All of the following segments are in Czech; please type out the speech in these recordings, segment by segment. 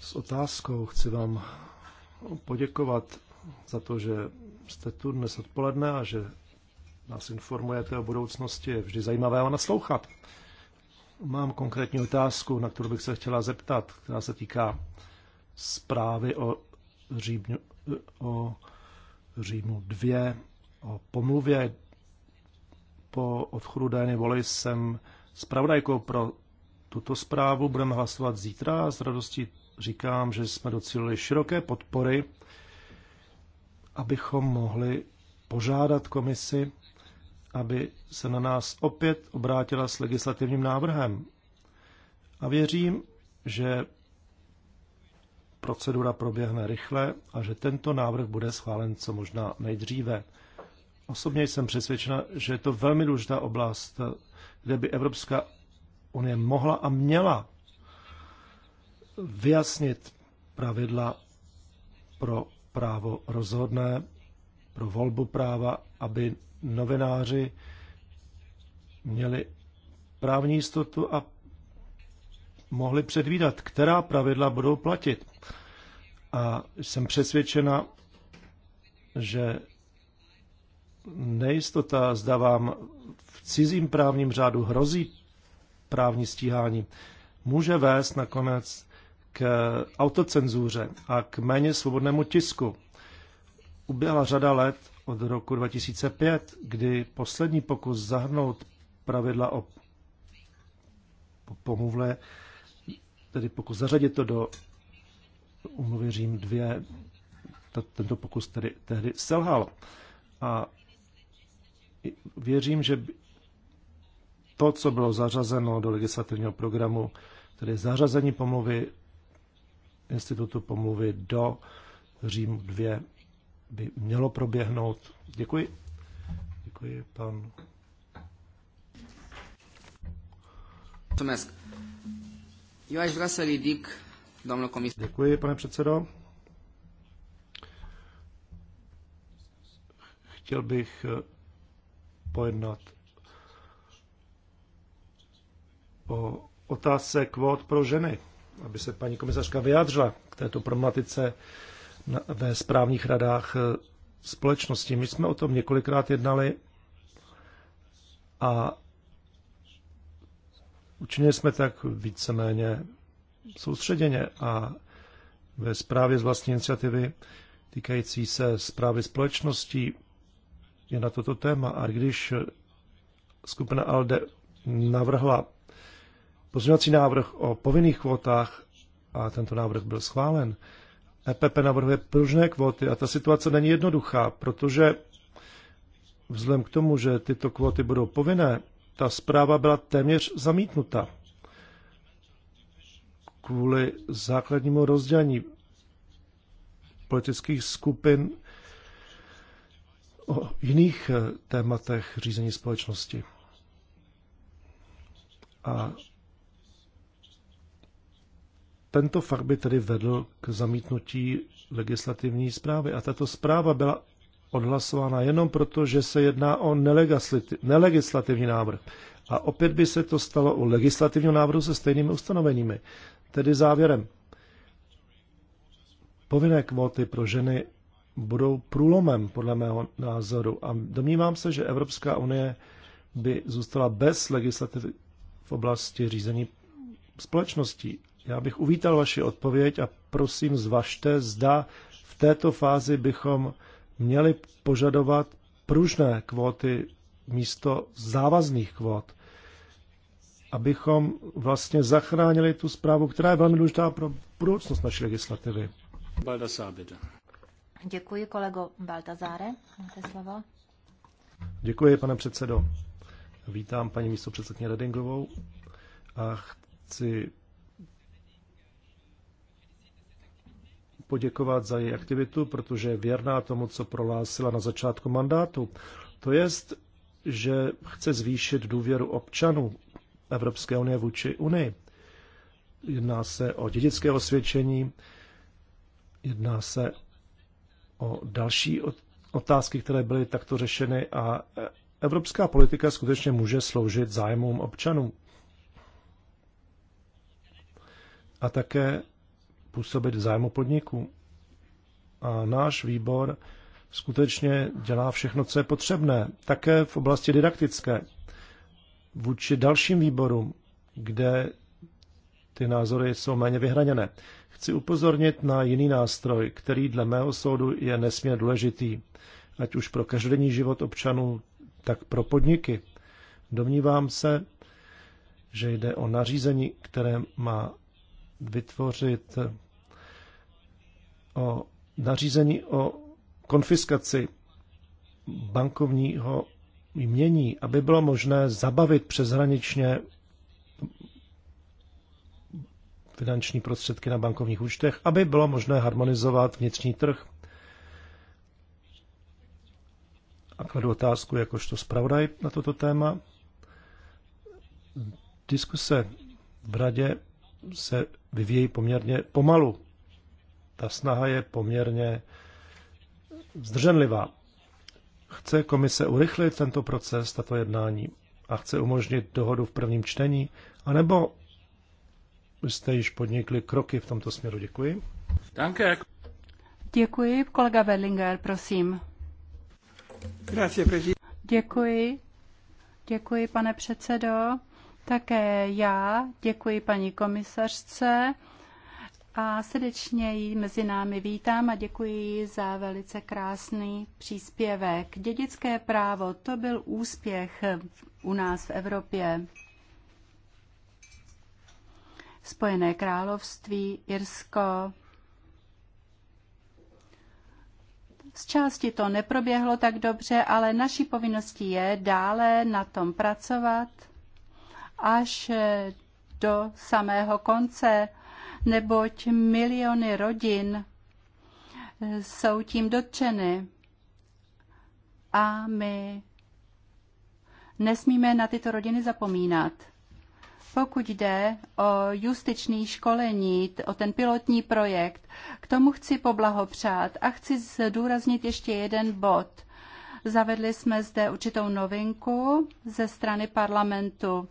s otázkou. Chci vám poděkovat za to, že jste tu dnes odpoledne a že nás informujete o budoucnosti. Je vždy zajímavé vám naslouchat. Mám konkrétní otázku, na kterou bych se chtěla zeptat, která se týká zprávy o Římnu, o Římu 2, o pomluvě. Po odchodu Dany Voli jsem zpravodajkou pro tuto zprávu. Budeme hlasovat zítra s radostí říkám, že jsme docílili široké podpory, abychom mohli požádat komisi, aby se na nás opět obrátila s legislativním návrhem. A věřím, že procedura proběhne rychle a že tento návrh bude schválen co možná nejdříve. Osobně jsem přesvědčena, že je to velmi důležitá oblast, kde by Evropská Unie mohla a měla vyjasnit pravidla pro právo rozhodné, pro volbu práva, aby novináři měli právní jistotu a mohli předvídat, která pravidla budou platit. A jsem přesvědčena, že nejistota, zda vám v cizím právním řádu hrozí právní stíhání, může vést nakonec k autocenzuře a k méně svobodnému tisku. Uběhla řada let od roku 2005, kdy poslední pokus zahrnout pravidla o pomluvle, tedy pokus zařadit to do umluvy Řím 2, tento pokus tedy tehdy selhal. A věřím, že to, co bylo zařazeno do legislativního programu, tedy zařazení pomluvy institutu pomluvy do Řím 2 by mělo proběhnout. Děkuji. Děkuji, pan. Mulțumesc. Eu aș dík să ridic, Děkuji, pane předsedo. Chtěl bych eh, pojednat o otázce kvót pro ženy, aby se paní komisařka vyjádřila k této problematice ve správních radách eh, společnosti. My jsme o tom několikrát jednali a učinili jsme tak víceméně soustředěně a ve zprávě z vlastní iniciativy týkající se zprávy společností je na toto téma. A když skupina ALDE navrhla pozměňovací návrh o povinných kvotách a tento návrh byl schválen. EPP navrhuje pružné kvóty a ta situace není jednoduchá, protože vzhledem k tomu, že tyto kvóty budou povinné, ta zpráva byla téměř zamítnuta kvůli základnímu rozdělení politických skupin o jiných eh, tématech řízení společnosti. A tento fakt by tedy vedl k zamítnutí legislativní zprávy. A tato zpráva byla odhlasována jenom proto, že se jedná o nelegislativní návrh. A opět by se to stalo u legislativního návrhu se stejnými ustanoveními. Tedy závěrem. Povinné kvóty pro ženy budou průlomem, podle mého názoru. A domnívám se, že Evropská unie by zůstala bez legislativy v oblasti řízení společností. Já bych uvítal vaši odpověď a prosím zvažte, zda v této fázi bychom měli požadovat pružné kvóty místo závazných kvót, abychom vlastně zachránili tu zprávu, která je velmi důležitá pro budoucnost naší legislativy. Baldassar, Děkuji, kolego Baltazáre. Máte slovo. Děkuji, pane předsedo. Vítám paní místo předsedkyně Redingovou a chci poděkovat za její aktivitu, protože je věrná tomu, co prohlásila na začátku mandátu. To jest, že chce zvýšit důvěru občanů Evropské unie vůči Unii. Jedná se o dědické osvědčení, jedná se o další otázky, které byly takto řešeny a evropská politika skutečně může sloužit zájmům občanů. A také působit v zájmu podniku. A náš výbor skutečně dělá všechno, co je potřebné, také v oblasti didaktické, vůči dalším výborům, kde ty názory jsou méně vyhraněné. Chci upozornit na jiný nástroj, který dle mého soudu je nesmírně důležitý, ať už pro každodenní život občanů, tak pro podniky. Domnívám se, že jde o nařízení, které má vytvořit o nařízení o konfiskaci bankovního jmění, aby bylo možné zabavit přeshraničně finanční prostředky na bankovních účtech, aby bylo možné harmonizovat vnitřní trh. A kladu otázku jakožto zpravodaj na toto téma. Diskuse v radě se vyvíjí poměrně pomalu ta snaha je poměrně zdrženlivá. Chce komise urychlit tento proces, tato jednání a chce umožnit dohodu v prvním čtení, anebo jste již podnikli kroky v tomto směru? Děkuji. Danke. Děkuji. Kolega Berlinger, prosím. Děkuji. Děkuji, pane předsedo. Také já děkuji paní komisařce a srdečně ji mezi námi vítám a děkuji za velice krásný příspěvek. Dědické právo, to byl úspěch u nás v Evropě. Spojené království, Irsko. Z části to neproběhlo tak dobře, ale naší povinností je dále na tom pracovat až do samého konce neboť miliony rodin jsou tím dotčeny. A my nesmíme na tyto rodiny zapomínat. Pokud jde o justiční školení, o ten pilotní projekt, k tomu chci poblahopřát a chci zdůraznit ještě jeden bod. Zavedli jsme zde určitou novinku ze strany parlamentu.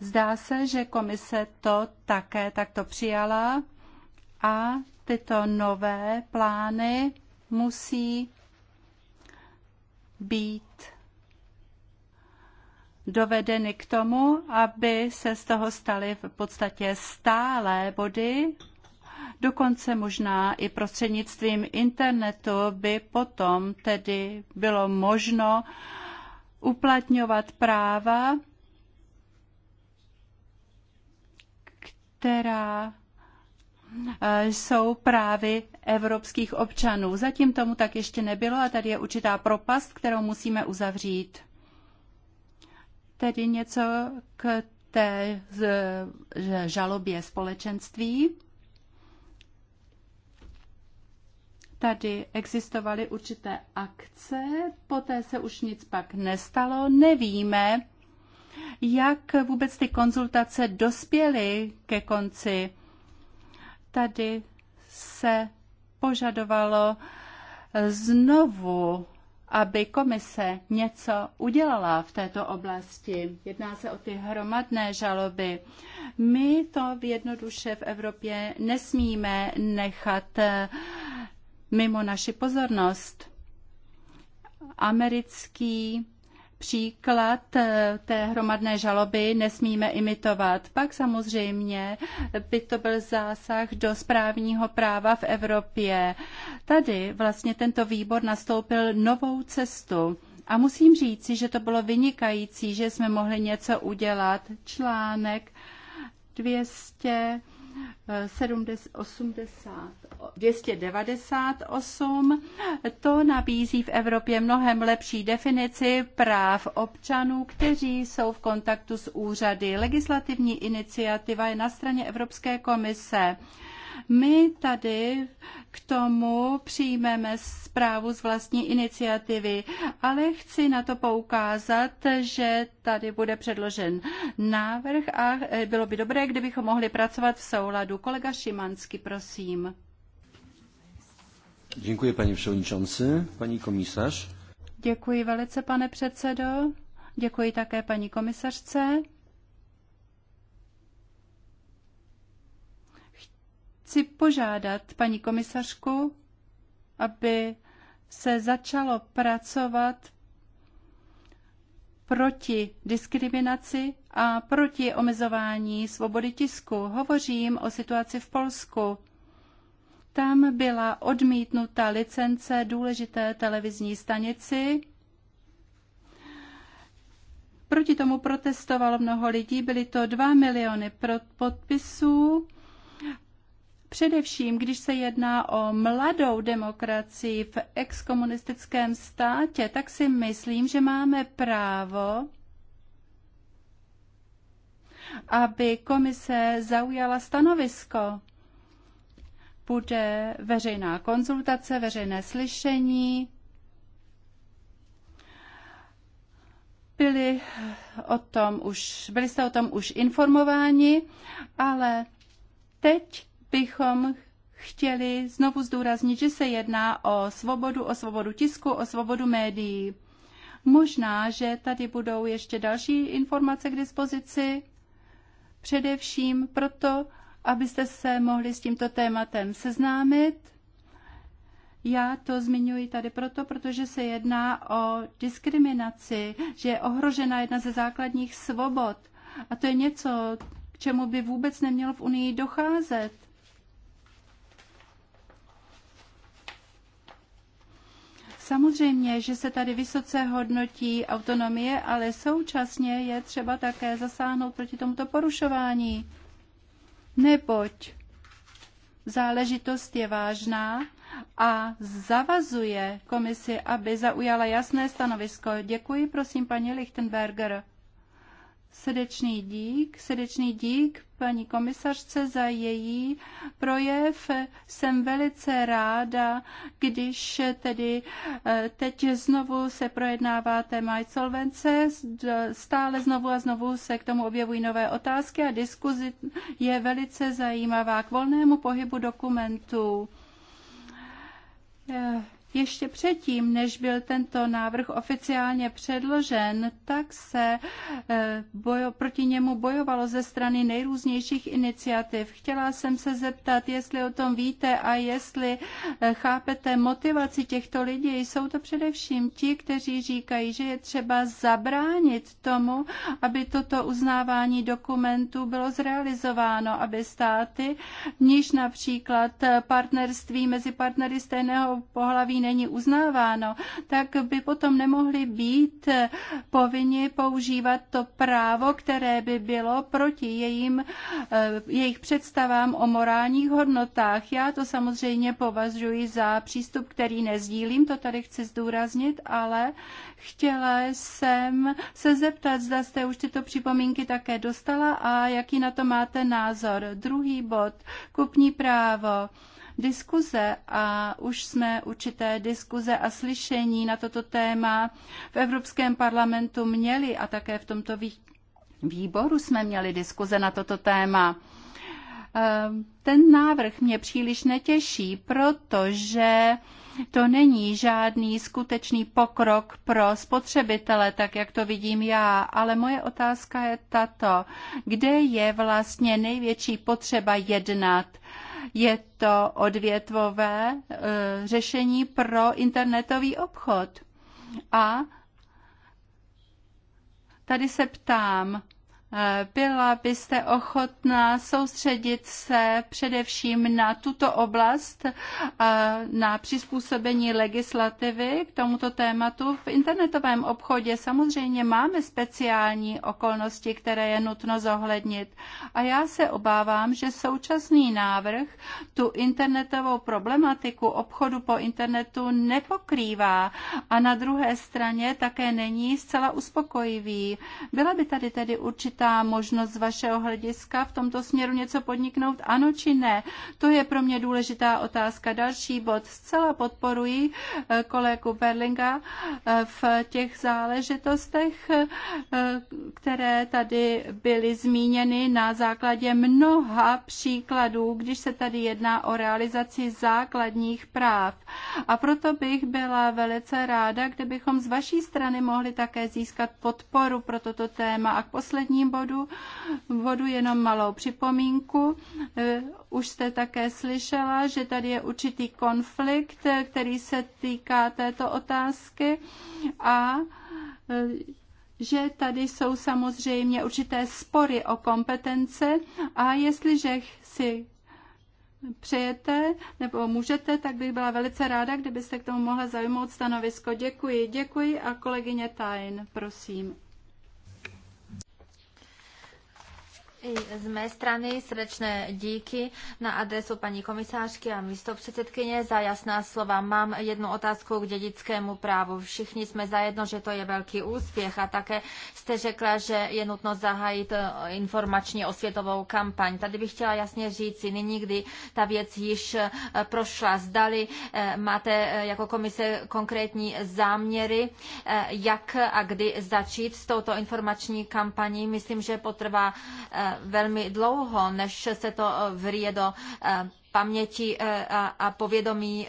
Zdá se, že komise to také takto přijala a tyto nové plány musí být dovedeny k tomu, aby se z toho staly v podstatě stálé body. Dokonce možná i prostřednictvím internetu by potom tedy bylo možno uplatňovat práva která eh, jsou právy evropských občanů. Zatím tomu tak ještě nebylo a tady je určitá propast, kterou musíme uzavřít. Tedy něco k té žalobě společenství. Tady existovaly určité akce, poté se už nic pak nestalo, nevíme, jak vůbec ty konzultace dospěly ke konci. Tady se požadovalo znovu, aby komise něco udělala v této oblasti. Jedná se o ty hromadné žaloby. My to v jednoduše v Evropě nesmíme nechat eh, mimo naši pozornost. Americký příklad eh, té hromadné žaloby nesmíme imitovat. Pak samozřejmě by to byl zásah do správního práva v Evropě. Tady vlastně tento výbor nastoupil novou cestu. A musím říci, že to bylo vynikající, že jsme mohli něco udělat. Článek 280 298. To nabízí v Evropě mnohem lepší definici práv občanů, kteří jsou v kontaktu s úřady. Legislativní iniciativa je na straně Evropské komise. My tady k tomu přijmeme zprávu z vlastní iniciativy, ale chci na to poukázat, že tady bude předložen návrh a bylo by dobré, kdybychom mohli pracovat v souladu. Kolega Šimanský, prosím. Děkuji, paní předsedající, paní komisař. Děkuji velice, pane předsedo. Děkuji také paní komisařce. Chci požádat paní komisařku, aby se začalo pracovat proti diskriminaci a proti omezování svobody tisku. Hovořím o situaci v Polsku tam byla odmítnuta licence důležité televizní stanici. Proti tomu protestovalo mnoho lidí, byly to 2 miliony podpisů. Především, když se jedná o mladou demokracii v exkomunistickém státě, tak si myslím, že máme právo aby komise zaujala stanovisko bude veřejná konzultace, veřejné slyšení. Byli, o tom už, byli jste o tom už informováni, ale teď bychom chtěli znovu zdůraznit, že se jedná o svobodu, o svobodu tisku, o svobodu médií. Možná, že tady budou ještě další informace k dispozici, především proto, abyste se mohli s tímto tématem seznámit. Já to zmiňuji tady proto, protože se jedná o diskriminaci, že je ohrožena jedna ze základních svobod. A to je něco, k čemu by vůbec nemělo v Unii docházet. Samozřejmě, že se tady vysoce hodnotí autonomie, ale současně je třeba také zasáhnout proti tomuto porušování neboť záležitost je vážná a zavazuje komisi, aby zaujala jasné stanovisko. Děkuji, prosím, paní Lichtenberger. Srdečný dík, srdečný dík paní komisařce za její projev. Jsem velice ráda, když tedy eh, teď znovu se projednává téma solvence, stále znovu a znovu se k tomu objevují nové otázky a diskuzi je velice zajímavá k volnému pohybu dokumentů. Eh, ještě předtím, než byl tento návrh oficiálně předložen, tak se eh, bojo, proti němu bojovalo ze strany nejrůznějších iniciativ. Chtěla jsem se zeptat, jestli o tom víte a jestli eh, chápete motivaci těchto lidí. Jsou to především ti, kteří říkají, že je třeba zabránit tomu, aby toto uznávání dokumentů bylo zrealizováno, aby státy, níž například partnerství mezi partnery stejného pohlaví není uznáváno, tak by potom nemohli být povinni používat to právo, které by bylo proti jejím, eh, jejich představám o morálních hodnotách. Já to samozřejmě považuji za přístup, který nezdílím, to tady chci zdůraznit, ale chtěla jsem se zeptat, zda jste už tyto připomínky také dostala a jaký na to máte názor. Druhý bod, kupní právo diskuze a už jsme určité diskuze a slyšení na toto téma v Evropském parlamentu měli a také v tomto výboru jsme měli diskuze na toto téma. Ehm, ten návrh mě příliš netěší, protože to není žádný skutečný pokrok pro spotřebitele, tak jak to vidím já, ale moje otázka je tato. Kde je vlastně největší potřeba jednat? Je to odvětvové eh, řešení pro internetový obchod. A tady se ptám, Eh, byla byste ochotná soustředit se především na tuto oblast, eh, na přizpůsobení legislativy k tomuto tématu? V internetovém obchodě samozřejmě máme speciální okolnosti, které je nutno zohlednit. A já se obávám, že současný návrh tu internetovou problematiku obchodu po internetu nepokrývá a na druhé straně také není zcela uspokojivý. Byla by tady tedy určitá určitá možnost z vašeho hlediska v tomto směru něco podniknout, ano či ne? To je pro mě důležitá otázka. Další bod. Zcela podporuji eh, kolegu Berlinga eh, v těch záležitostech, eh, které tady byly zmíněny na základě mnoha příkladů, když se tady jedná o realizaci základních práv. A proto bych byla velice ráda, kdybychom z vaší strany mohli také získat podporu pro toto téma. A k poslednímu bodu, bodu jenom malou připomínku. Eh, už jste také slyšela, že tady je určitý konflikt, eh, který se týká této otázky a eh, že tady jsou samozřejmě určité spory o kompetence a jestliže si přejete nebo můžete, tak bych byla velice ráda, kdybyste k tomu mohla zajmout stanovisko. Děkuji, děkuji a kolegyně Tajn, prosím. I z mé strany srdečné díky na adresu paní komisářky a předsedkyně za jasná slova. Mám jednu otázku k dědickému právu. Všichni jsme zajedno, že to je velký úspěch a také jste řekla, že je nutno zahájit eh, informační osvětovou kampaň. Tady bych chtěla jasně říci, nyní, kdy ta věc již eh, prošla, zdali eh, máte jako komise konkrétní záměry, jak a kdy začít s touto informační kampaní. Myslím, že potrvá velmi dlouho, než se to eh, vrije do eh, paměti eh, a povědomí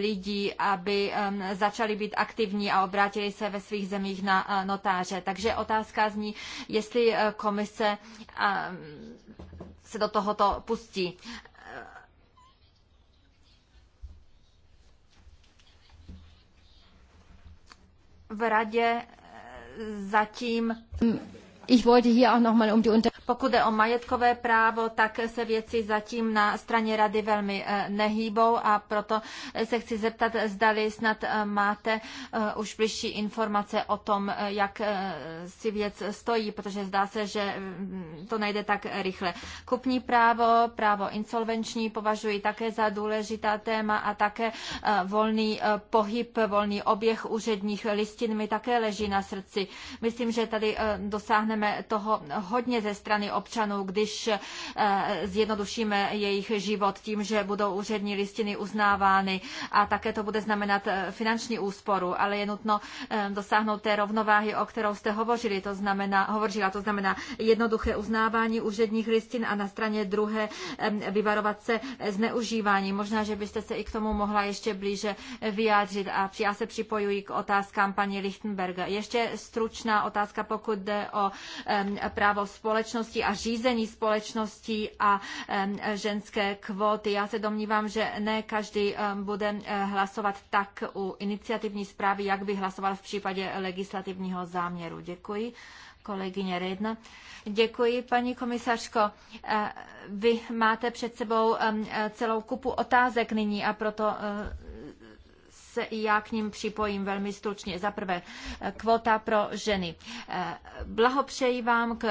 lidí, aby ehm, začali být aktivní a obrátili se ve svých zemích na notáře. Takže otázka zní, jestli komise ehm, se do tohoto pustí. V radě zatím. Ich wollte hier auch noch mal um die Unter pokud jde o majetkové právo, tak se věci zatím na straně rady velmi eh, nehýbou a proto eh, se chci zeptat, zdali snad eh, máte už bližší informace o tom, jak si věc stojí, protože zdá se, že mm, to nejde tak rychle. Kupní právo, právo insolvenční považuji také za důležitá téma a také volný pohyb, volný oběh úředních listin mi také leží na srdci. Myslím, že tady dosáhneme toho hodně ze strany strany občanů, když eh, zjednodušíme jejich život tím, že budou úřední listiny uznávány a také to bude znamenat eh, finanční úsporu, ale je nutno eh, dosáhnout té rovnováhy, o kterou jste hovořili, to znamená, hovořila, to znamená jednoduché uznávání úředních listin a na straně druhé vyvarovat se zneužívání. Možná, že byste se i k tomu mohla ještě blíže vyjádřit a já se připojuji k otázkám paní Lichtenberga. Ještě stručná otázka, pokud jde o právo společnosti společnosti a řízení společnosti a ženské kvóty. Já se domnívám, že ne každý bude eh, hlasovat tak u iniciativní zprávy, jak by hlasoval v případě legislativního záměru. Děkuji kolegyně Redna. Děkuji, paní komisařko. Eh, vy máte před sebou eh, celou kupu otázek nyní a proto se i já k ním připojím velmi stručně. Za prvé, eh, kvota pro ženy. Eh, blahopřeji vám k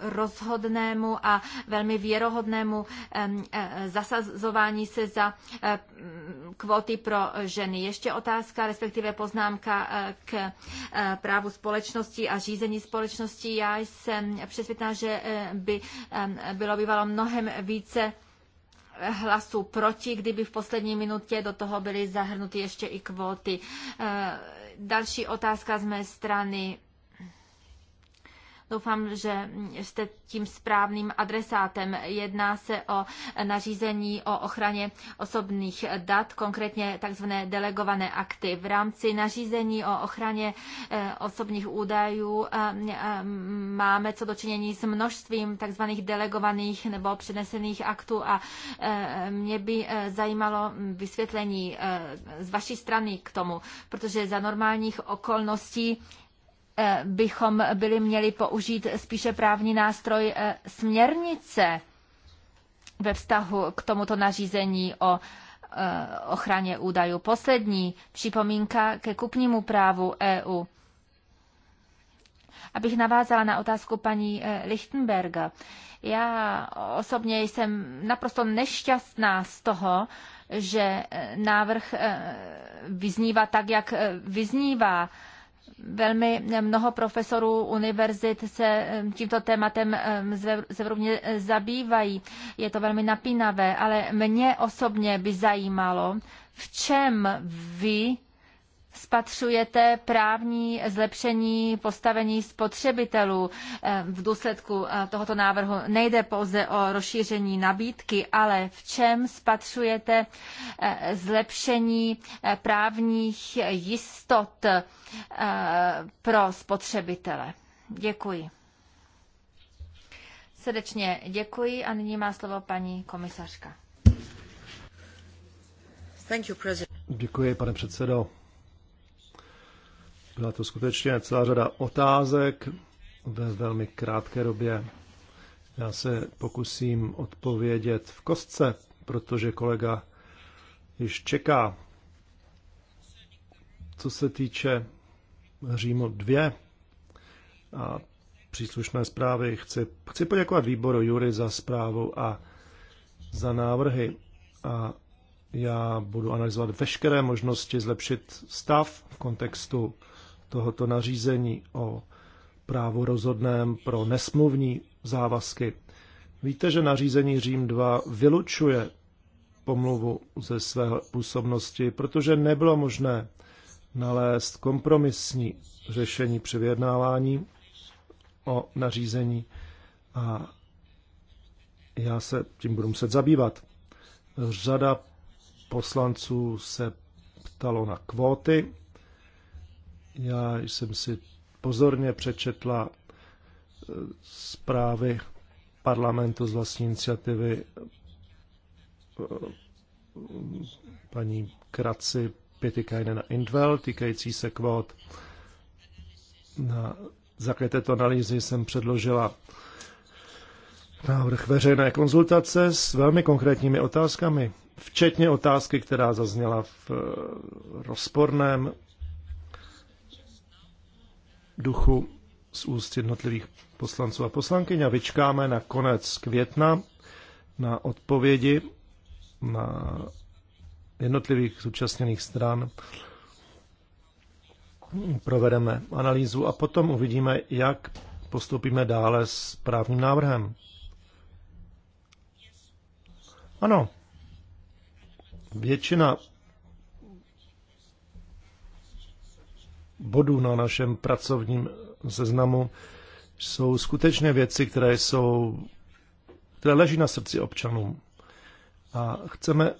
rozhodnému a velmi věrohodnému eh, zasazování se za kvóty pro ženy. Ještě otázka, respektive poznámka k právu společnosti a řízení společnosti. Já jsem přesvědčena, že by bylo bývalo mnohem více hlasů proti, kdyby v poslední minutě do toho byly zahrnuty ještě i kvóty. Eh, další otázka z mé strany Doufám, že jste tím správným adresátem. Jedná se o nařízení o ochraně osobních dat, konkrétně tzv. delegované akty. V rámci nařízení o ochraně eh, osobních údajů eh, eh, máme co dočinění s množstvím takzvaných delegovaných nebo přenesených aktů a mě by zajímalo vysvětlení z vaší strany k tomu, protože za normálních okolností Eh, bychom byli měli použít spíše právní nástroj eh, směrnice ve vztahu k tomuto nařízení o eh, ochraně údajů. Poslední připomínka ke kupnímu právu EU. Abych navázala na otázku paní Lichtenberga. Já osobně jsem naprosto nešťastná z toho, že návrh vyznívá tak, jak vyznívá Velmi mnoho profesorů univerzit se tímto tématem zevrubně eh, zabývají. Je to velmi napínavé, ale mě osobně by zajímalo, v čem vy spatřujete právní zlepšení postavení spotřebitelů eh, v důsledku eh, tohoto návrhu? Nejde pouze o rozšíření nabídky, ale v čem spatřujete eh, zlepšení právních jistot pro spotřebitele? Děkuji. Srdečně děkuji a nyní má slovo paní komisařka. Thank you, president. Děkuji, pane předsedo. Byla to skutečně celá řada otázek ve velmi krátké době. Já se pokusím odpovědět v kostce, protože kolega již čeká. Co se týče Římo 2 a příslušné zprávy, chci, chci poděkovat výboru Jury za zprávu a za návrhy. A já budu analyzovat veškeré možnosti zlepšit stav v kontextu tohoto nařízení o právu rozhodném pro nesmluvní závazky. Víte, že nařízení Řím 2 vylučuje pomluvu ze své působnosti, protože nebylo možné nalézt kompromisní řešení při vyjednávání o nařízení a já se tím budu muset zabývat. Řada poslanců se ptalo na kvóty já jsem si pozorně přečetla eh, zprávy parlamentu z vlastní iniciativy eh, paní Kraci Pětikajne na Indwell, týkající se kvót. Na základě této analýzy jsem předložila návrh veřejné konzultace s velmi konkrétními otázkami, včetně otázky, která zazněla v eh, rozporném duchu z úst jednotlivých poslanců a poslankyň a vyčkáme na konec května na odpovědi na jednotlivých zúčastněných stran. Provedeme analýzu a potom uvidíme, jak postoupíme dále s právním návrhem. Ano, většina bodů na našem pracovním seznamu jsou skutečně věci, které jsou, které leží na srdci občanům. A chceme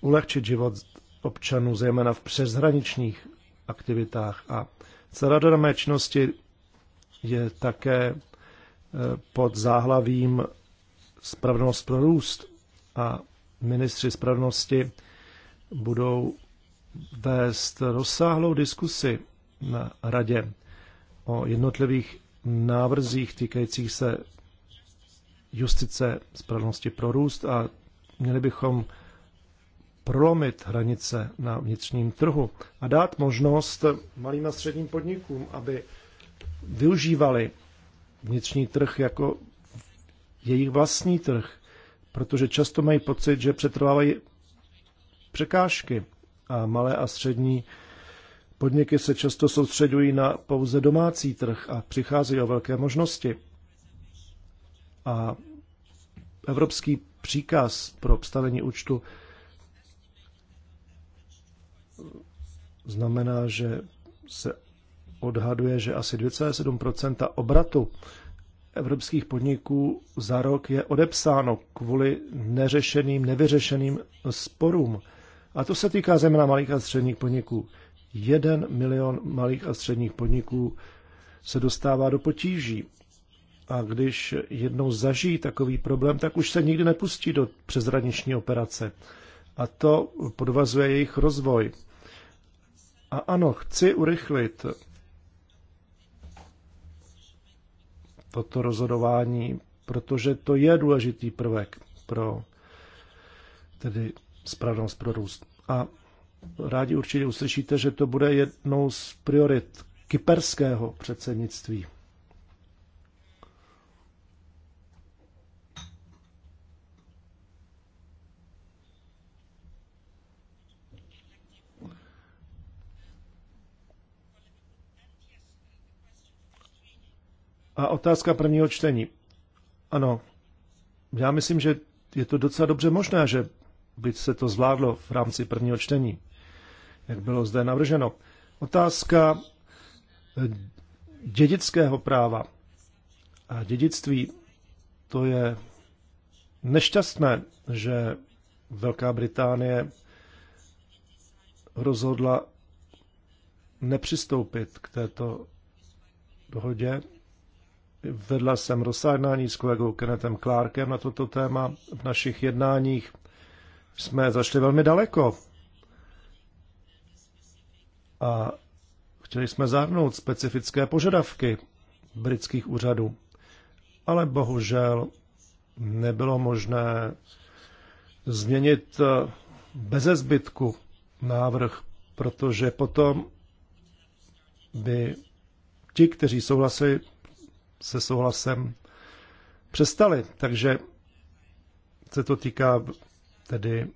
ulehčit život občanů, zejména v přeshraničních aktivitách. A celá mé činnosti je také eh, pod záhlavím Spravnost pro růst. A ministři spravnosti budou vést rozsáhlou diskusi na radě o jednotlivých návrzích týkajících se justice, spravedlnosti pro růst a měli bychom prolomit hranice na vnitřním trhu a dát možnost malým a středním podnikům, aby využívali vnitřní trh jako jejich vlastní trh, protože často mají pocit, že přetrvávají překážky a malé a střední podniky se často soustředují na pouze domácí trh a přicházejí o velké možnosti. A evropský příkaz pro obstavení účtu znamená, že se odhaduje, že asi 2,7 obratu evropských podniků za rok je odepsáno kvůli neřešeným, nevyřešeným sporům a to se týká zejména malých a středních podniků. Jeden milion malých a středních podniků se dostává do potíží. A když jednou zažijí takový problém, tak už se nikdy nepustí do přezraniční operace. A to podvazuje jejich rozvoj. A ano, chci urychlit toto rozhodování, protože to je důležitý prvek pro tedy spravedlnost pro růst. A rádi určitě uslyšíte, že to bude jednou z priorit kyperského předsednictví. A otázka prvního čtení. Ano, já myslím, že je to docela dobře možné, že by se to zvládlo v rámci prvního čtení, jak bylo zde navrženo. Otázka eh, dědického práva a dědictví, to je nešťastné, že Velká Británie rozhodla nepřistoupit k této dohodě. Vedla jsem rozsáhnání s kolegou Kennethem Clarkem na toto téma v našich jednáních jsme zašli velmi daleko. A chtěli jsme zahrnout specifické požadavky britských úřadů. Ale bohužel nebylo možné změnit eh, beze zbytku návrh, protože potom by ti, kteří souhlasili se souhlasem, přestali. Takže se to týká tedy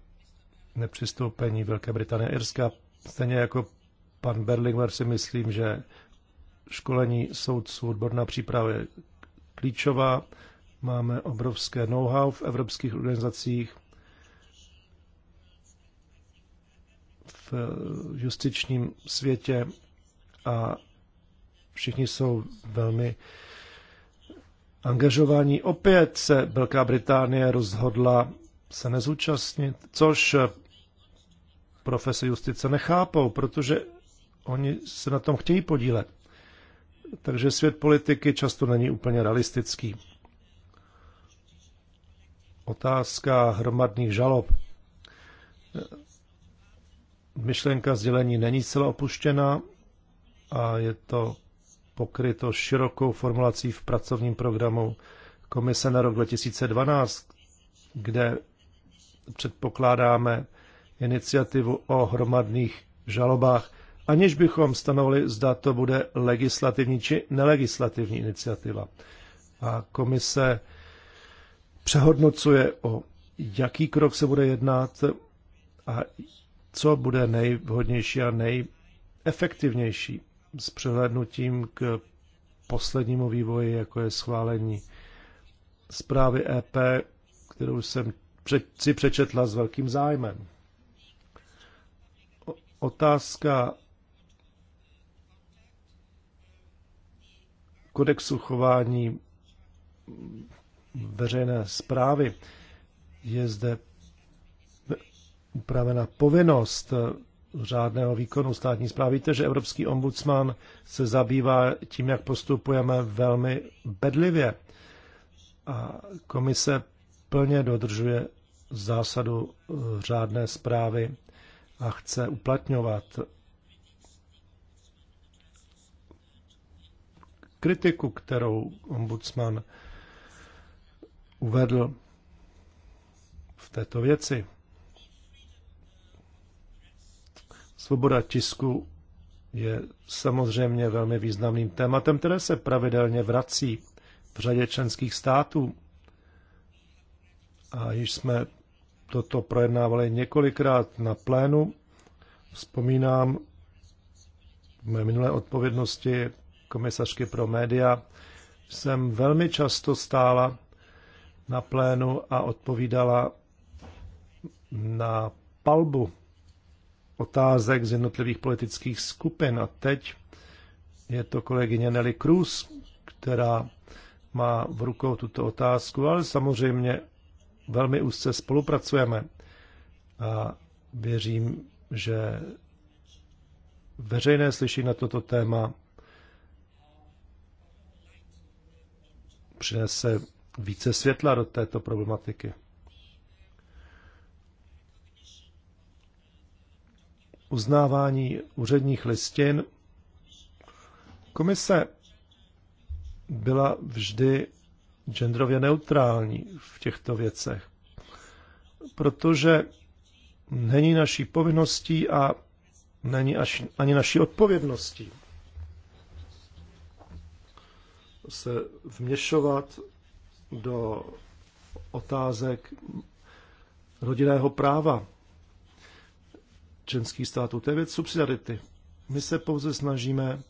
nepřistoupení Velké Británie a Irska. Stejně jako pan Berlinger si myslím, že školení soudců, odborná příprava je klíčová. Máme obrovské know-how v evropských organizacích, v justičním světě a všichni jsou velmi angažovaní. Opět se Velká Británie rozhodla se nezúčastnit, což profese justice nechápou, protože oni se na tom chtějí podílet. Takže svět politiky často není úplně realistický. Otázka hromadných žalob. Myšlenka sdělení není zcela opuštěna a je to pokryto širokou formulací v pracovním programu Komise na rok 2012, kde předpokládáme iniciativu o hromadných žalobách, aniž bychom stanovili, zda to bude legislativní či nelegislativní iniciativa. A komise přehodnocuje, o jaký krok se bude jednat a co bude nejvhodnější a nejefektivnější s přehlednutím k poslednímu vývoji, jako je schválení zprávy EP, kterou jsem si přečetla s velkým zájmem. Otázka kodexu chování veřejné zprávy je zde upravena povinnost řádného výkonu státní zprávy. Víte, že Evropský ombudsman se zabývá tím, jak postupujeme velmi bedlivě. A komise plně dodržuje zásadu eh, řádné zprávy a chce uplatňovat kritiku, kterou ombudsman uvedl v této věci. Svoboda tisku je samozřejmě velmi významným tématem, které se pravidelně vrací v řadě členských států a již jsme toto projednávali několikrát na plénu. Vzpomínám v mé minulé odpovědnosti komisařky pro média, jsem velmi často stála na plénu a odpovídala na palbu otázek z jednotlivých politických skupin. A teď je to kolegyně Nelly Cruz, která má v rukou tuto otázku, ale samozřejmě velmi úzce spolupracujeme a věřím, že veřejné slyší na toto téma přinese více světla do této problematiky. Uznávání úředních listin. Komise byla vždy genderově neutrální v těchto věcech, protože není naší povinností a není až, ani naší odpovědností se vměšovat do otázek rodinného práva členských států. To je věc subsidiarity. My se pouze snažíme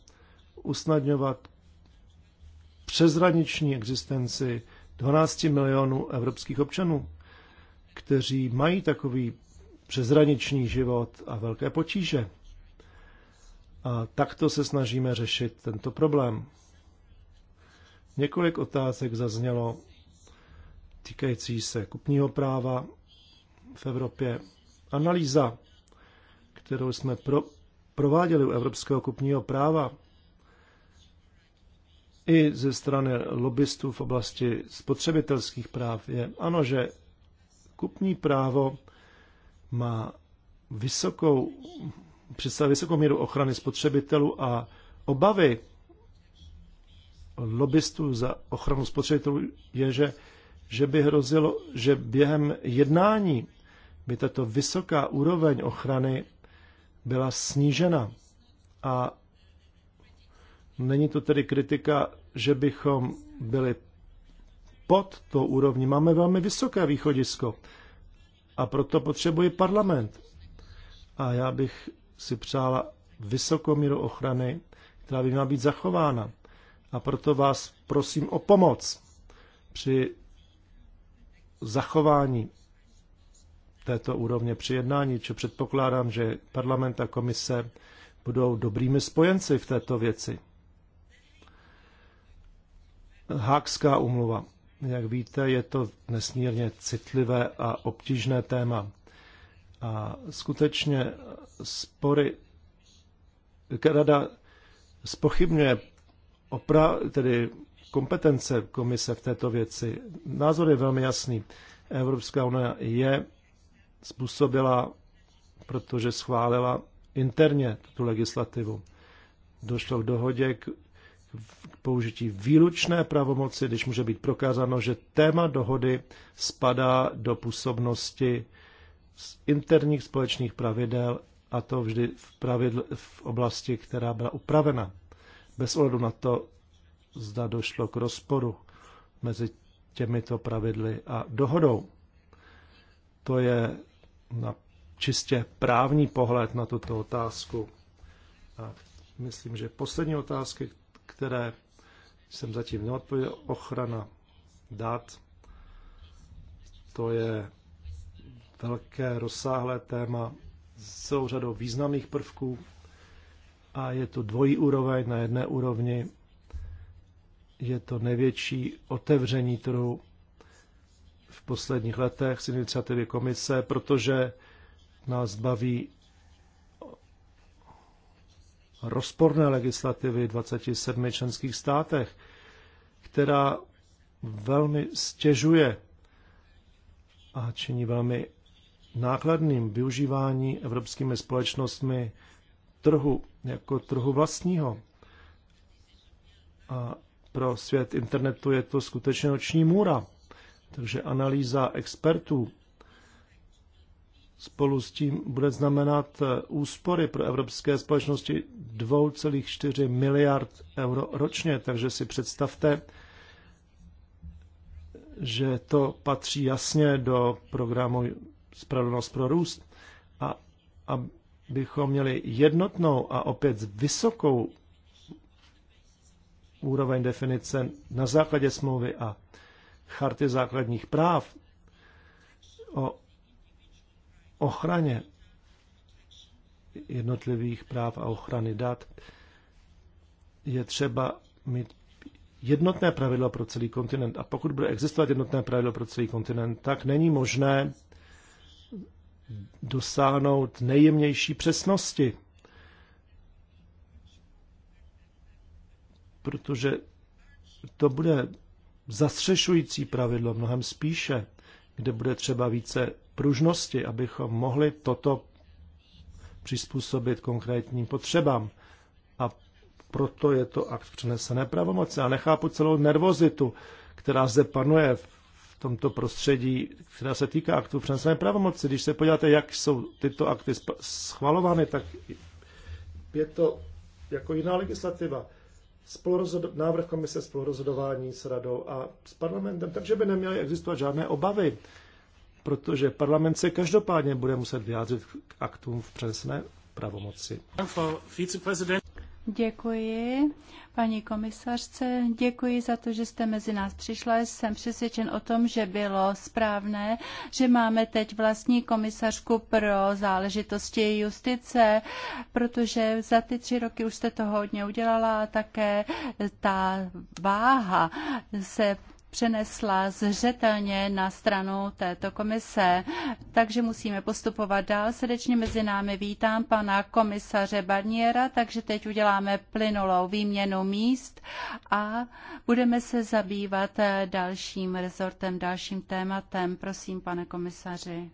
usnadňovat přezraniční existenci 12 milionů evropských občanů, kteří mají takový přezraniční život a velké potíže. A takto se snažíme řešit tento problém. Několik otázek zaznělo týkající se kupního práva v Evropě. Analýza, kterou jsme pro, prováděli u evropského kupního práva, i ze strany lobbystů v oblasti spotřebitelských práv je, ano, že kupní právo má vysokou, představuje vysokou míru ochrany spotřebitelů a obavy lobbystů za ochranu spotřebitelů je, že, že by hrozilo, že během jednání by tato vysoká úroveň ochrany byla snížena a Není to tedy kritika, že bychom byli pod to úrovní. Máme velmi vysoké východisko a proto potřebuje parlament. A já bych si přála vysokou míru ochrany, která by měla být zachována. A proto vás prosím o pomoc při zachování této úrovně při jednání, či předpokládám, že parlament a komise budou dobrými spojenci v této věci. Hákská umluva. Jak víte, je to nesmírně citlivé a obtížné téma. A skutečně spory Rada spochybňuje opra- tedy kompetence komise v této věci. Názor je velmi jasný. Evropská unie je způsobila, protože schválila interně tu legislativu. Došlo k dohodě k k použití výlučné pravomoci, když může být prokázáno, že téma dohody spadá do působnosti z interních společných pravidel a to vždy v, pravidl, v oblasti, která byla upravena. Bez ohledu na to, zda došlo k rozporu mezi těmito pravidly a dohodou. To je na čistě právní pohled na tuto otázku. A myslím, že poslední otázky, které jsem zatím neodpověděl. Ochrana dat, to je velké, rozsáhlé téma s celou řadou významných prvků a je to dvojí úroveň. Na jedné úrovni je to největší otevření trhu v posledních letech z iniciativy komise, protože nás baví rozporné legislativy v 27 členských státech, která velmi stěžuje a činí velmi nákladným využívání evropskými společnostmi trhu jako trhu vlastního. A pro svět internetu je to skutečně noční můra. Takže analýza expertů spolu s tím bude znamenat eh, úspory pro evropské společnosti 2,4 miliard euro ročně. Takže si představte, že to patří jasně do programu Spravedlnost pro růst. A abychom měli jednotnou a opět vysokou úroveň definice na základě smlouvy a charty základních práv o ochraně jednotlivých práv a ochrany dat, je třeba mít jednotné pravidlo pro celý kontinent. A pokud bude existovat jednotné pravidlo pro celý kontinent, tak není možné dosáhnout nejjemnější přesnosti. Protože to bude zastřešující pravidlo mnohem spíše kde bude třeba více pružnosti, abychom mohli toto přizpůsobit konkrétním potřebám. A proto je to akt přenesené pravomoci. A nechápu celou nervozitu, která zde panuje v tomto prostředí, která se týká aktu přenesené pravomoci. Když se podíváte, jak jsou tyto akty schvalovány, tak je to jako jiná legislativa návrh komise spolurozhodování s radou a s parlamentem, takže by neměly existovat žádné obavy, protože parlament se každopádně bude muset vyjádřit k aktům v přesné pravomoci. Děkuji paní komisařce, děkuji za to, že jste mezi nás přišla. Jsem přesvědčen o tom, že bylo správné, že máme teď vlastní komisařku pro záležitosti justice, protože za ty tři roky už jste toho hodně udělala a také ta váha se přenesla zřetelně na stranu této komise. Takže musíme postupovat dál. Srdečně mezi námi vítám pana komisaře Barniera, takže teď uděláme plynulou výměnu míst a budeme se zabývat eh, dalším rezortem, dalším tématem. Prosím, pane komisaři.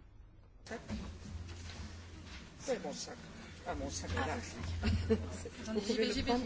vais, vais.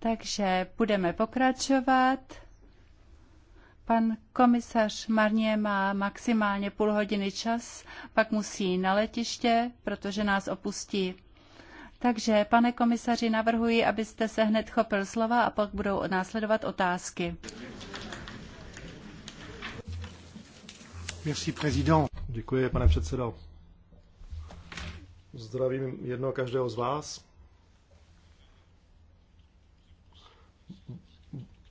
Takže budeme pokračovat. Pan komisař Marně má maximálně půl hodiny čas, pak musí na letiště, protože nás opustí. Takže, pane komisaři, navrhuji, abyste se hned chopil slova a pak budou následovat otázky. Merci, Děkuji, pane předsedo. Zdravím jednoho každého z vás.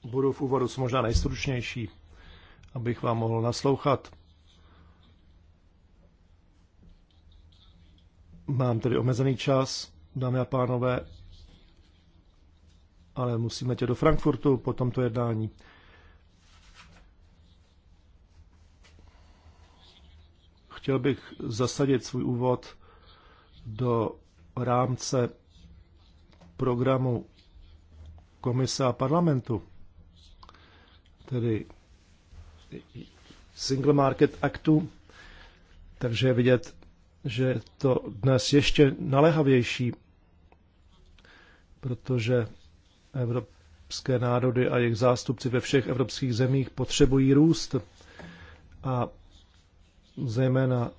Budu v úvodu možná nejstručnější, abych vám mohl naslouchat. Mám tedy omezený čas, dámy a pánové, ale musíme tě do Frankfurtu po tomto jednání. Chtěl bych zasadit svůj úvod do rámce programu komise a parlamentu, tedy Single Market Actu, takže je vidět, že je to dnes ještě naléhavější, protože evropské národy a jejich zástupci ve všech evropských zemích potřebují růst a zejména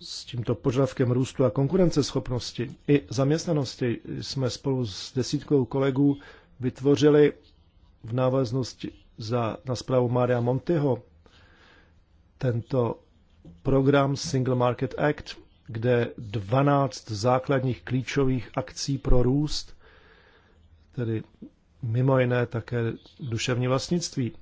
s tímto požadavkem růstu a konkurenceschopnosti i zaměstnanosti jsme spolu s desítkou kolegů vytvořili v návaznosti za, na zprávu Mária Montyho tento program Single Market Act, kde 12 základních klíčových akcí pro růst, tedy mimo jiné také duševní vlastnictví.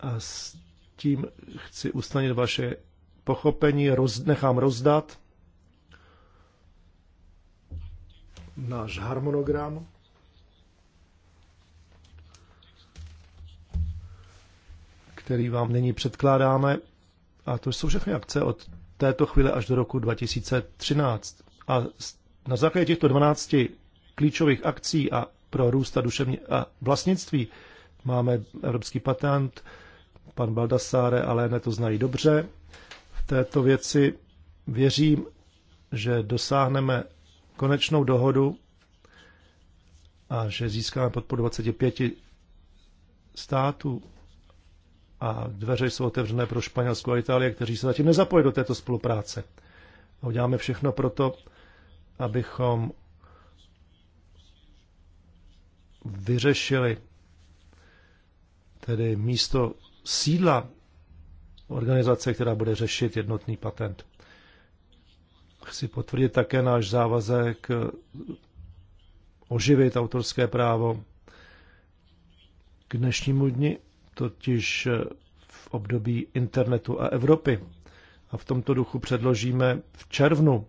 A s tím chci ustanit vaše pochopení roz, nechám rozdat náš harmonogram. který vám nyní předkládáme. A to jsou všechny akce od této chvíle až do roku 2013. A na základě těchto 12 klíčových akcí a pro růst a duševní a vlastnictví máme evropský patent, pan Baldassare a Léne to znají dobře této věci věřím, že dosáhneme konečnou dohodu a že získáme podporu 25 států a dveře jsou otevřené pro Španělsko a Itálie, kteří se zatím nezapojí do této spolupráce. A uděláme všechno proto, abychom vyřešili tedy místo sídla organizace, která bude řešit jednotný patent. Chci potvrdit také náš závazek oživit autorské právo k dnešnímu dni, totiž v období internetu a Evropy. A v tomto duchu předložíme v červnu,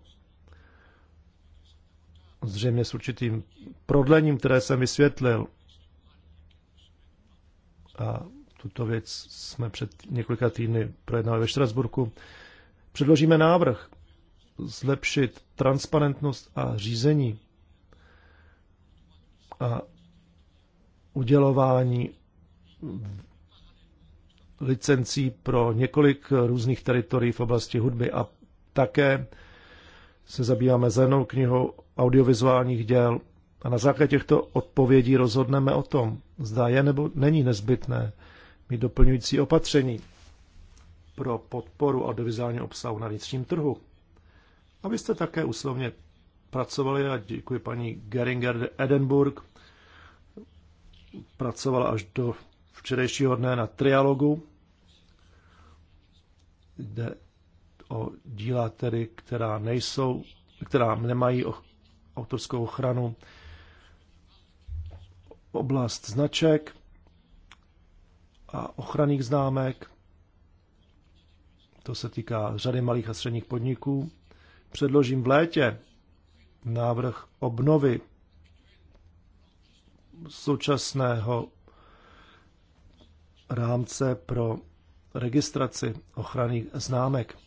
zřejmě s určitým prodlením, které jsem vysvětlil, a tuto věc jsme před několika týdny projednali ve Štrasburku. Předložíme návrh zlepšit transparentnost a řízení a udělování licencí pro několik různých teritorií v oblasti hudby a také se zabýváme zelenou knihou audiovizuálních děl a na základě těchto odpovědí rozhodneme o tom, zda je nebo není nezbytné mít doplňující opatření pro podporu audiovizuálního obsahu na vnitřním trhu. Abyste také úslovně pracovali, a děkuji paní Geringer Edinburgh, pracovala až do včerejšího dne na trialogu. Jde o díla tedy, která nejsou, která nemají autorskou ochranu. Oblast značek, a ochranných známek. To se týká řady malých a středních podniků. Předložím v létě návrh obnovy současného rámce pro registraci ochranných známek.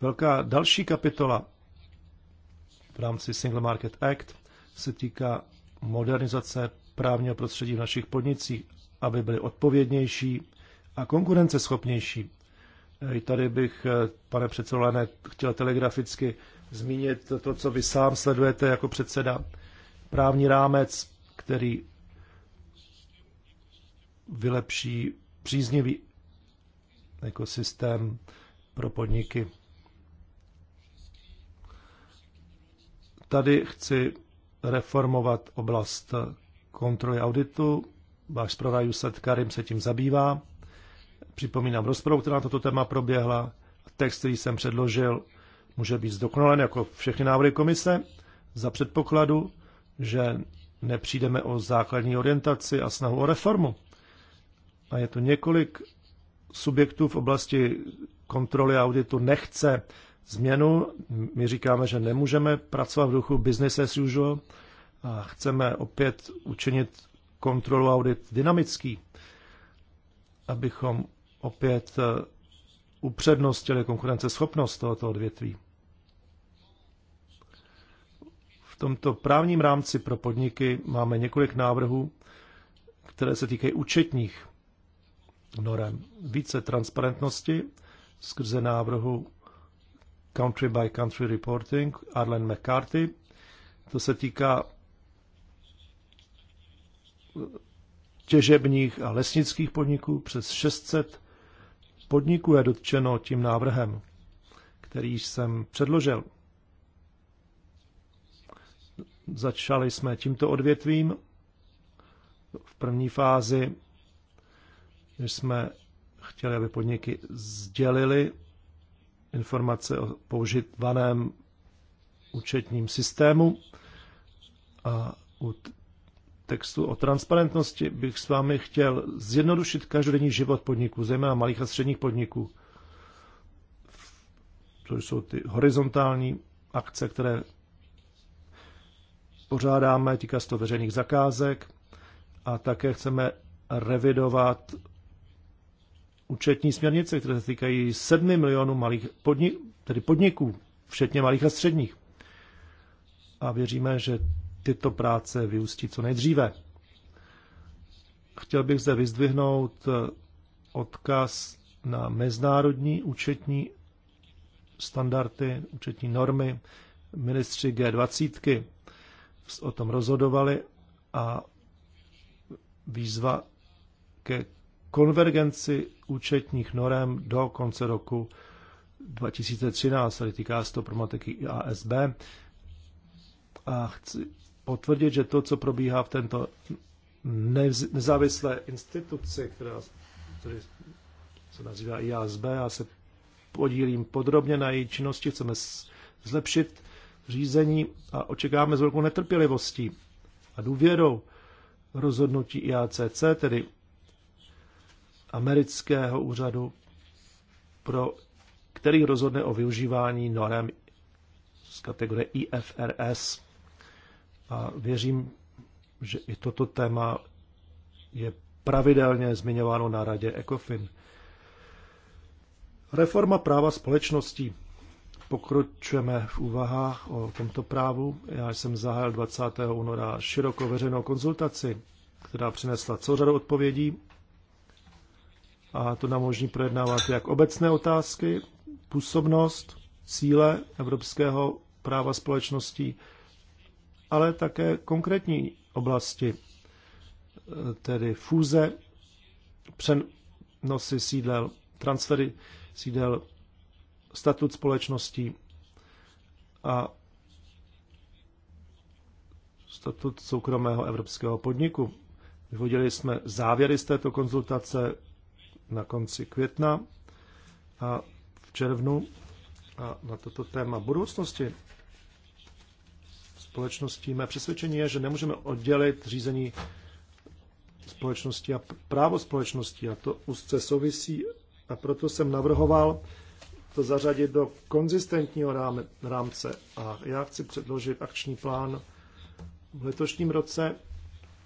Velká další kapitola v rámci Single Market Act se týká modernizace právního prostředí v našich podnicích aby byly odpovědnější a konkurenceschopnější. Tady bych, eh, pane předsedo Lene, chtěl telegraficky zmínit to, co vy sám sledujete jako předseda. Právní rámec, který vylepší příznivý ekosystém pro podniky. Tady chci reformovat oblast kontroly auditu Váš zpravodaj se Karim se tím zabývá. Připomínám rozpravu, která na toto téma proběhla. Text, který jsem předložil, může být zdokonalen jako všechny návrhy komise za předpokladu, že nepřijdeme o základní orientaci a snahu o reformu. A je tu několik subjektů v oblasti kontroly a auditu nechce změnu. My říkáme, že nemůžeme pracovat v duchu business as usual a chceme opět učinit kontrolu audit dynamický, abychom opět eh, upřednostili konkurenceschopnost tohoto odvětví. V tomto právním rámci pro podniky máme několik návrhů, které se týkají účetních norem. Více transparentnosti skrze návrhu Country by Country Reporting Arlen McCarthy. To se týká těžebních a lesnických podniků přes 600 podniků je dotčeno tím návrhem, který jsem předložil. Začali jsme tímto odvětvím. V první fázi jsme chtěli, aby podniky sdělili informace o použitvaném účetním systému a u textu o transparentnosti bych s vámi chtěl zjednodušit každodenní život podniků, zejména malých a středních podniků. To jsou ty horizontální akce, které pořádáme, týká se to veřejných zakázek a také chceme revidovat účetní směrnice, které se týkají 7 milionů malých podnik, tedy podniků, včetně malých a středních. A věříme, že tyto práce vyústí co nejdříve. Chtěl bych zde vyzdvihnout eh, odkaz na mezinárodní účetní standardy, účetní normy. Ministři G20 o tom rozhodovali a výzva ke konvergenci účetních norem do konce roku 2013, tady týká se to problematiky ASB. A chci potvrdit, že to, co probíhá v této nezávislé instituci, která se nazývá IASB, já se podílím podrobně na její činnosti, chceme zlepšit řízení a očekáváme s velkou netrpělivostí a důvěrou rozhodnutí IACC, tedy amerického úřadu, pro který rozhodne o využívání norem z kategorie IFRS a věřím, že i toto téma je pravidelně zmiňováno na radě ECOFIN. Reforma práva společností. Pokročujeme v úvahách o tomto právu. Já jsem zahájil 20. února širokou veřejnou konzultaci, která přinesla celou řadu odpovědí. A to nám možní projednávat jak obecné otázky, působnost, cíle evropského práva společností, ale také konkrétní oblasti, eh, tedy fúze přenosy sídel, transfery sídel, statut společností a statut soukromého evropského podniku. Vyvodili jsme závěry z této konzultace na konci května a v červnu a na toto téma budoucnosti společností. Mé přesvědčení je, že nemůžeme oddělit řízení společnosti a právo společnosti a to úzce souvisí a proto jsem navrhoval to zařadit do konzistentního rámce a já chci předložit akční plán v letošním roce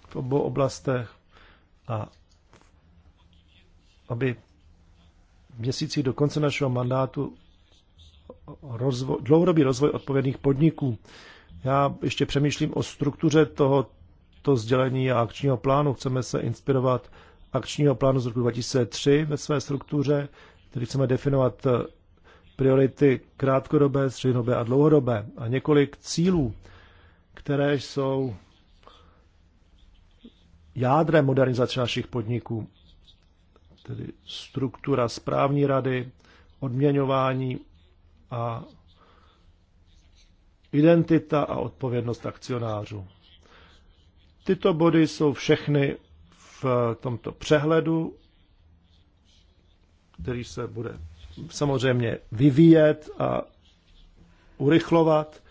v obou oblastech a aby v měsících do konce našeho mandátu rozvoj, dlouhodobý rozvoj odpovědných podniků já ještě přemýšlím o struktuře tohoto sdělení a akčního plánu. Chceme se inspirovat akčního plánu z roku 2003 ve své struktuře, který chceme definovat eh, priority krátkodobé, střednodobé a dlouhodobé a několik cílů, které jsou jádrem modernizace našich podniků, tedy struktura správní rady, odměňování a identita a odpovědnost akcionářů. Tyto body jsou všechny v tomto přehledu, který se bude samozřejmě vyvíjet a urychlovat.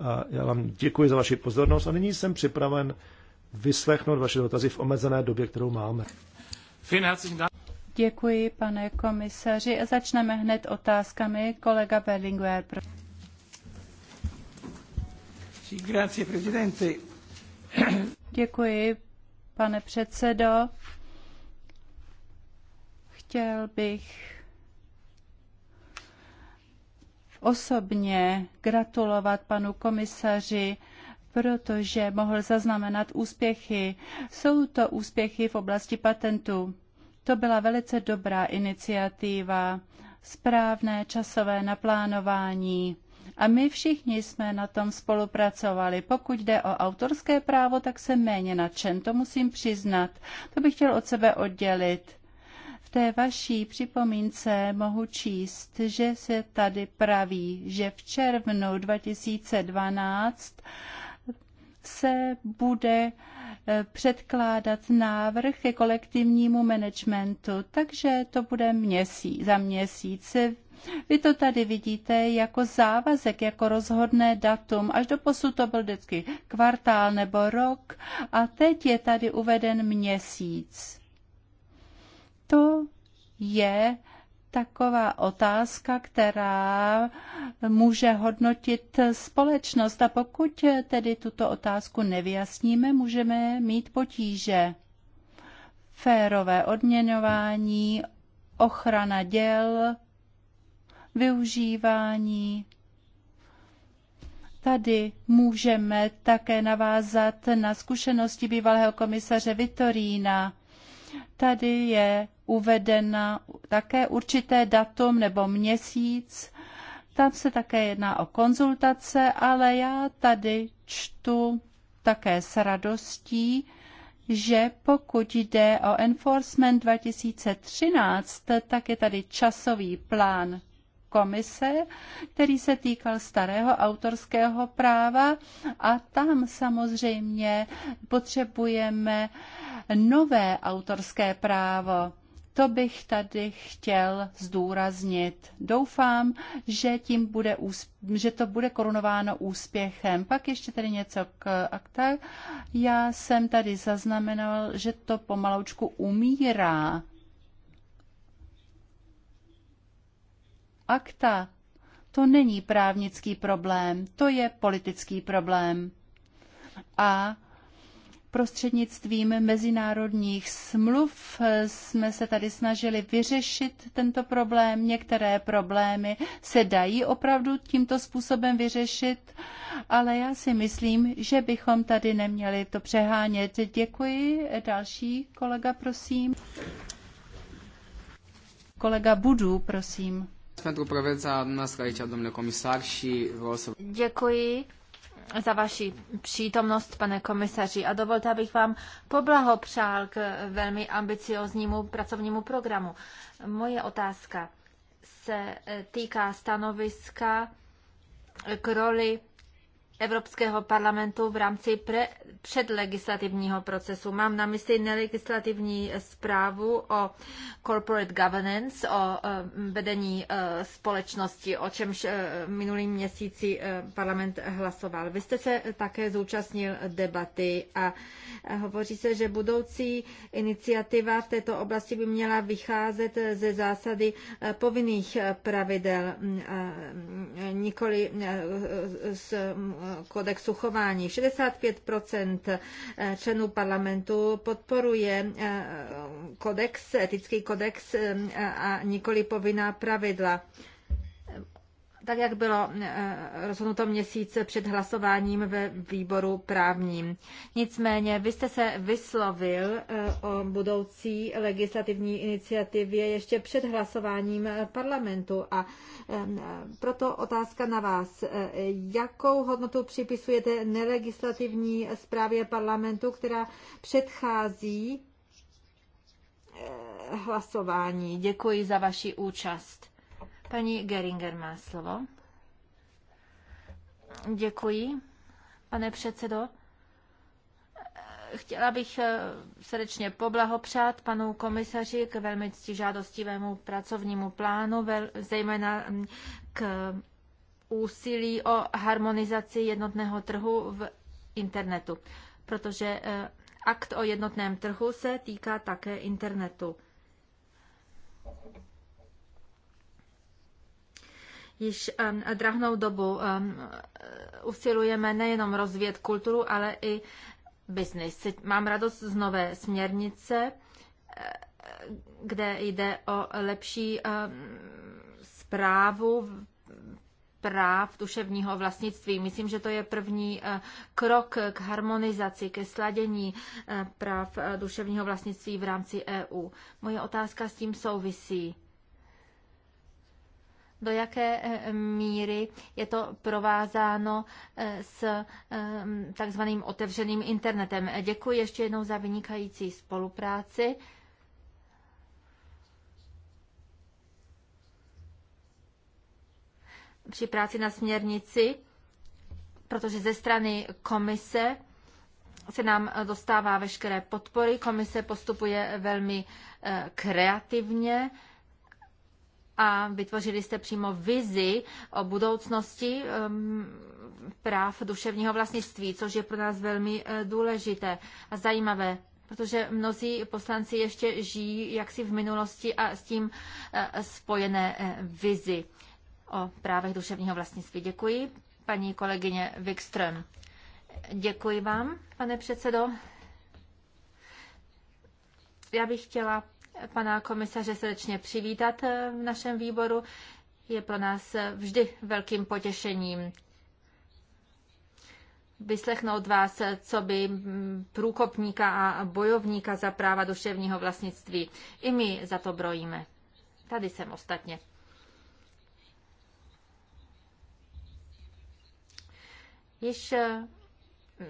A já vám děkuji za vaši pozornost a nyní jsem připraven vyslechnout vaše dotazy v omezené době, kterou máme. Děkuji, pane komisaři. A začneme hned otázkami. Kolega Berlinguer, prosím. Děkuji, pane předsedo. Chtěl bych osobně gratulovat panu komisaři protože mohl zaznamenat úspěchy. Jsou to úspěchy v oblasti patentů. To byla velice dobrá iniciativa, správné časové naplánování a my všichni jsme na tom spolupracovali. Pokud jde o autorské právo, tak jsem méně nadšen, to musím přiznat. To bych chtěl od sebe oddělit. V té vaší připomínce mohu číst, že se tady praví, že v červnu 2012 se bude eh, předkládat návrh ke kolektivnímu managementu, takže to bude měsíc, za měsíc. Vy to tady vidíte jako závazek, jako rozhodné datum. Až do posud to byl vždycky kvartál nebo rok a teď je tady uveden měsíc. To je taková otázka, která může hodnotit společnost. A pokud tedy tuto otázku nevyjasníme, můžeme mít potíže. Férové odměňování, ochrana děl, využívání. Tady můžeme také navázat na zkušenosti bývalého komisaře Vitorína. Tady je uvedena také určité datum nebo měsíc. Tam se také jedná o konzultace, ale já tady čtu také s radostí, že pokud jde o enforcement 2013, tak je tady časový plán komise, který se týkal starého autorského práva a tam samozřejmě potřebujeme nové autorské právo. To bych tady chtěl zdůraznit. Doufám, že, tím bude že to bude korunováno úspěchem. Pak ještě tady něco k akta. Já jsem tady zaznamenal, že to pomaloučku umírá akta, to není právnický problém, to je politický problém. A prostřednictvím mezinárodních smluv jsme se tady snažili vyřešit tento problém. Některé problémy se dají opravdu tímto způsobem vyřešit, ale já si myslím, že bychom tady neměli to přehánět. Děkuji. Další kolega, prosím. Kolega Budu, prosím. Pentru prezența noastră aici, domnule comisar, și vreau să... Děkuji za vaši přítomnost, pane komisaři, a dovolte, abych vám poblahopřál k velmi ambicioznímu pracovnímu programu. Moje otázka se týká stanoviska k roli Evropského parlamentu v rámci pre, předlegislativního procesu. Mám na mysli nelegislativní zprávu o corporate governance, o eh, vedení eh, společnosti, o čemž eh, minulý měsíci parlament hlasoval. Vy jste se také zúčastnil debaty a hovoří se, že budoucí iniciativa v této oblasti by měla vycházet ze zásady povinných pravidel, mm, mm, nikoli z kodexu chování. 65% eh, členů parlamentu podporuje eh, kodex, etický kodex eh, a nikoli povinná pravidla tak jak bylo eh, rozhodnuto měsíc před hlasováním ve výboru právním. Nicméně vy jste se vyslovil eh, o budoucí legislativní iniciativě ještě před hlasováním parlamentu a eh, proto otázka na vás. Jakou hodnotu připisujete nelegislativní zprávě parlamentu, která předchází hlasování? Děkuji za vaši účast. Paní Geringer má slovo. Děkuji, pane předsedo. Chtěla bych eh, srdečně poblahopřát panu komisaři k velmi ctižádostivému pracovnímu plánu, zejména mm, k úsilí o harmonizaci jednotného trhu v internetu, protože eh, akt o jednotném trhu se týká také internetu již drahnou dobu usilujeme nejenom rozvíjet kulturu, ale i biznis. Mám radost z nové směrnice, eh, kde jde o lepší zprávu práv duševního vlastnictví. Myslím, že to je první eh, krok k harmonizaci, ke sladění eh, práv duševního vlastnictví v rámci EU. Moje otázka s tím souvisí do jaké eh, míry je to provázáno eh, s eh, takzvaným otevřeným internetem. Děkuji ještě jednou za vynikající spolupráci. při práci na směrnici, protože ze strany komise se nám dostává veškeré podpory. Komise postupuje velmi kreativně a vytvořili jste přímo vizi o budoucnosti um, práv duševního vlastnictví, což je pro nás velmi eh, důležité a zajímavé protože mnozí poslanci ještě žijí jaksi v minulosti a s tím eh, spojené eh, vizi o právech duševního vlastnictví. Děkuji, paní kolegyně Wikström. Děkuji vám, pane předsedo. Já bych chtěla pana komisaře srdečně přivítat eh, v našem výboru. Je pro nás eh, vždy velkým potěšením vyslechnout vás, eh, co by mm, průkopníka a bojovníka za práva duševního vlastnictví. I my za to brojíme. Tady jsem ostatně. Již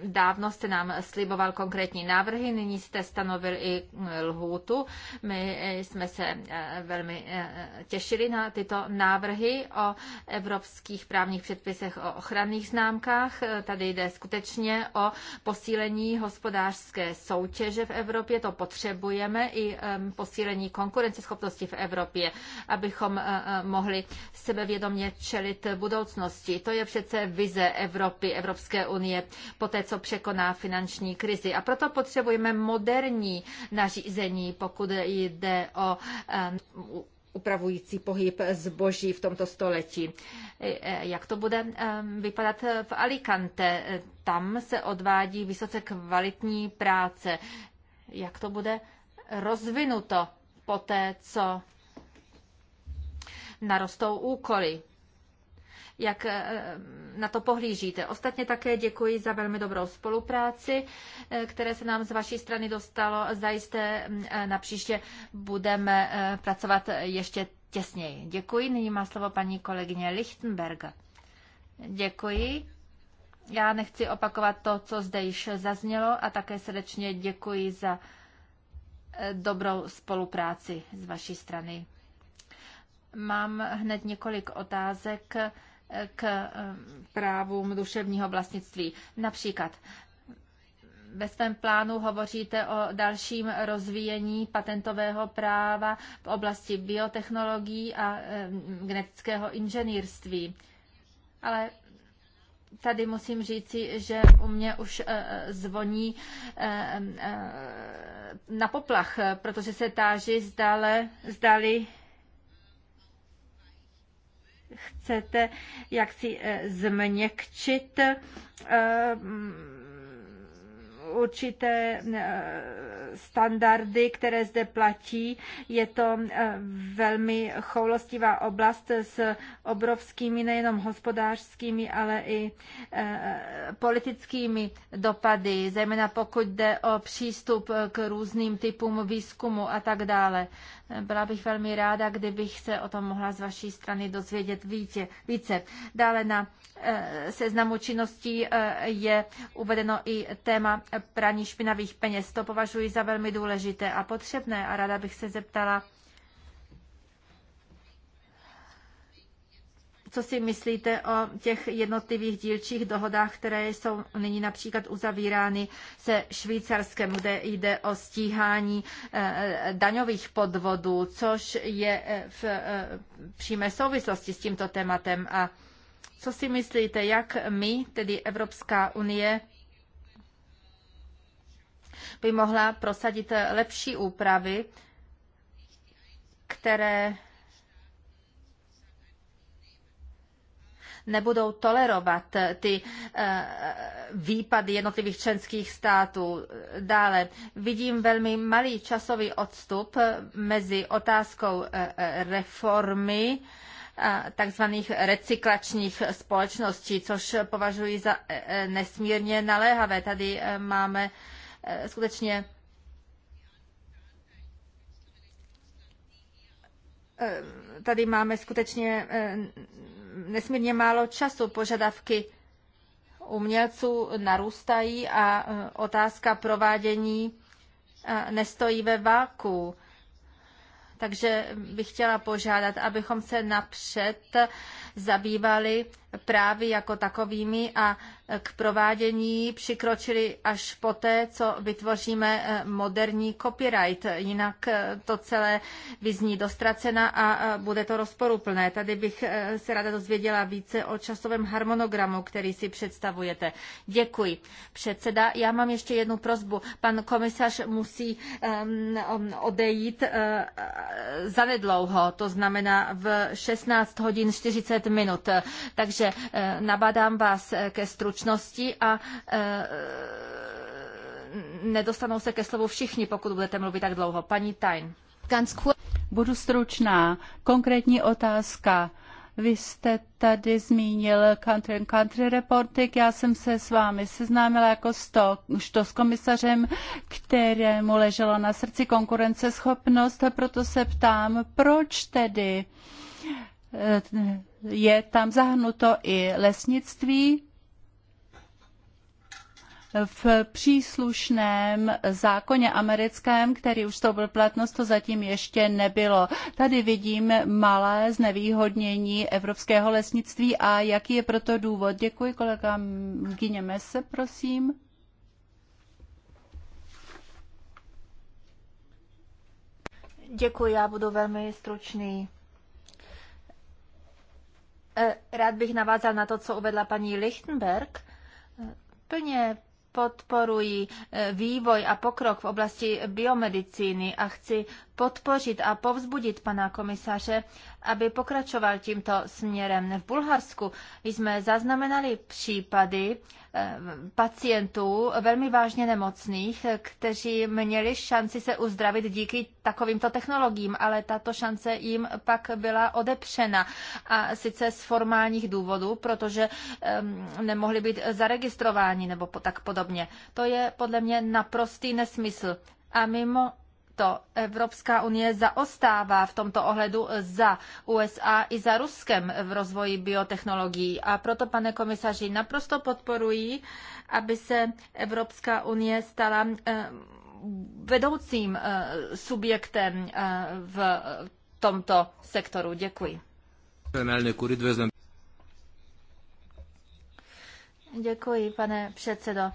Dávno jste nám sliboval konkrétní návrhy, nyní jste stanovil i mm, lhůtu. My eh, jsme se eh, velmi eh, těšili na tyto návrhy o evropských právních předpisech o ochranných známkách. Tady jde skutečně o posílení hospodářské soutěže v Evropě, to potřebujeme, i posílení konkurenceschopnosti v Evropě, abychom mohli sebevědomě čelit budoucnosti. To je přece vize Evropy, Evropské unie. Poté co překoná finanční krizi. A proto potřebujeme moderní nařízení, pokud jde o eh, upravující pohyb zboží v tomto století. Eh, jak to bude eh, vypadat v Alicante? Tam se odvádí vysoce kvalitní práce. Jak to bude rozvinuto poté, co narostou úkoly? jak eh, na to pohlížíte. Ostatně také děkuji za velmi dobrou spolupráci, eh, které se nám z vaší strany dostalo. Zajisté mm, eh, na příště budeme pracovat ještě těsněji. Děkuji. Nyní má slovo paní kolegyně Lichtenberg. Děkuji. Já nechci opakovat to, co zde již zaznělo a také srdečně děkuji za dobrou spolupráci z vaší strany. Mám hned několik otázek k eh, právům duševního vlastnictví. Například ve svém plánu hovoříte o dalším rozvíjení patentového práva v oblasti biotechnologií a eh, genetického inženýrství. Ale tady musím říci, že u mě už eh, zvoní na poplach, protože se táží zdale, zdali chcete jaksi eh, změkčit eh, určité eh, standardy, které zde platí. Je to eh, velmi choulostivá oblast s obrovskými nejenom hospodářskými, ale i eh, politickými dopady, zejména pokud jde o přístup k různým typům výzkumu a tak dále. Byla bych velmi ráda, kdybych se o tom mohla z vaší strany dozvědět více. více. Dále na seznamu činností je uvedeno i téma praní špinavých peněz. To považuji za velmi důležité a potřebné a ráda bych se zeptala, co si myslíte o těch jednotlivých dílčích dohodách, které jsou nyní například uzavírány se Švýcarskem, kde jde o stíhání eh, daňových podvodů, což je eh, v eh, přímé souvislosti s tímto tématem. A co si myslíte, jak my, tedy Evropská unie, by mohla prosadit lepší úpravy, které nebudou tolerovat ty eh, výpady jednotlivých členských států. Dále vidím velmi malý časový odstup eh, mezi otázkou eh, reformy takzvaných recyklačních společností, což považuji za nesmírně naléhavé. Tady máme Eh, skutečně eh, tady máme skutečně eh, nesmírně málo času. Požadavky umělců narůstají a otázka provádění nestojí ve váku. Takže bych chtěla požádat, abychom se napřed zabývali právy jako takovými a k provádění přikročili až poté, co vytvoříme eh, moderní copyright. Jinak eh, to celé vyzní dostracena a eh, bude to rozporuplné. Tady bych se ráda dozvěděla více o časovém harmonogramu, který si představujete. Děkuji. Předseda, já mám ještě jednu prozbu. Pan komisař musí um, odejít uh, zanedlouho, to znamená v 16 hodin 40 10 minut. Takže eh, nabádám vás eh, ke stručnosti a eh, nedostanou se ke slovu všichni, pokud budete mluvit tak dlouho. Paní Tajn. Budu stručná. Konkrétní otázka. Vy jste tady zmínil country and country reporting. Já jsem se s vámi seznámila jako sto, što s komisařem, kterému leželo na srdci konkurenceschopnost, a proto se ptám, proč tedy uh, Eh, je tam zahrnuto i lesnictví v příslušném zákoně americkém, který už to byl platnost, to zatím ještě nebylo. Tady vidím malé znevýhodnění evropského lesnictví a jaký je proto důvod. Děkuji, kolega Gyně Mese, prosím. Děkuji, já budu velmi stručný. Eh, rád bych navázal na to, co uvedla paní Lichtenberg. Eh, plně podporuji eh, vývoj a pokrok v oblasti biomedicíny a chci podpořit a povzbudit pana komisaře, aby pokračoval tímto směrem. V Bulharsku jsme zaznamenali případy eh, pacientů velmi vážně nemocných, kteří měli šanci se uzdravit díky takovýmto technologiím, ale tato šance jim pak byla odepřena. A sice z formálních důvodů, protože ehm, nemohli být zaregistrováni nebo tak podobně. To je podle mě naprostý nesmysl. A mimo často Evropská unie zaostává v tomto ohledu za USA i za Ruskem v rozvoji biotechnologií. A proto, pane komisaři, naprosto podporuji, aby se Evropská unie stala eh, vedoucím eh, subjektem eh, v tomto sektoru. Děkuji. Děkuji, pane předsedo.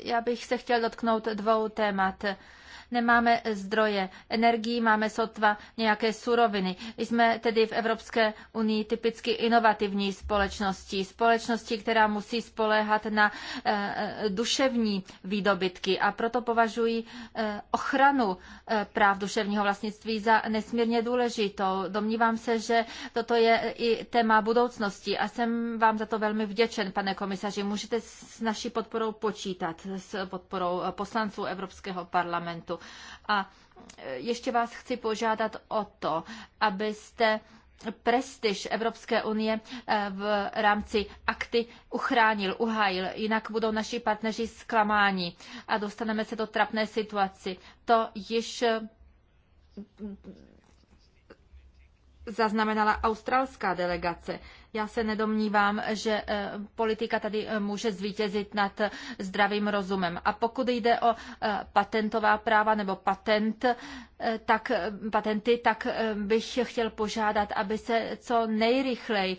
Já bych se chtěl dotknout dvou témat nemáme zdroje energii, máme sotva nějaké suroviny. Jsme tedy v Evropské unii typicky inovativní společnosti, společnosti, která musí spoléhat na eh, duševní výdobytky a proto považuji eh, ochranu eh, práv duševního vlastnictví za nesmírně důležitou. Domnívám se, že toto je i téma budoucnosti a jsem vám za to velmi vděčen, pane komisaři. Můžete s naší podporou počítat, s podporou poslanců Evropského parlamentu. A ještě vás chci požádat o to, abyste prestiž Evropské unie eh, v rámci akty uchránil, uhájil, jinak budou naši partneři zklamáni a dostaneme se do trapné situaci. To již eh, zaznamenala australská delegace. Já se nedomnívám, že eh, politika tady eh, může zvítězit nad eh, zdravým rozumem. A pokud jde o patentová práva nebo patent, tak, patenty, tak bych chtěl požádat, aby se co nejrychleji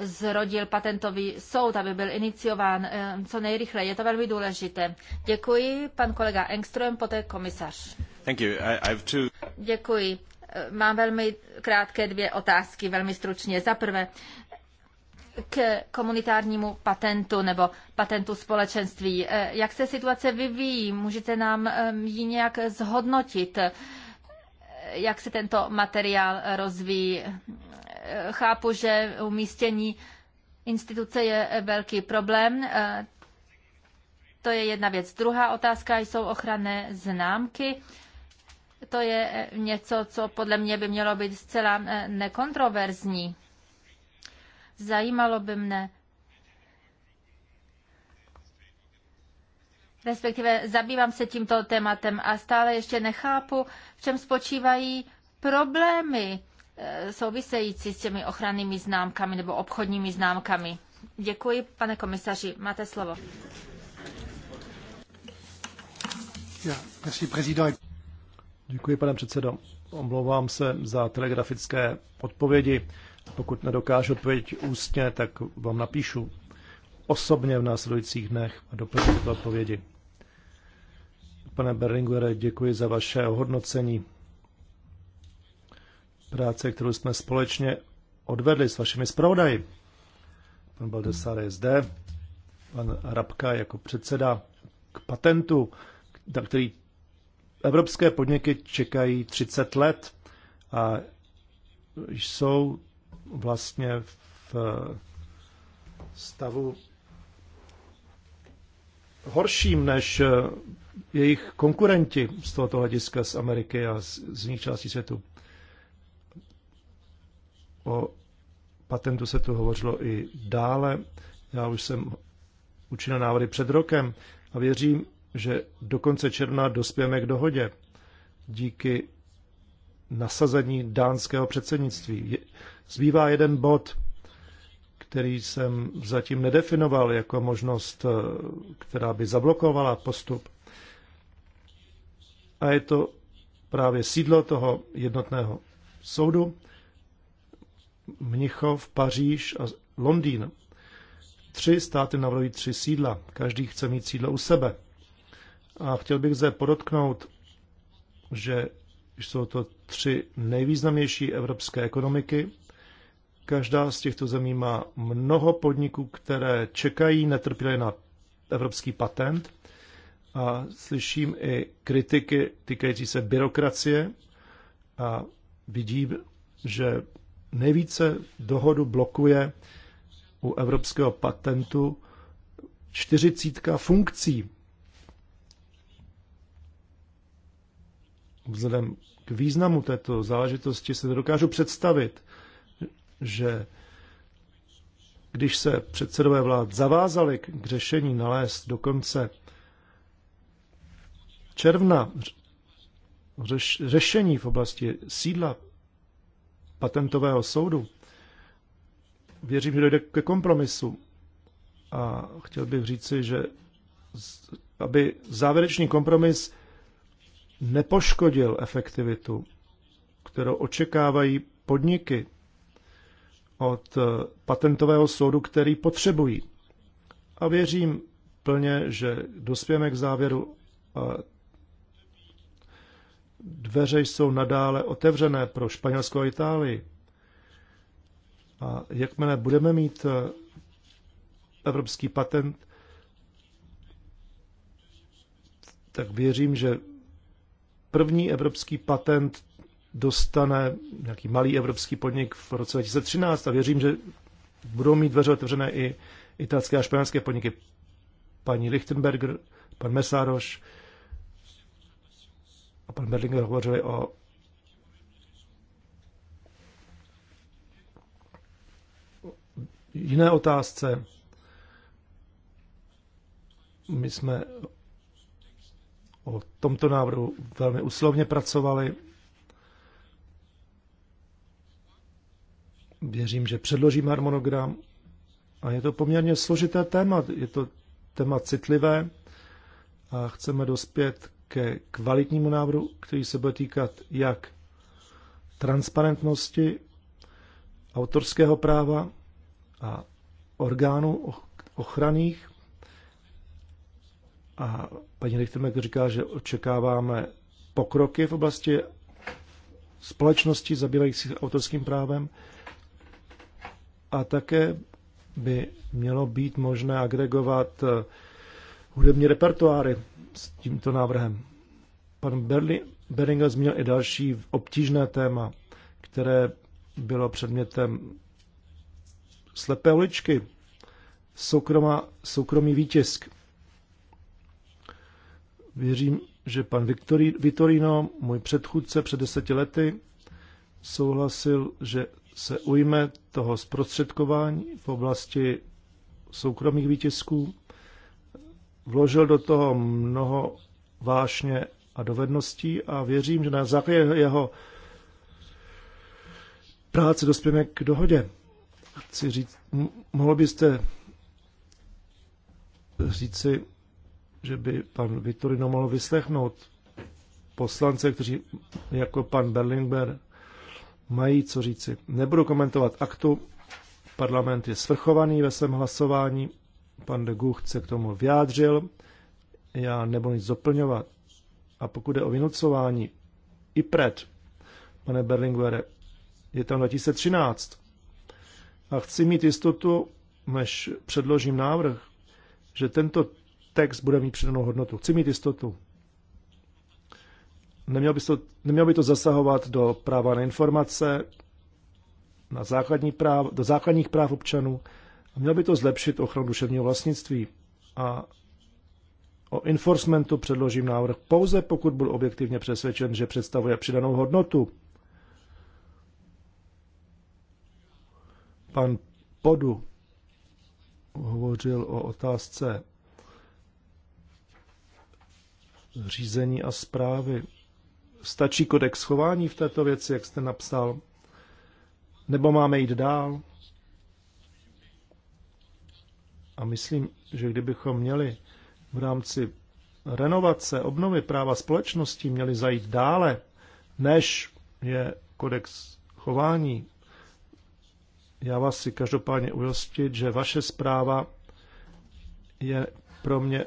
zrodil patentový soud, aby byl iniciován co nejrychleji. Je to velmi důležité. Děkuji, pan kolega Engström, poté komisař. Děkuji. Mám velmi krátké dvě otázky, velmi stručně. Za prvé, k komunitárnímu patentu nebo patentu společenství. Eh, jak se situace vyvíjí? Můžete nám ehm, ji nějak zhodnotit? Eh, jak se tento materiál rozvíjí? Eh, chápu, že umístění instituce je velký problém. To je jedna věc. Druhá otázka jsou ochranné známky. To je eh, něco, co podle mě by mělo být zcela eh, nekontroverzní. Zajímalo by mne, respektive zabývám se tímto tématem a stále ještě nechápu, v čem spočívají problémy eh, související s těmi ochrannými známkami nebo obchodními známkami. Děkuji, pane komisaři, máte slovo. Děkuji, pane předsedo. Omlouvám se za telegrafické odpovědi. Pokud nedokážu odpovědět ústně, tak vám napíšu osobně v následujících dnech a doplním tyto odpovědi. Pane Berlinguere, děkuji za vaše ohodnocení práce, kterou jsme společně odvedli s vašimi zpravodaji. Pan Baldessare je zde, pan Rabka jako předseda k patentu, který Evropské podniky čekají 30 let a jsou vlastně v eh, stavu horším než eh, jejich konkurenti z tohoto hlediska z Ameriky a z, z jiných částí světu. O patentu se tu hovořilo i dále. Já už jsem učinil návrhy před rokem a věřím, že do konce června dospějeme k dohodě díky nasazení dánského předsednictví. Zbývá jeden bod, který jsem zatím nedefinoval jako možnost, eh, která by zablokovala postup. A je to právě sídlo toho jednotného soudu, Mnichov, Paříž a Londýn. Tři státy navrhují tři sídla. Každý chce mít sídlo u sebe. A chtěl bych zde podotknout, že jsou to tři nejvýznamnější evropské ekonomiky. Každá z těchto zemí má mnoho podniků, které čekají netrpěle na evropský patent. A slyším i kritiky týkající se byrokracie a vidím, že nejvíce dohodu blokuje u evropského patentu čtyřicítka funkcí Vzhledem k významu této záležitosti se dokážu představit, že když se předsedové vlád zavázali k řešení nalézt do konce června řešení v oblasti sídla patentového soudu, věřím, že dojde ke kompromisu. A chtěl bych říci, že aby závěrečný kompromis nepoškodil efektivitu, kterou očekávají podniky od eh, patentového soudu, který potřebují. A věřím plně, že dospějeme k závěru a eh, dveře jsou nadále otevřené pro Španělsko a Itálii. A jakmile budeme mít eh, evropský patent, tak věřím, že první evropský patent dostane nějaký malý evropský podnik v roce 2013 a věřím, že budou mít dveře otevřené i italské a španělské podniky. Paní Lichtenberger, pan Mesároš a pan Berlinger hovořili o jiné otázce. My jsme o tomto návrhu velmi uslovně pracovali. Věřím, že předložím harmonogram. A je to poměrně složité téma. Je to téma citlivé a chceme dospět ke kvalitnímu návrhu, který se bude týkat jak transparentnosti, autorského práva a orgánů ochranných a paní Lichtenberg říká, že očekáváme pokroky v oblasti společnosti zabývajících autorským právem a také by mělo být možné agregovat eh, hudební repertoáry s tímto návrhem. Pan Berli, Beringer zmínil i další obtížné téma, které bylo předmětem slepé uličky, soukroma, soukromý výtisk. Věřím, že pan Vitorino, můj předchůdce před deseti lety, souhlasil, že se ujme toho zprostředkování v oblasti soukromých výtisků. Vložil do toho mnoho vášně a dovedností a věřím, že na základě jeho práce dospějeme k dohodě. Chci říct, mohl byste říci, že by pan Vitorino mohl vyslechnout poslance, kteří jako pan Berlingber mají co říci. Nebudu komentovat aktu, parlament je svrchovaný ve svém hlasování, pan de Gucht se k tomu vyjádřil, já nebudu nic doplňovat. A pokud je o vynucování, i před pane Berlinguere, je tam 2013. A chci mít jistotu, než předložím návrh, že tento text bude mít přidanou hodnotu. Chci mít jistotu. Nemělo by, to, nemělo by to zasahovat do práva na informace, na základní práv, do základních práv občanů. A mělo by to zlepšit ochranu duševního vlastnictví. A o enforcementu předložím návrh pouze, pokud byl objektivně přesvědčen, že představuje přidanou hodnotu. Pan Podu hovořil o otázce řízení a zprávy. Stačí kodex chování v této věci, jak jste napsal? Nebo máme jít dál? A myslím, že kdybychom měli v rámci renovace, obnovy práva společnosti měli zajít dále, než je kodex chování. Já vás si každopádně ujistit, že vaše zpráva je pro mě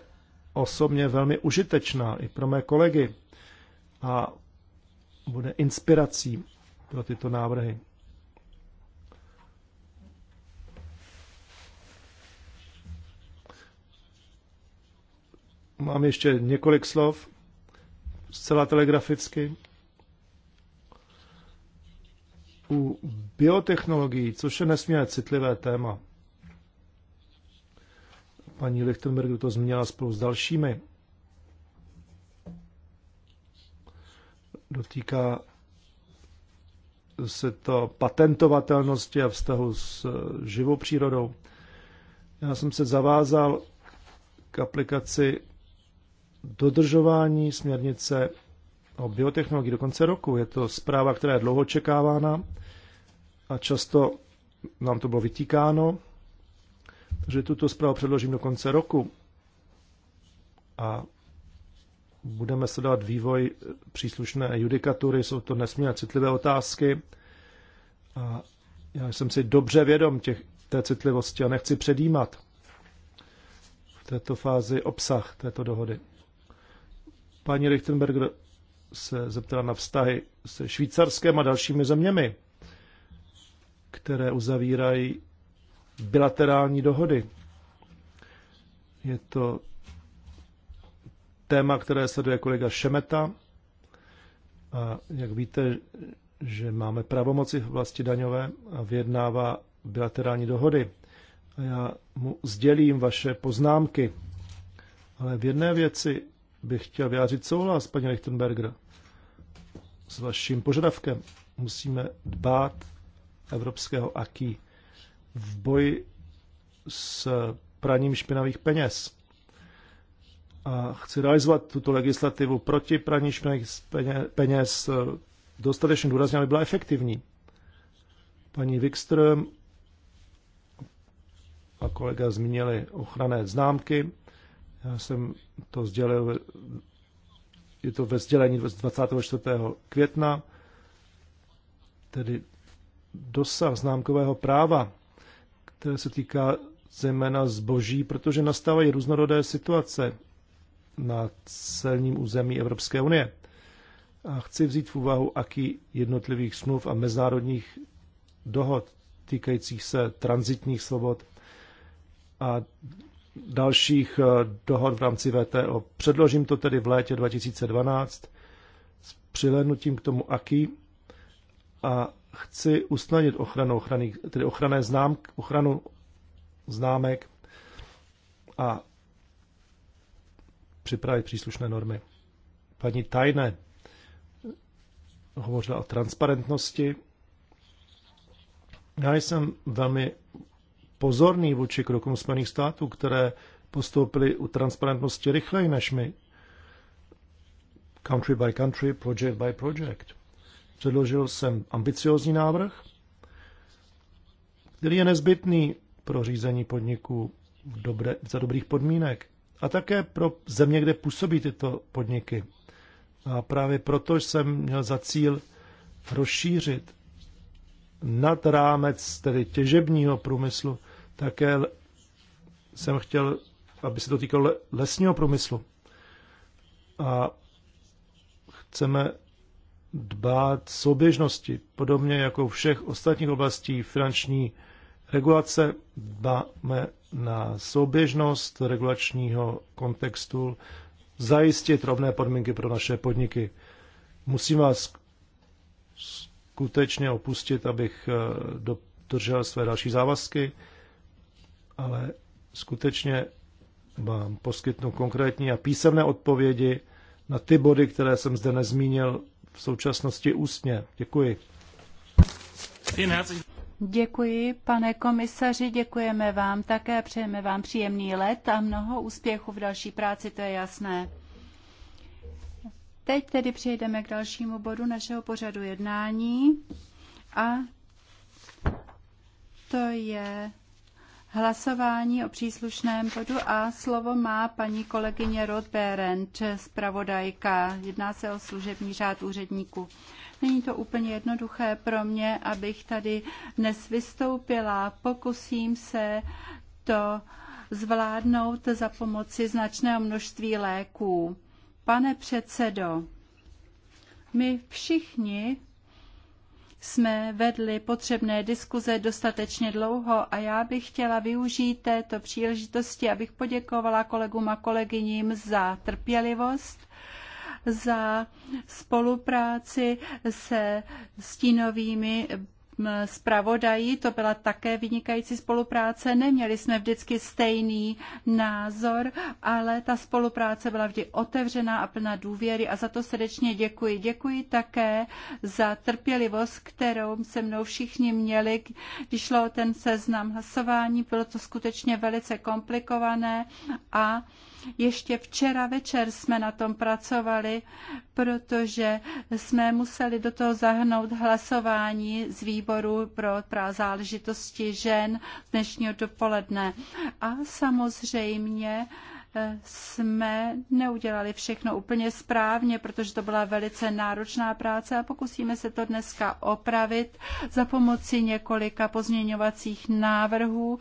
osobně velmi užitečná i pro mé kolegy a bude inspirací pro tyto návrhy. Mám ještě několik slov, zcela telegraficky. U biotechnologií, což je nesmírně citlivé téma, Paní Lichtenberg to změnila spolu s dalšími. Dotýká se to patentovatelnosti a vztahu s eh, živou přírodou. Já jsem se zavázal k aplikaci dodržování směrnice o biotechnologii do konce roku. Je to zpráva, která je dlouho očekávána a často nám to bylo vytýkáno že tuto zprávu předložím do konce roku a budeme sledovat vývoj příslušné judikatury. Jsou to nesmírně citlivé otázky a já jsem si dobře vědom těch, té citlivosti a nechci předjímat v této fázi obsah této dohody. Paní Lichtenberger se zeptala na vztahy se Švýcarskem a dalšími zeměmi, které uzavírají bilaterální dohody. Je to téma, které sleduje kolega Šemeta. A jak víte, že máme pravomoci v oblasti daňové a vyjednává bilaterální dohody. A já mu sdělím vaše poznámky. Ale v jedné věci bych chtěl vyjádřit souhlas, paní Lichtenberger, s vaším požadavkem. Musíme dbát evropského aký v boji s praním špinavých peněz. A chci realizovat tuto legislativu proti praní špinavých peněz eh, dostatečně důrazně, aby byla efektivní. Paní Wikström a kolega zmínili ochranné známky. Já jsem to sdělil, je to ve sdělení 24. května, tedy dosah známkového práva které se týká zejména zboží, protože nastávají různorodé situace na celním území Evropské unie. A chci vzít v úvahu, aký jednotlivých smluv a mezinárodních dohod týkajících se transitních svobod a dalších eh, dohod v rámci VTO. Předložím to tedy v létě 2012 s přilehnutím k tomu AKI a chci usnadnit ochranu ochrany, tedy ochranné známk, ochranu známek a připravit příslušné normy. Paní Tajné hovořila o transparentnosti. Já jsem velmi pozorný vůči krokům Spojených států, které postoupily u transparentnosti rychleji než my. Country by country, project by project. Předložil jsem ambiciózní návrh, který je nezbytný pro řízení podniků v dobré, za dobrých podmínek a také pro země, kde působí tyto podniky. A právě proto jsem měl za cíl rozšířit nad rámec tedy těžebního průmyslu, také jsem chtěl, aby se to týkalo lesního průmyslu. A chceme dbát souběžnosti, podobně jako všech ostatních oblastí finanční regulace, dbáme na souběžnost regulačního kontextu, zajistit rovné podmínky pro naše podniky. Musím vás skutečně opustit, abych eh, dodržel své další závazky, ale skutečně vám poskytnu konkrétní a písemné odpovědi na ty body, které jsem zde nezmínil v současnosti ústně. Děkuji. Děkuji, pane komisaři, děkujeme vám také, přejeme vám příjemný let a mnoho úspěchů v další práci, to je jasné. Teď tedy přejdeme k dalšímu bodu našeho pořadu jednání a to je hlasování o příslušném bodu a slovo má paní kolegyně Rod Berend, zpravodajka. Jedná se o služební řád úředníků. Není to úplně jednoduché pro mě, abych tady dnes vystoupila. Pokusím se to zvládnout za pomoci značného množství léků. Pane předsedo, my všichni jsme vedli potřebné diskuze dostatečně dlouho a já bych chtěla využít této příležitosti, abych poděkovala kolegům a kolegyním za trpělivost za spolupráci se stínovými zpravodají, to byla také vynikající spolupráce. Neměli jsme vždycky stejný názor, ale ta spolupráce byla vždy otevřená a plná důvěry a za to srdečně děkuji. Děkuji také za trpělivost, kterou se mnou všichni měli, když šlo o ten seznam hlasování. Bylo to skutečně velice komplikované a ještě včera večer jsme na tom pracovali, protože jsme museli do toho zahrnout hlasování z výboru pro záležitosti žen dnešního dopoledne. A samozřejmě jsme neudělali všechno úplně správně, protože to byla velice náročná práce a pokusíme se to dneska opravit za pomoci několika pozměňovacích návrhů,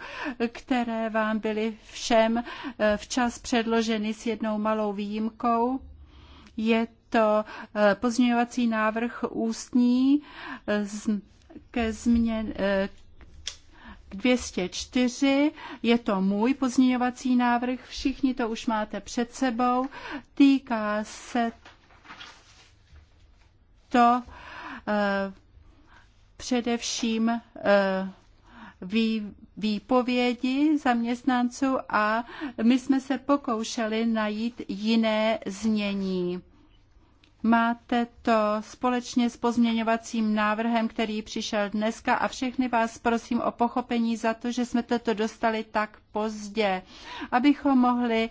které vám byly všem eh, včas předloženy s jednou malou výjimkou. Je to eh, pozměňovací návrh ústní eh, ke změně 204, je to můj pozměňovací návrh, všichni to už máte před sebou, týká se to e, především e, vý, výpovědi zaměstnanců a my jsme se pokoušeli najít jiné znění. Máte to společně s pozměňovacím návrhem, který přišel dneska a všechny vás prosím o pochopení za to, že jsme toto dostali tak pozdě. Abychom mohli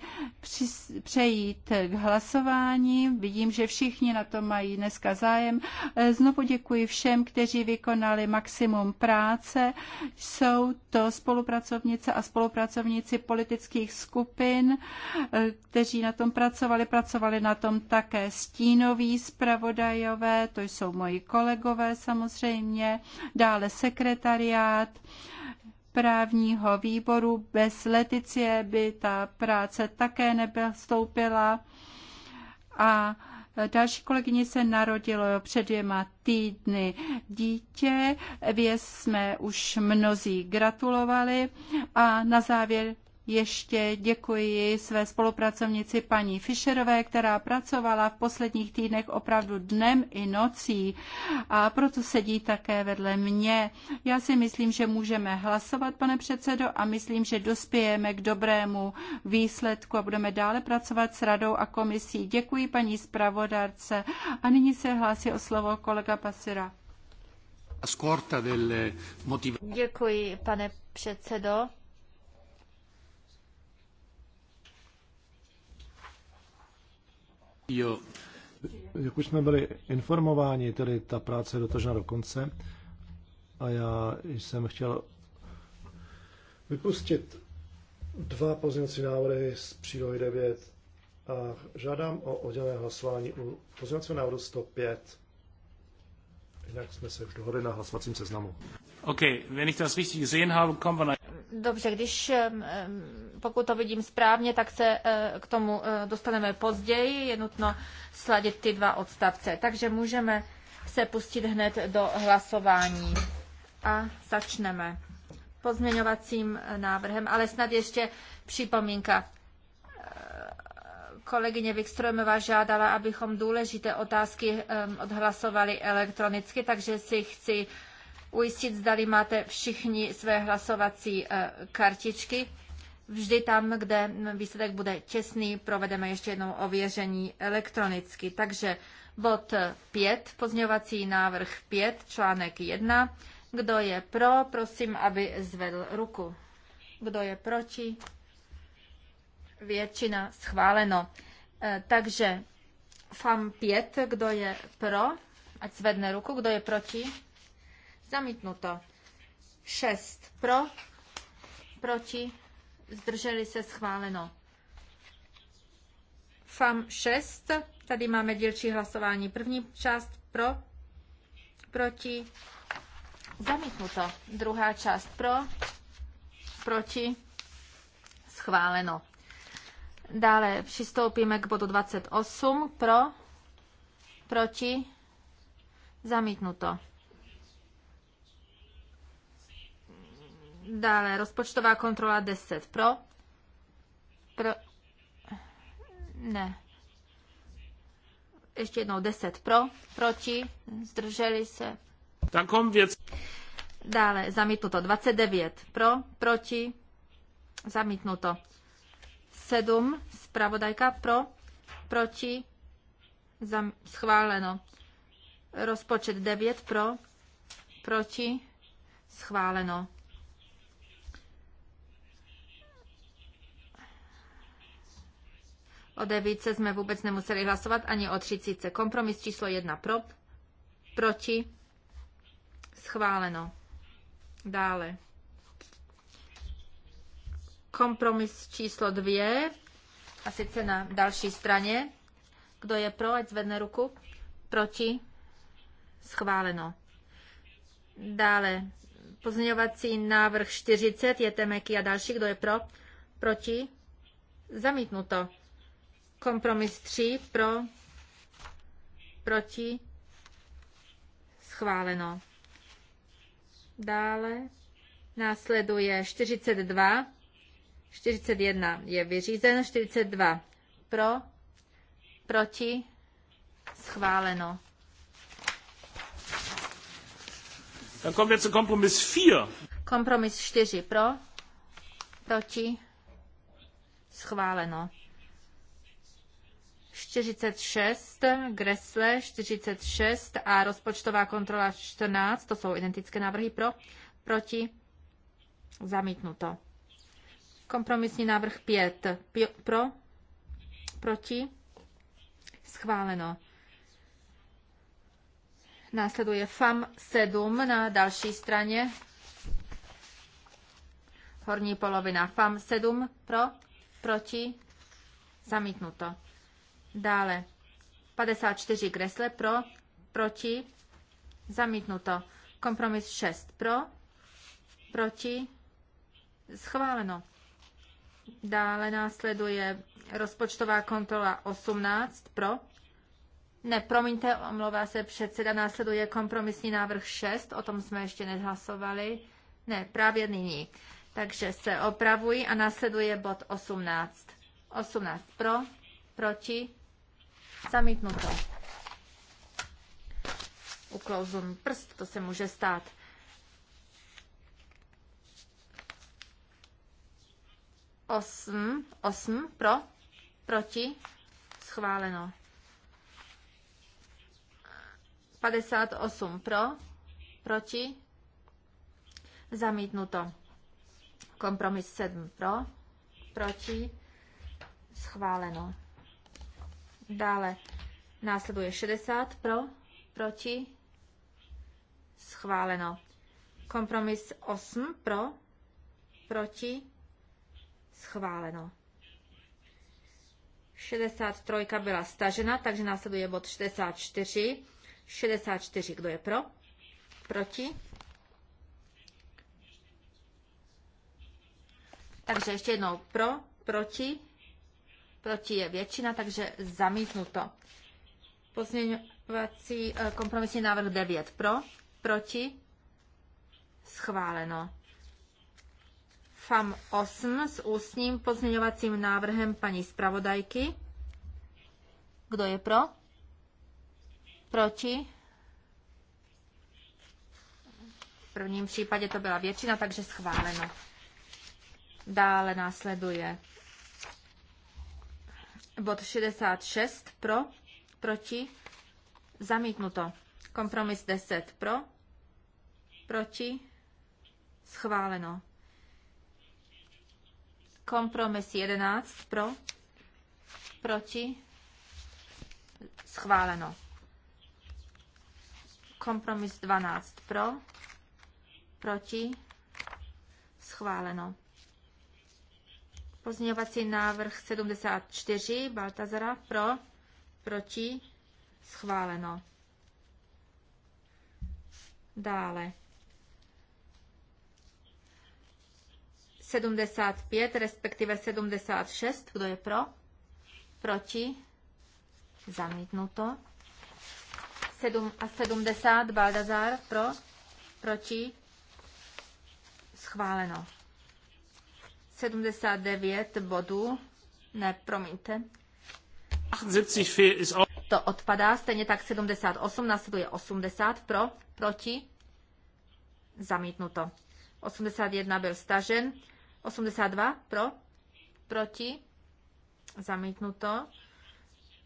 přejít k hlasování, vidím, že všichni na to mají dneska zájem. E, znovu děkuji všem, kteří vykonali maximum práce. Jsou to spolupracovnice a spolupracovníci politických skupin, e, kteří na tom pracovali, pracovali na tom také stínově noví zpravodajové, to jsou moji kolegové samozřejmě, dále sekretariát právního výboru. Bez Leticie by ta práce také nebyla a Další kolegyně se narodilo před dvěma týdny dítě, věc jsme už mnozí gratulovali a na závěr ještě děkuji své spolupracovnici paní Fischerové, která pracovala v posledních týdnech opravdu dnem i nocí a proto sedí také vedle mě. Já si myslím, že můžeme hlasovat, pane předsedo, a myslím, že dospějeme k dobrému výsledku a budeme dále pracovat s radou a komisí. Děkuji paní zpravodárce a nyní se hlásí o slovo kolega Pasira. Děkuji, pane předsedo. Jo. Jak už jsme byli informováni, tedy ta práce je dotažena do konce a já jsem chtěl vypustit dva pozměňovací návrhy z přílohy 9 a žádám o oddělené hlasování u pozměňovacího návrhu 105. Jinak jsme se už dohodli na hlasovacím seznamu. Okay, wenn ich das richtig gesehen habe, kommen wir Dobře, když pokud to vidím správně, tak se eh, k tomu eh, dostaneme později. Je nutno sladit ty dva odstavce. Takže můžeme se pustit hned do hlasování. A začneme pozměňovacím eh, návrhem, ale snad ještě připomínka. Kolegyně Vikstrojmová žádala, abychom důležité otázky odhlasovali elektronicky, takže si chci ujistit, zdali máte všichni své hlasovací eh, kartičky. Vždy tam, kde výsledek bude těsný, provedeme ještě jednou ověření elektronicky. Takže bod 5, eh, pozměňovací návrh 5, článek 1. Kdo je pro, prosím, aby zvedl ruku. Kdo je proti? Většina schváleno. Eh, takže FAM 5, kdo je pro, ať zvedne ruku, kdo je proti? Zamítnuto. 6 pro, proti, zdrželi se schváleno. FAM 6, tady máme dělčí hlasování. První část pro, proti, zamítnuto. Druhá část pro, proti, schváleno. Dále přistoupíme k bodu 28, pro, proti, zamítnuto. Dále rozpočtová kontrola 10 pro. pro ne. Ještě jednou 10 pro, proti, zdrželi se. Takom věc. Dále zamítnuto 29 pro, proti, zamítnuto 7 zpravodajka pro, proti, zam, schváleno. Rozpočet 9 pro, proti, schváleno. O devíce jsme vůbec nemuseli hlasovat ani o třicíce Kompromis číslo jedna pro, proti, schváleno. Dále. Kompromis číslo dvě a sice na další straně. Kdo je pro, ať zvedne ruku. Proti, schváleno. Dále. Pozměňovací návrh 40 je Temeky a další. Kdo je pro? Proti? Zamítnuto. Kompromis 3 pro, proti, schváleno. Dále následuje 42, 41 je vyřízen, 42 pro, proti, schváleno. Dann kommen wir zu Kompromiss 4. Kompromiss 4 pro, proti, schváleno. 46, Gresle 46 a rozpočtová kontrola 14, to jsou identické návrhy pro, proti, zamítnuto. Kompromisní návrh 5, pro, proti, schváleno. Následuje FAM 7 na další straně. Horní polovina FAM 7 pro, proti, zamítnuto. Dále 54 kresle pro, proti, zamítnuto. Kompromis 6 pro, proti, schváleno. Dále následuje rozpočtová kontrola 18 pro. Ne, promiňte, omlouvá se předseda, následuje kompromisní návrh 6, o tom jsme ještě nehlasovali. Ne, právě nyní. Takže se opravují a následuje bod 18. 18 pro, proti, Zamítnuto. Uklouzun prst, to se může stát. Osm, osm pro, proti, schváleno. 58 pro, proti, zamítnuto. Kompromis 7 pro, proti, schváleno. Dále následuje 60 pro, proti, schváleno. Kompromis 8 pro, proti, schváleno. 63 byla stažena, takže následuje bod 64. 64, kdo je pro? Proti? Takže ještě jednou pro, proti, proti je většina, takže zamítnuto. Pozměňovací eh, kompromisní návrh 9 pro, proti, schváleno. FAM 8 s ústním pozměňovacím návrhem paní zpravodajky. Kdo je pro? Proti? V prvním případě to byla většina, takže schváleno. Dále následuje Bod 66 pro, proti, zamítnuto. Kompromis 10 pro, proti, schváleno. Kompromis 11 pro, proti, schváleno. Kompromis 12 pro, proti, schváleno. Pozměňovací návrh 74 Baltazara pro, proti, schváleno. Dále. 75, respektive 76, kdo je pro? Proti? Zamítnuto. 7 a 70, Baldazar, pro? Proti? Schváleno. 79 bodů, ne, promiňte. To odpadá, stejně tak 78, následuje 80 pro, proti, zamítnuto. 81 byl stažen, 82 pro, proti, zamítnuto.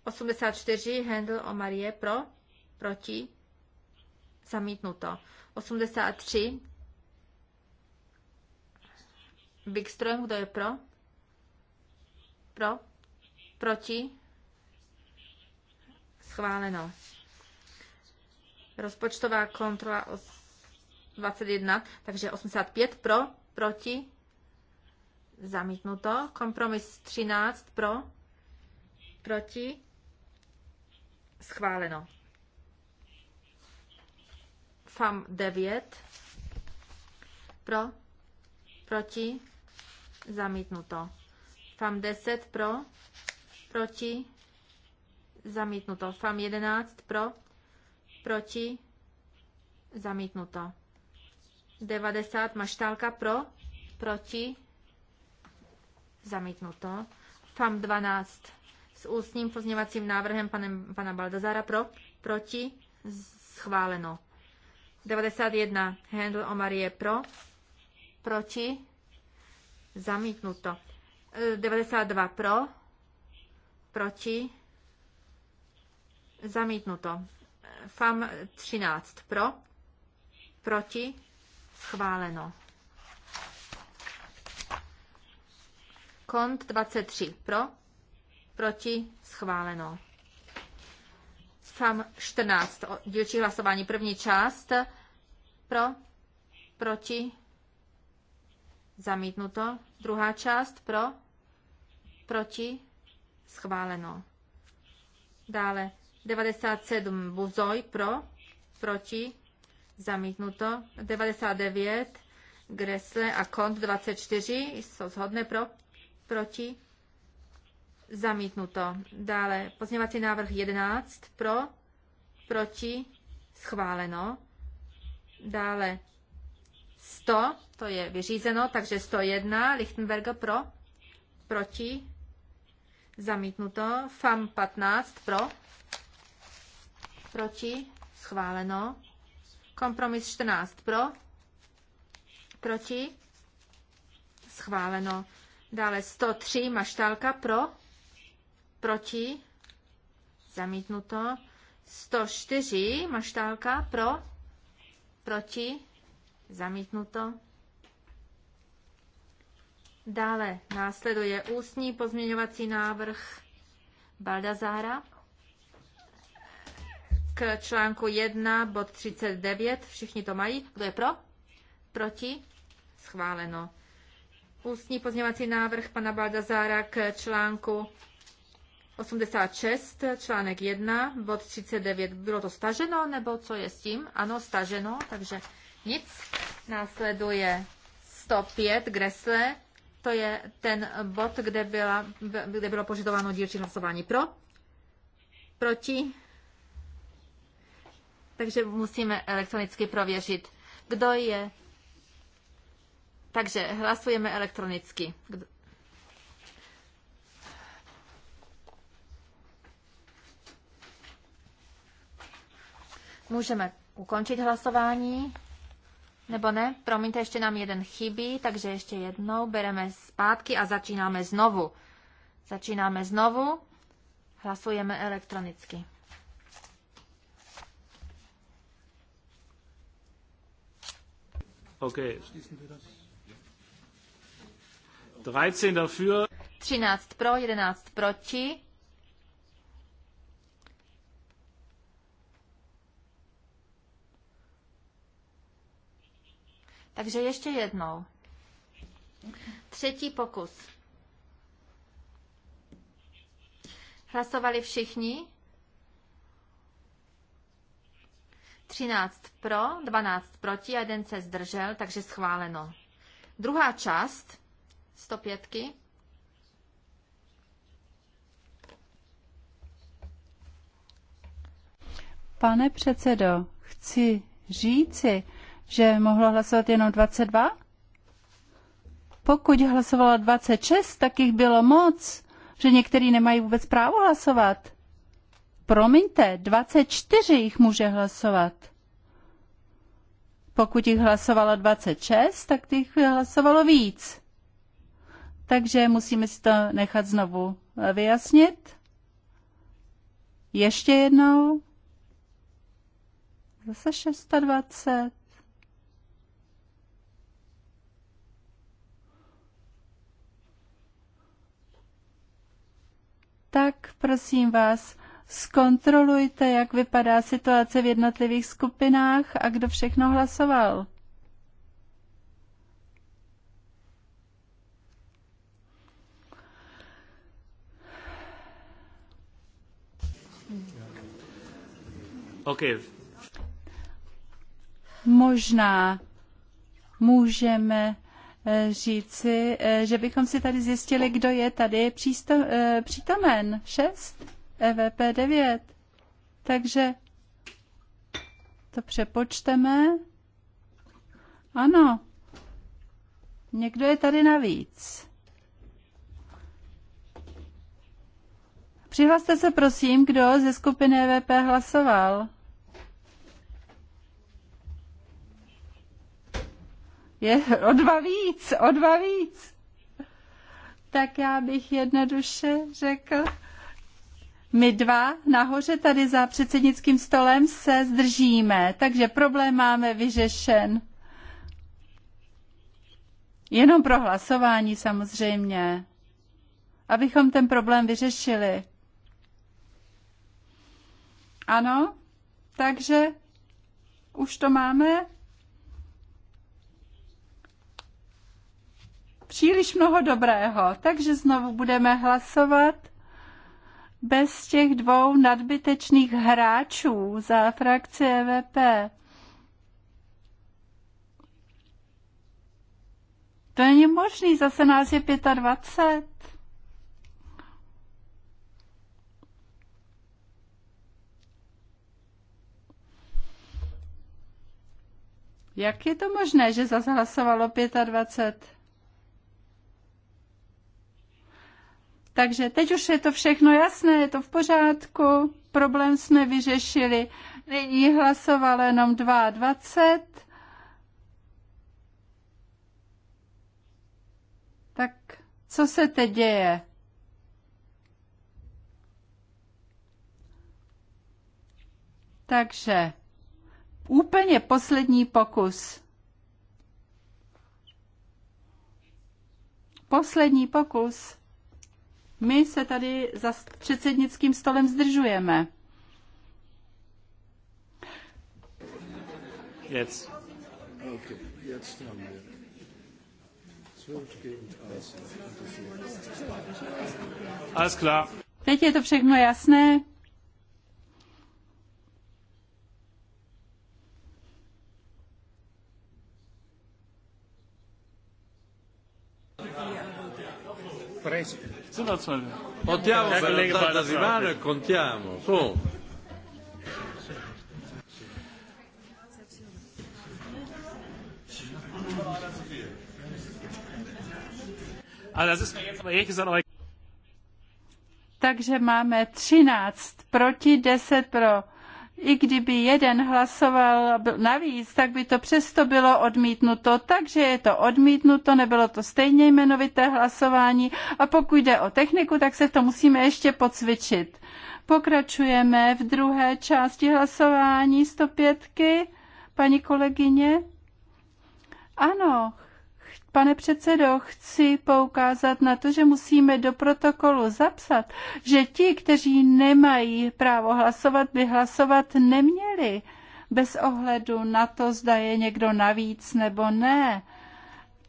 84 Handel o Marie pro, proti, zamítnuto. 83 Wikström, kdo je pro? Pro? Proti? Schváleno. Rozpočtová kontrola 21, takže 85 pro, proti, zamítnuto. Kompromis 13 pro, proti, schváleno. FAM 9 pro, proti, zamítnuto. FAM 10 pro, proti, zamítnuto. FAM 11 pro, proti, zamítnuto. 90 maštálka pro, proti, zamítnuto. FAM 12 s ústním pozněvacím návrhem panem, pana Baldazara pro, proti, schváleno. 91 Handel o Marie pro, proti, Zamítnuto. 92 eh, pro, proti, zamítnuto. Eh, FAM 13 pro, proti, schváleno. KONT 23 pro, proti, schváleno. FAM 14, dílčí hlasování, první část, pro, proti, Zamítnuto. Druhá část pro, proti, schváleno. Dále 97 Buzoj pro, proti, zamítnuto. 99 Gresle a Kont 24 jsou shodné pro, proti, zamítnuto. Dále pozměňovací návrh 11 pro, proti, schváleno. Dále 100, to je vyřízeno, takže 101, Lichtenberger pro, proti, zamítnuto, FAM 15 pro, proti, schváleno, kompromis 14 pro, proti, schváleno, dále 103, maštálka pro, proti, zamítnuto, 104, maštálka pro, proti, Zamítnuto. Dále následuje ústní pozměňovací návrh Baldazára k článku 1, bod 39. Všichni to mají. Kdo je pro? Proti? Schváleno. Ústní pozměňovací návrh pana Baldazára k článku 86, článek 1, bod 39. Bylo to staženo, nebo co je s tím? Ano, staženo, takže nic. Následuje 105 Gresle. To je ten bod, kde, byla, kde bylo požadováno dílčí hlasování pro, proti. Takže musíme elektronicky prověřit, kdo je. Takže hlasujeme elektronicky. Kdo... Můžeme ukončit hlasování. Nebo ne? Promiňte, ještě nám jeden chybí, takže ještě jednou bereme zpátky a začínáme znovu. Začínáme znovu. Hlasujeme elektronicky. OK. 13 pro, 11 proti. Takže ještě jednou. Třetí pokus. Hlasovali všichni? 13 pro, 12 proti, jeden se zdržel, takže schváleno. Druhá část 105. Pane předsedo, chci říci, že mohlo hlasovat jenom 22? Pokud hlasovalo 26, tak jich bylo moc, že některý nemají vůbec právo hlasovat. Promiňte, 24 jich může hlasovat. Pokud jich hlasovalo 26, tak jich hlasovalo víc. Takže musíme si to nechat znovu vyjasnit. Ještě jednou. Zase 620. tak prosím vás, zkontrolujte, jak vypadá situace v jednotlivých skupinách a kdo všechno hlasoval. Okay. Možná můžeme říci, eh, že bychom si tady zjistili, kdo je tady přísto, eh, přítomen. 6, EVP 9. Takže to přepočteme. Ano, někdo je tady navíc. Přihlaste se prosím, kdo ze skupiny EVP hlasoval. Je o dva víc, o dva víc. Tak já bych jednoduše řekl, my dva nahoře tady za předsednickým stolem se zdržíme, takže problém máme vyřešen. Jenom pro hlasování samozřejmě, abychom ten problém vyřešili. Ano, takže už to máme. příliš mnoho dobrého, takže znovu budeme hlasovat bez těch dvou nadbytečných hráčů za frakci EVP. To není možný, zase nás je 25. Jak je to možné, že zase hlasovalo 25? Takže teď už je to všechno jasné, je to v pořádku, problém jsme vyřešili. Nyní hlasovalo jenom 22. Tak co se teď děje? Takže úplně poslední pokus. Poslední pokus. My se tady za předsednickým stolem zdržujeme. 12 Teď je to všechno jasné. Contiamo per l'andata di mano e contiamo. Su. Takže máme 13 proti 10 pro i kdyby jeden hlasoval navíc, tak by to přesto bylo odmítnuto, takže je to odmítnuto, nebylo to stejně jmenovité hlasování a pokud jde o techniku, tak se to musíme ještě pocvičit. Pokračujeme v druhé části hlasování 105. Paní kolegyně? Ano, Pane předsedo, chci poukázat na to, že musíme do protokolu zapsat, že ti, kteří nemají právo hlasovat, by hlasovat neměli, bez ohledu na to, zda je někdo navíc nebo ne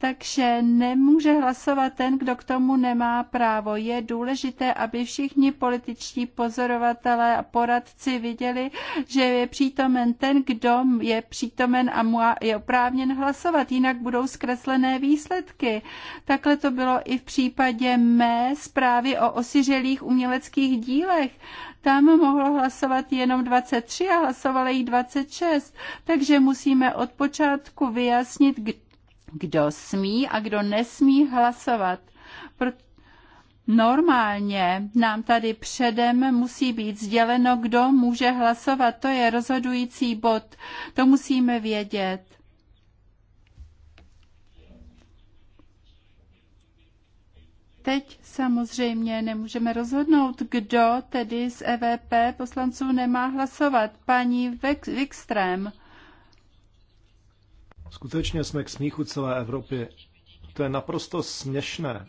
takže nemůže hlasovat ten, kdo k tomu nemá právo. Je důležité, aby všichni političtí pozorovatelé a poradci viděli, že je přítomen ten, kdo je přítomen a je oprávněn hlasovat, jinak budou zkreslené výsledky. Takhle to bylo i v případě mé zprávy o osiřelých uměleckých dílech. Tam mohlo hlasovat jenom 23 a hlasovalo jich 26, takže musíme od počátku vyjasnit, kdo smí a kdo nesmí hlasovat. Normálně nám tady předem musí být sděleno, kdo může hlasovat. To je rozhodující bod. To musíme vědět. Teď samozřejmě nemůžeme rozhodnout, kdo tedy z EVP poslanců nemá hlasovat. Paní Wikström. Vek- Skutečně jsme k smíchu celé Evropě. To je naprosto směšné.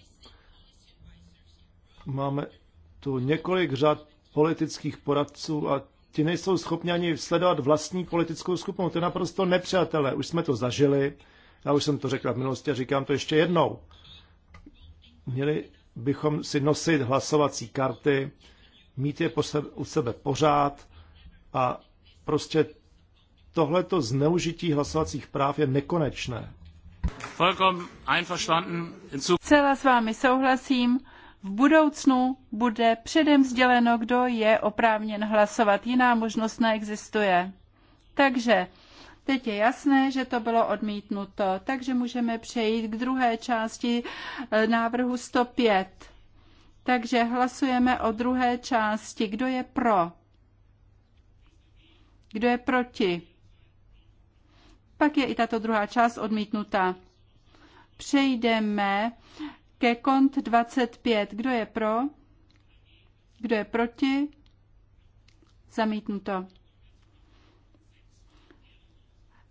Máme tu několik řad politických poradců a ti nejsou schopni ani sledovat vlastní politickou skupinu. To je naprosto nepřátelé. Už jsme to zažili. Já už jsem to řekl v minulosti a říkám to ještě jednou. Měli bychom si nosit hlasovací karty, mít je po sebe, u sebe pořád a prostě tohleto zneužití hlasovacích práv je nekonečné. Celá s vámi souhlasím. V budoucnu bude předem sděleno, kdo je oprávněn hlasovat. Jiná možnost neexistuje. Takže teď je jasné, že to bylo odmítnuto. Takže můžeme přejít k druhé části eh, návrhu 105. Takže hlasujeme o druhé části. Kdo je pro? Kdo je proti? pak je i tato druhá část odmítnutá. Přejdeme ke kont 25. Kdo je pro? Kdo je proti? Zamítnuto.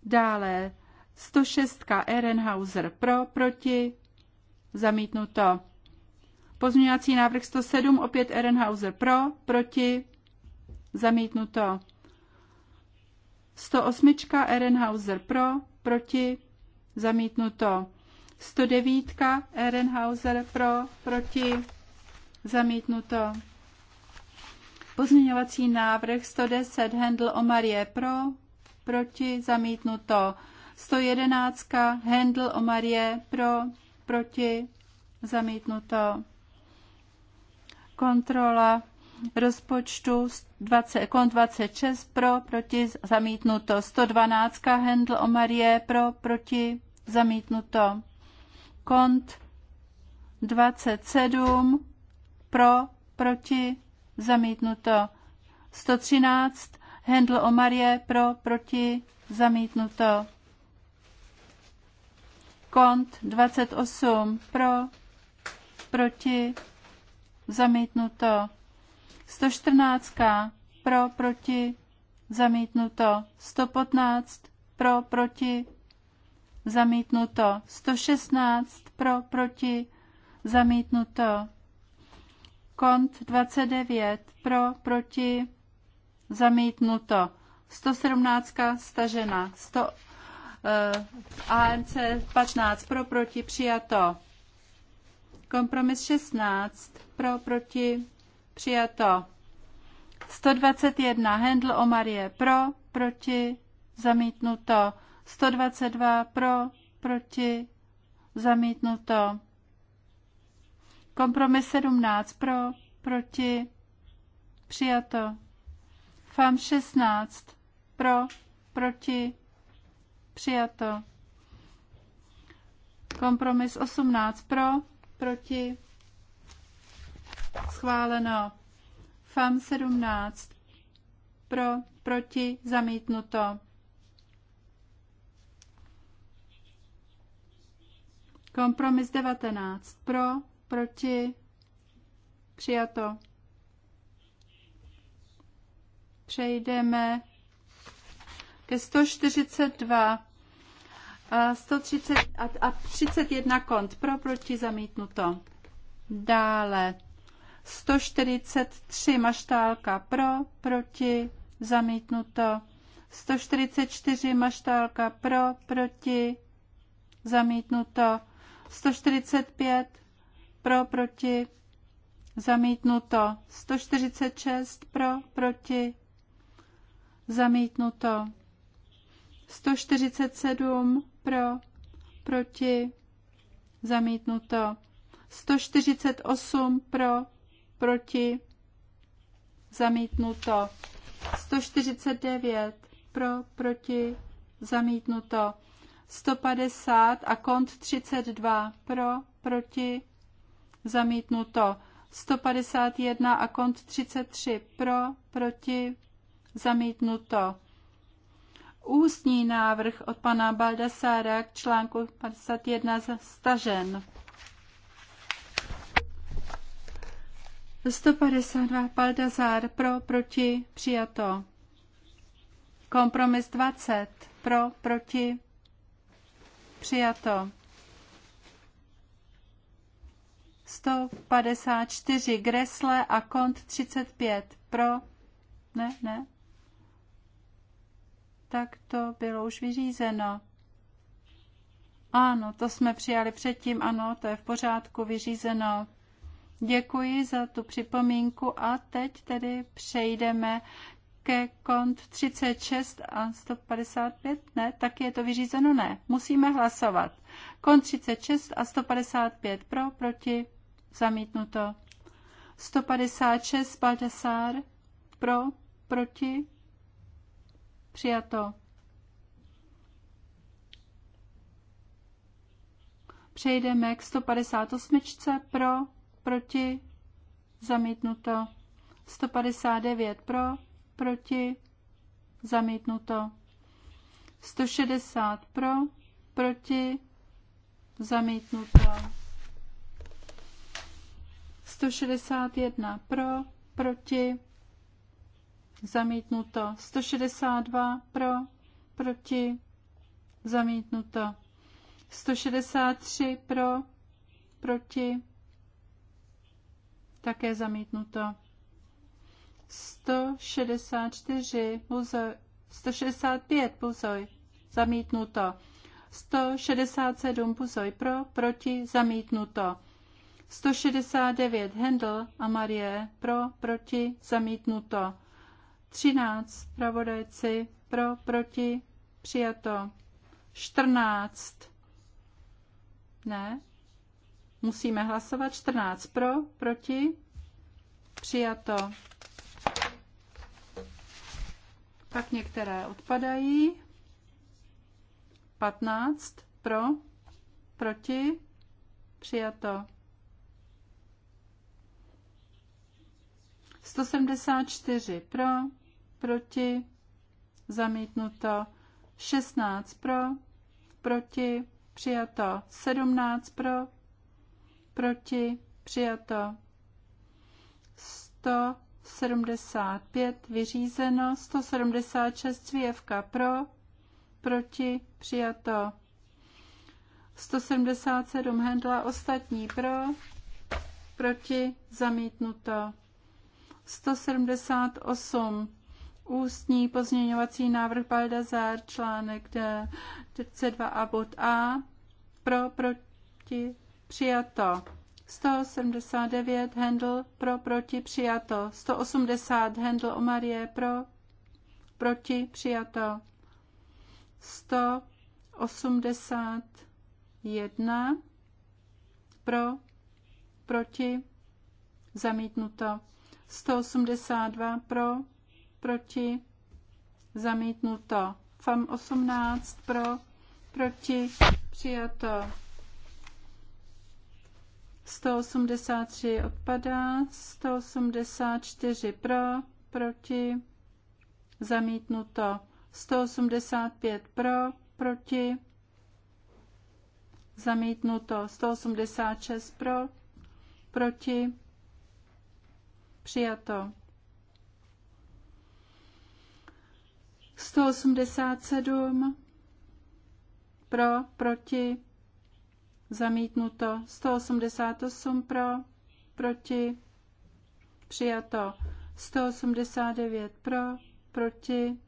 Dále 106. Ehrenhauser pro, proti, zamítnuto. Pozměňovací návrh 107, opět Ehrenhauser pro, proti, zamítnuto. 108. Ehrenhauser pro, proti, zamítnuto. 109. Ehrenhauser pro, proti, zamítnuto. Pozměňovací návrh 110 Handel o Marie pro, proti, zamítnuto. 111 Handel o Marie pro, proti, zamítnuto. Kontrola rozpočtu 20, kon 26 pro, proti, zamítnuto. 112 Hendl o Marie pro, proti, zamítnuto. Kont 27 pro, proti, zamítnuto. 113 Hendl o Marie pro, proti, zamítnuto. Kont 28 pro, proti, zamítnuto. 114 pro, proti, zamítnuto. 115 pro, proti, zamítnuto. 116 pro, proti, zamítnuto. Kont 29 pro, proti, zamítnuto. 117 stažena. 100, uh, ANC 15 pro, proti, přijato. Kompromis 16 pro, proti, Přijato. 121 Hendl o Marie pro, proti, zamítnuto. 122 pro, proti, zamítnuto. Kompromis 17 pro, proti, přijato. FAM 16 pro, proti, přijato. Kompromis 18 pro, proti, schváleno. FAM 17 pro, proti, zamítnuto. Kompromis 19 pro, proti, přijato. Přejdeme ke 142 a, 130 a, a 31 kont pro, proti, zamítnuto. Dále 143 maštálka pro, proti, zamítnuto. 144 maštálka pro, proti, zamítnuto. 145 pro, proti, zamítnuto. 146 pro, proti, zamítnuto. 147 pro, proti, zamítnuto. 148 pro, proti, zamítnuto. 149 pro, proti, zamítnuto. 150 a kont 32 pro, proti, zamítnuto. 151 a kont 33 pro, proti, zamítnuto. Ústní návrh od pana Baldasára k článku 51 stažen. 152 Baldazar pro, proti, přijato. Kompromis 20 pro, proti, přijato. 154 Gresle a kont 35 pro, ne, ne, tak to bylo už vyřízeno. Ano, to jsme přijali předtím, ano, to je v pořádku, vyřízeno. Děkuji za tu připomínku a teď tedy přejdeme ke kont 36 a 155, ne, tak je to vyřízeno, ne. Musíme hlasovat. Kont 36 a 155 pro, proti, zamítnuto. 156 Baldassar pro, proti, přijato. Přejdeme k 158 pro, proti, zamítnuto. 159 pro, proti, zamítnuto. 160 pro, proti, zamítnuto. 161 pro, proti, zamítnuto. 162 pro, proti, zamítnuto. 163 pro, proti, také zamítnuto. 164 pozor. 165 pozor. zamítnuto. 167 pozor pro, proti, zamítnuto. 169 Hendl a Marie pro, proti, zamítnuto. 13 pravodajci pro, proti, přijato. 14 ne, Musíme hlasovat 14 pro, proti, přijato. Pak některé odpadají. 15 pro, proti, přijato. 174 pro, proti, zamítnuto. 16 pro, proti, přijato. 17 pro, proti, přijato 175 vyřízeno, 176 cvěvka pro, proti, přijato 177 hendla, ostatní pro, proti, zamítnuto 178 ústní pozměňovací návrh Baldazar, článek C2 a bod A, pro, proti, přijato. 179 Handel pro, proti, přijato. 180 Handel o Marie pro, proti, přijato. 181 pro, proti, zamítnuto. 182 pro, proti, zamítnuto. FAM 18 pro, proti, přijato. 183 odpadá, 184 pro, proti, zamítnuto, 185 pro, proti, zamítnuto, 186 pro, proti, přijato. 187 pro, proti, zamítnuto 188 pro, proti, přijato 189 pro, proti,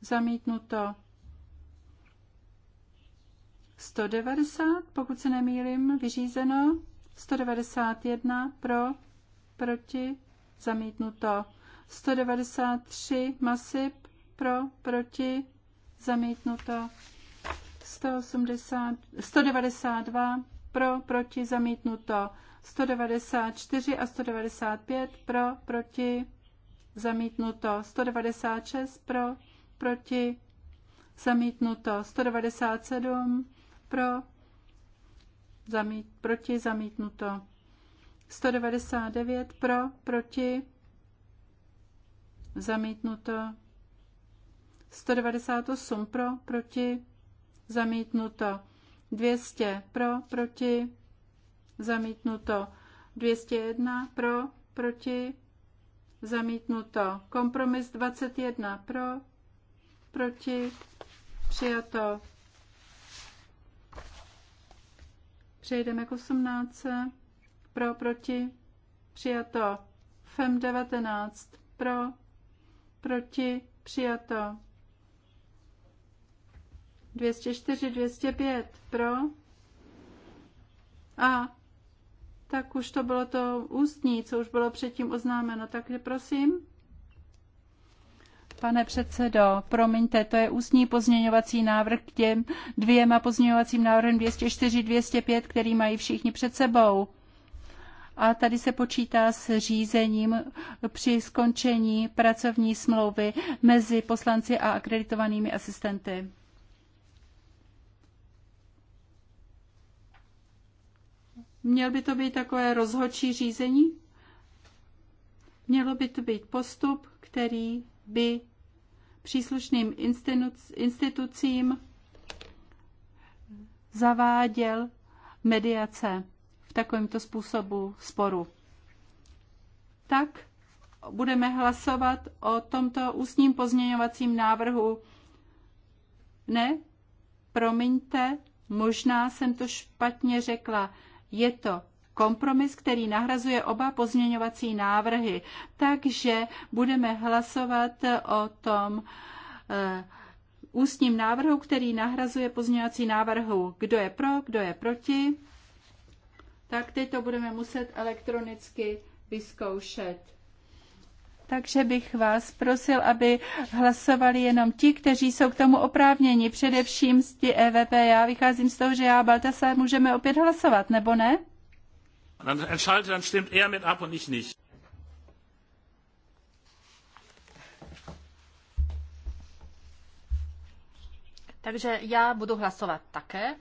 zamítnuto 190, pokud se nemýlím, vyřízeno 191 pro, proti, zamítnuto 193 masip pro, proti, zamítnuto 180, 192 pro, proti, zamítnuto 194 a 195 pro, proti, zamítnuto 196 pro, proti, zamítnuto 197 pro, zamít, proti, zamítnuto 199 pro, proti, zamítnuto 198 pro, proti, zamítnuto. 200 pro, proti, zamítnuto. 201 pro, proti, zamítnuto. Kompromis 21 pro, proti, přijato. Přejdeme k 18. Pro, proti, přijato. FEM 19. Pro, proti, přijato. 204, 205 pro. A tak už to bylo to ústní, co už bylo předtím oznámeno. Takže prosím. Pane předsedo, promiňte, to je ústní pozměňovací návrh k těm dvěma pozměňovacím návrhem 204, 205, který mají všichni před sebou. A tady se počítá s řízením při skončení pracovní smlouvy mezi poslanci a akreditovanými asistenty. Měl by to být takové rozhodčí řízení? Mělo by to být postup, který by příslušným institucím zaváděl mediace v takovémto způsobu sporu. Tak budeme hlasovat o tomto ústním pozměňovacím návrhu. Ne, promiňte, možná jsem to špatně řekla. Je to kompromis, který nahrazuje oba pozměňovací návrhy, takže budeme hlasovat o tom eh, ústním návrhu, který nahrazuje pozměňovací návrhu. Kdo je pro, kdo je proti? Tak teď to budeme muset elektronicky vyzkoušet takže bych vás prosil, aby hlasovali jenom ti, kteří jsou k tomu oprávněni, především z ti EVP. Já vycházím z toho, že já a Baltasar můžeme opět hlasovat, nebo ne? Er takže já budu hlasovat také.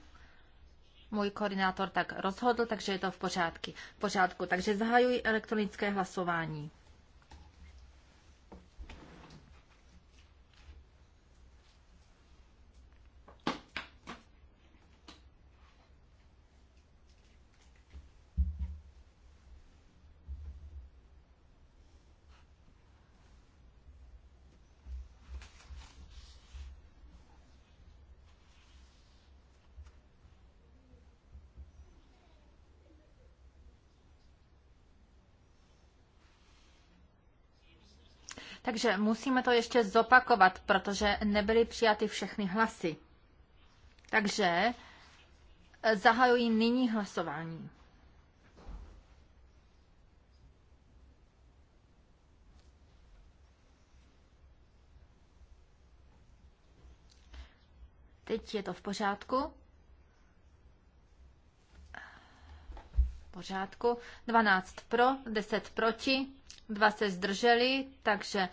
Můj koordinátor tak rozhodl, takže je to v pořádku. V pořádku. Takže zahajuji elektronické hlasování. Takže musíme to ještě zopakovat, protože nebyly přijaty všechny hlasy. Takže eh, zahajuji nyní hlasování. Teď je to v pořádku. V pořádku. 12 pro, 10 proti. Dva se zdrželi, takže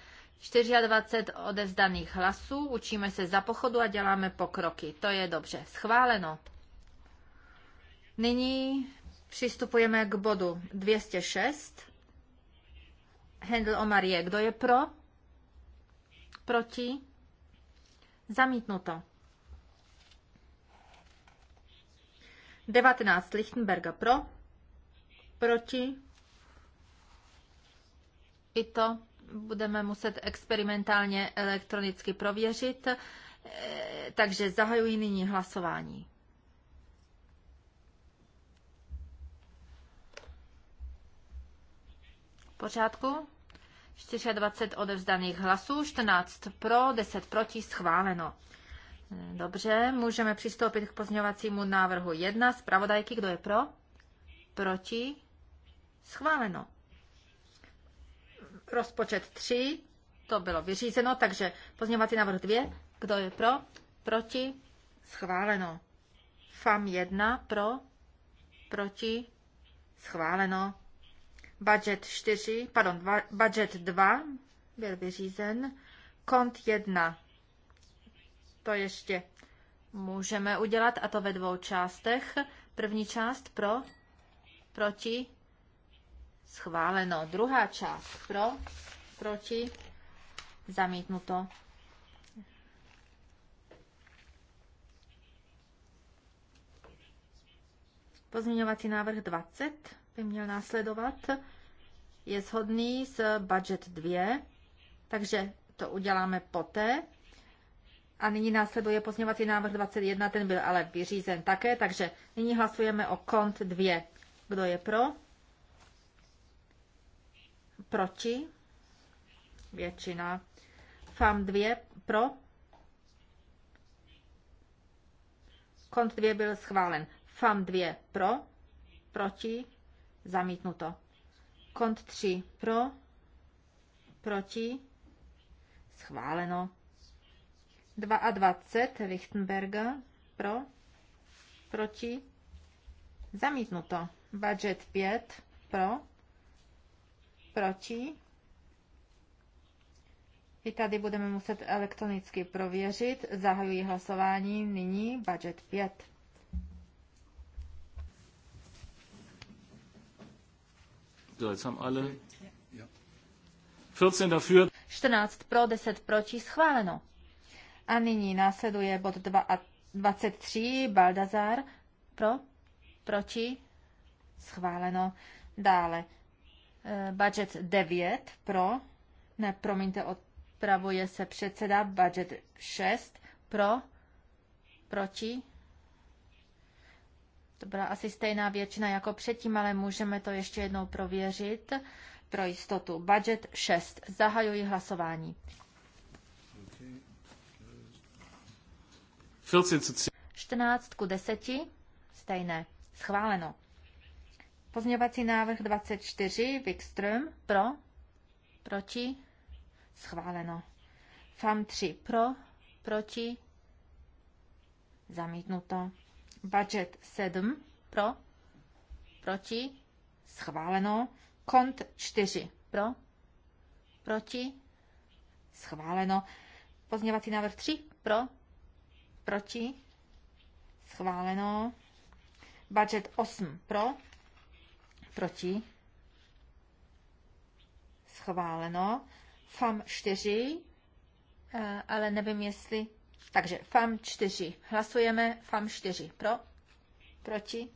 24 odevzdaných hlasů, učíme se za pochodu a děláme pokroky. To je dobře. Schváleno. Nyní přistupujeme k bodu 206. Hendl Omarie, kdo je pro? Proti? Zamítnuto. 19 Lichtenberga pro, proti, i to budeme muset experimentálně elektronicky prověřit, e, takže zahajuji nyní hlasování. V pořádku? 24 odevzdaných hlasů, 14 pro, 10 proti, schváleno. Dobře, můžeme přistoupit k pozměňovacímu návrhu 1. Zpravodajky, kdo je pro? Proti? Schváleno. Rozpočet 3, to bylo vyřízeno, takže pozměňovací návrh 2, kdo je pro, proti, schváleno. FAM 1, pro, proti, schváleno. Budget 4, pardon, dva, budget 2 byl vyřízen. Kont 1, to ještě můžeme udělat, a to ve dvou částech. První část pro, proti, Schváleno. Druhá část pro, proti, zamítnuto. Pozměňovací návrh 20 by měl následovat. Je shodný s budget 2, takže to uděláme poté. A nyní následuje pozměňovací návrh 21, ten byl ale vyřízen také, takže nyní hlasujeme o kont 2. Kdo je pro? proti, většina. FAM 2 pro, kont 2 byl schválen. FAM 2 pro, proti, zamítnuto. Kont 3 pro, proti, schváleno. 22 Lichtenberga pro, proti, zamítnuto. Budget 5 pro, proti. I tady budeme muset elektronicky prověřit. Zahajuji hlasování nyní budget 5. 14 dafür. 14 pro, 10 proti, schváleno. A nyní následuje bod 2 a 23, Baldazar, pro, proti, schváleno. Dále Eh, budget 9 pro, ne, promiňte, odpravuje se předseda. Budget 6 pro, proti. To byla asi stejná většina jako předtím, ale můžeme to ještě jednou prověřit pro jistotu. Budget 6. Zahajuji hlasování. 14 ku 10. Stejné. Schváleno. Pozměňovací návrh 24, Wikström, pro, proti, schváleno. FAM 3, pro, proti, zamítnuto. Budget 7, pro, proti, schváleno. Kont 4, pro, proti, schváleno. Pozměňovací návrh 3, pro, proti, schváleno. Budget 8, pro, Proti? Schváleno. FAM 4, eh, ale nevím, jestli... Takže FAM 4. Hlasujeme FAM 4. Pro? Proti?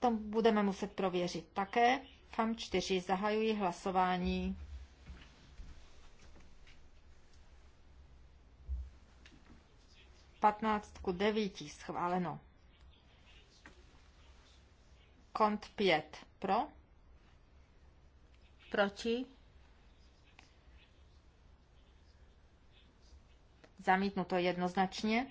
To budeme muset prověřit také. FAM 4. Zahajuji hlasování. Patnáctku devíti schváleno. Kont 5 pro, proti, zamítnuto jednoznačně.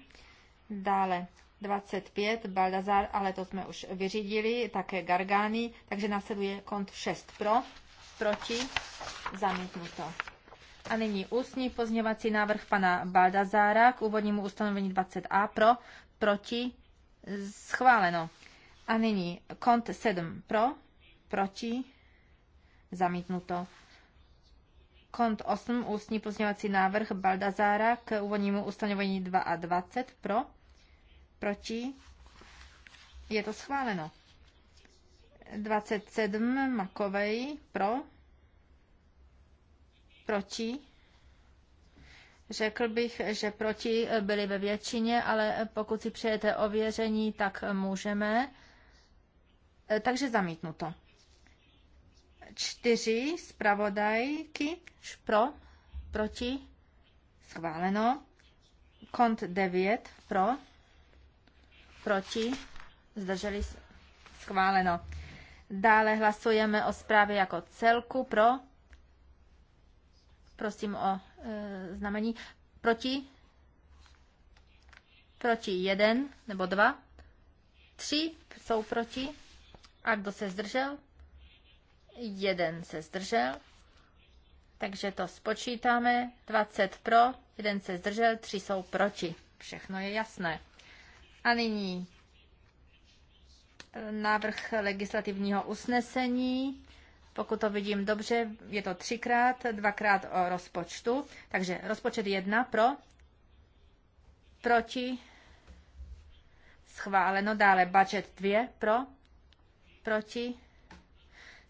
Dále 25, Baldazar, ale to jsme už vyřídili, také Gargány, takže následuje kont 6 pro, proti, zamítnuto. A nyní ústní pozměvací návrh pana Baldazára k úvodnímu ustanovení 20a pro, proti, schváleno. A nyní kont 7 pro, proti, zamítnuto. Kont 8, ústní pozměňovací návrh Baldazára k úvodnímu ustanovení 2 a 20 pro, proti, je to schváleno. 27 Makovej pro, proti. Řekl bych, že proti byli ve většině, ale pokud si přejete ověření, tak můžeme. Eh, takže zamítnuto. Čtyři zpravodajky pro, proti, schváleno. Kont 9 pro, proti, zdrželi schváleno. Dále hlasujeme o zprávě jako celku pro, prosím o e, znamení, proti, proti jeden nebo dva, tři jsou proti, a kdo se zdržel? Jeden se zdržel. Takže to spočítáme. 20 pro, jeden se zdržel, tři jsou proti. Všechno je jasné. A nyní eh, návrh legislativního usnesení. Pokud to vidím dobře, je to třikrát, dvakrát o rozpočtu. Takže rozpočet jedna pro, proti, schváleno. Dále budget dvě pro, proti,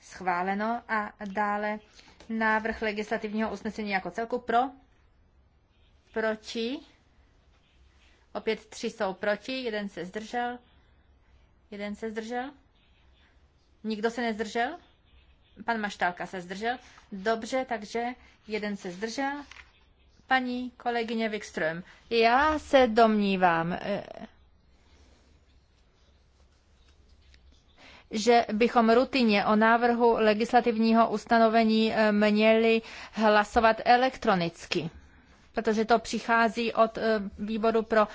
schváleno a dále návrh legislativního usnesení jako celku pro, proti, opět tři jsou proti, jeden se zdržel, jeden se zdržel, nikdo se nezdržel, pan Maštálka se zdržel, dobře, takže jeden se zdržel, paní kolegyně Wikström. Já se domnívám, eh, že bychom rutině o návrhu legislativního ustanovení eh, měli hlasovat elektronicky, protože to přichází od eh, výboru pro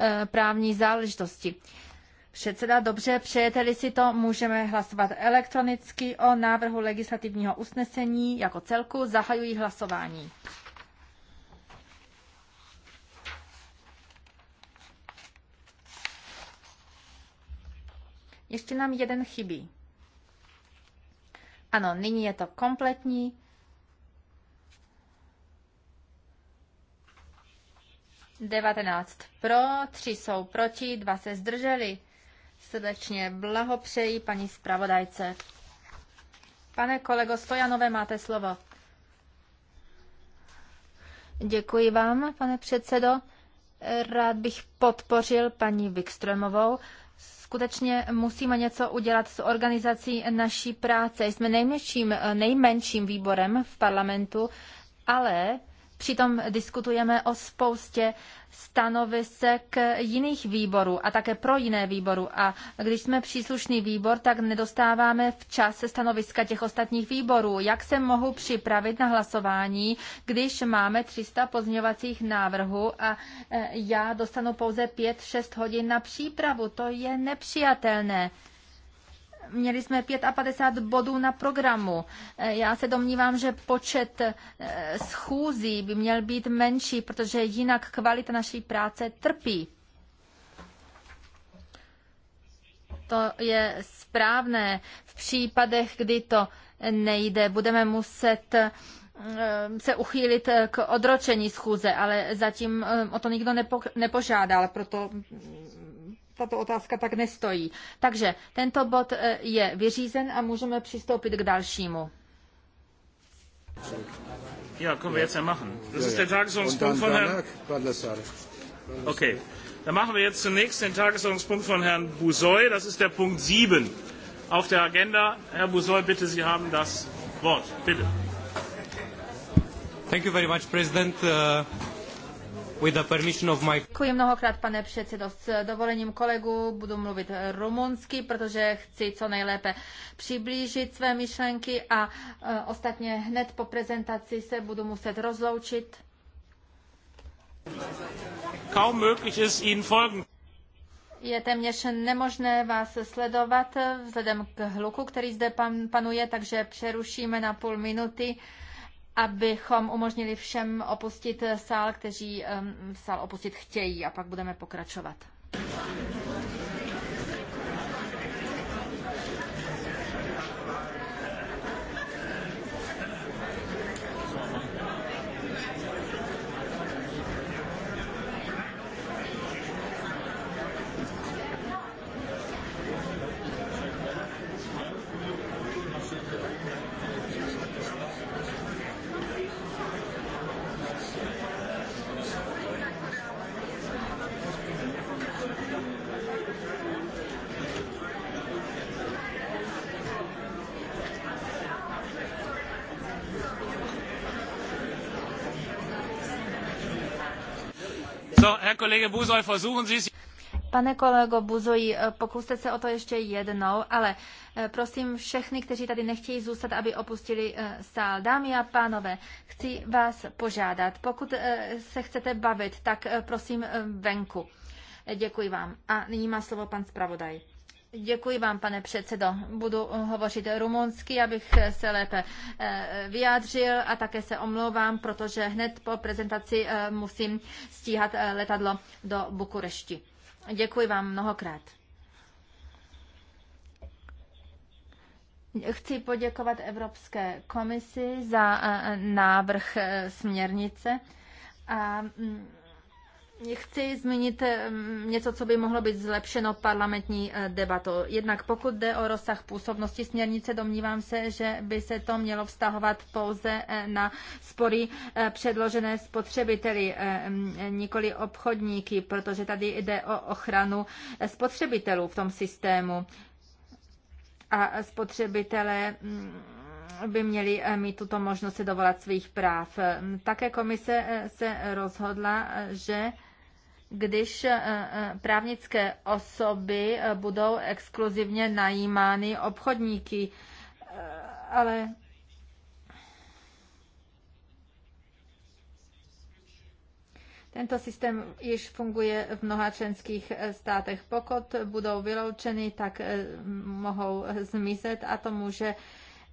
eh, právní záležitosti. Předseda, dobře, přejete-li si to, můžeme hlasovat elektronicky o návrhu legislativního usnesení jako celku. Zahajuji hlasování. Ještě nám jeden chybí. Ano, nyní je to kompletní. Devatenáct pro, tři jsou proti, dva se zdrželi. Srdečně blahopřeji paní zpravodajce. Pane kolego Stojanové, máte slovo. Děkuji vám, pane předsedo. Rád bych podpořil paní Vikströmovou skutečně musíme něco udělat s organizací naší práce. Jsme nejmenším, nejmenším výborem v parlamentu, ale Přitom diskutujeme o spoustě stanovisek jiných výborů a také pro jiné výboru. A když jsme příslušný výbor, tak nedostáváme včas stanoviska těch ostatních výborů. Jak se mohu připravit na hlasování, když máme 300 pozměňovacích návrhů a e, já dostanu pouze 5-6 hodin na přípravu? To je nepřijatelné. Měli jsme 55 bodů na programu. Eh, já se domnívám, že počet eh, schůzí by měl být menší, protože jinak kvalita naší práce trpí. To je správné. V případech, kdy to nejde, budeme muset eh, se uchýlit k odročení schůze, ale zatím o to nikdo nepo, nepožádal, proto tato otázka tak nestojí. Takže tento bod e, je vyřízen a můžeme přistoupit k dalšímu. Ja, können wir jetzt ja machen. Das ist der Tagesordnungspunkt von Herrn... Okay. Dann machen wir jetzt zunächst den Tagesordnungspunkt von Herrn Busoy. Das ist der Punkt 7 auf der Agenda. Herr Busoy, bitte, Sie haben das Wort. Bitte. Thank you very much, President. Uh... With the permission of my... Děkuji mnohokrát, pane předsedo. S dovolením kolegů budu mluvit rumunsky, protože chci co nejlépe přiblížit své myšlenky a e, ostatně hned po prezentaci se budu muset rozloučit. Kaum möglich ist Ihnen folgen. Je téměř nemožné vás sledovat vzhledem k hluku, který zde pan, panuje, takže přerušíme na půl minuty abychom umožnili všem opustit sál, kteří sál opustit chtějí a pak budeme pokračovat. Kollege Buzoj, versuchen Sie es. Pane kolego Buzoji, eh, pokuste se o to ještě jednou, ale eh, prosím všechny, kteří tady nechtějí zůstat, aby opustili eh, sál. Dámy a pánové, chci vás požádat, pokud se chcete bavit, tak prosím venku. Děkuji vám. A nyní má slovo pan zpravodaj. Děkuji vám, pane předsedo. Budu eh, hovořit rumunsky, abych se lépe eh, vyjádřil a také se omlouvám, protože hned po prezentaci eh, musím stíhat letadlo do Bukurešti. Děkuji vám mnohokrát. Chci poděkovat Evropské komisi za návrh směrnice a mm, Chci zmínit eh, něco, co by mohlo být zlepšeno parlamentní eh, debatou. Jednak pokud jde o rozsah působnosti směrnice, domnívám se, že by se to mělo vztahovat pouze eh, na spory předložené spotřebiteli, nikoli obchodníky, protože tady jde o ochranu spotřebitelů v tom systému. A spotřebitelé mm, by měli mít tuto možnost se dovolat svých práv. Také komise se rozhodla, že když eh, eh, právnické osoby eh, budou exkluzivně najímány obchodníky. Ale Tento systém již funguje v mnoha členských státech. Pokud budou vyloučeny, tak mohou zmizet a to může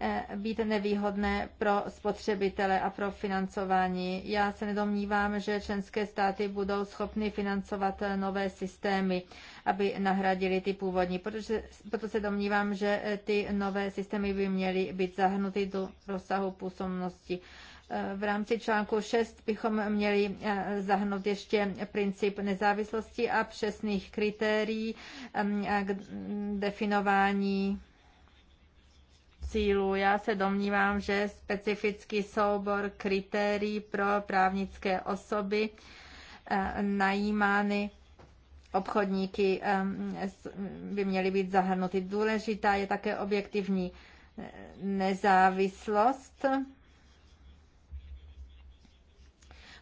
Eh, být nevýhodné pro spotřebitele a pro financování. Já se nedomnívám, že členské státy budou schopny financovat eh, nové systémy, aby nahradili ty původní. Protože, proto se domnívám, že eh, ty nové systémy by měly být zahrnuty do rozsahu působnosti. V rámci článku 6 bychom měli zahrnout ještě princip nezávislosti a přesných kritérií k definování cílů. Já se domnívám, že specifický soubor kritérií pro právnické osoby eh, najímány obchodníky eh, by měly být zahrnuty. Důležitá je také objektivní eh, nezávislost.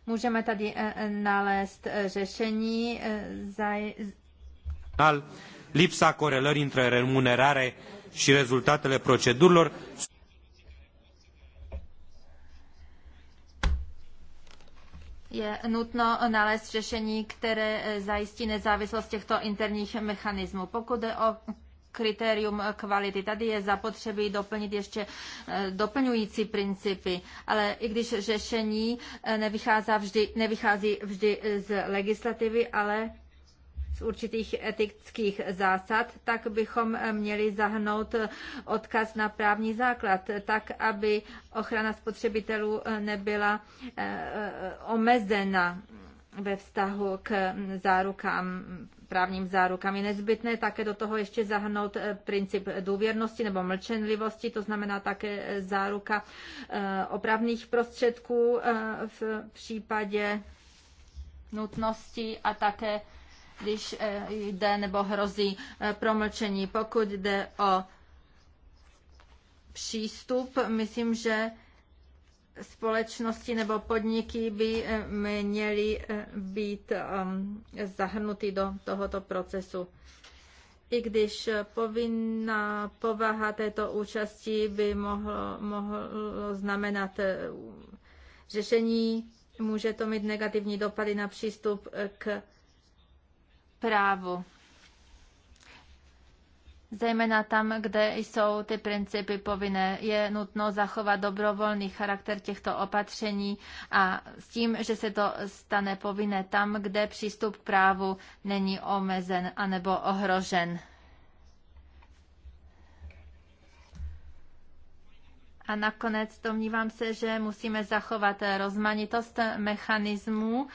Můžeme tady nalézt řešení. Lipsa corelării între remunerare și rezultatele procedurilor. Je nutno nalézt řešení, které eh, zajistí nezávislost těchto interních mechanismů. Pokud je o kritérium kvality. Tady je zapotřebí doplnit ještě eh, doplňující principy, ale i když řešení eh, nevychází vždy, nevychází vždy z legislativy, ale z určitých etických zásad, tak bychom měli zahnout odkaz na právní základ, tak aby ochrana spotřebitelů nebyla eh, omezena ve vztahu k zárukám, právním zárukám. Je nezbytné také do toho ještě zahrnout eh, princip důvěrnosti nebo mlčenlivosti, to znamená také záruka eh, opravných prostředků v případě nutnosti a také když eh, jde nebo hrozí eh, promlčení. Pokud jde o přístup, myslím, že společnosti nebo podniky by eh, měly být ehm, zahrnuty do tohoto procesu. I když povinná povaha této účasti by mohlo, mohlo znamenat řešení, může to mít negativní dopady na přístup k právu. Zejména tam, kde jsou ty principy povinné, je nutno zachovat dobrovolný charakter těchto opatření a s tím, že se to stane povinné tam, kde přístup k právu není omezen anebo ohrožen. A nakonec domnívám se, že musíme zachovat rozmanitost mechanismů,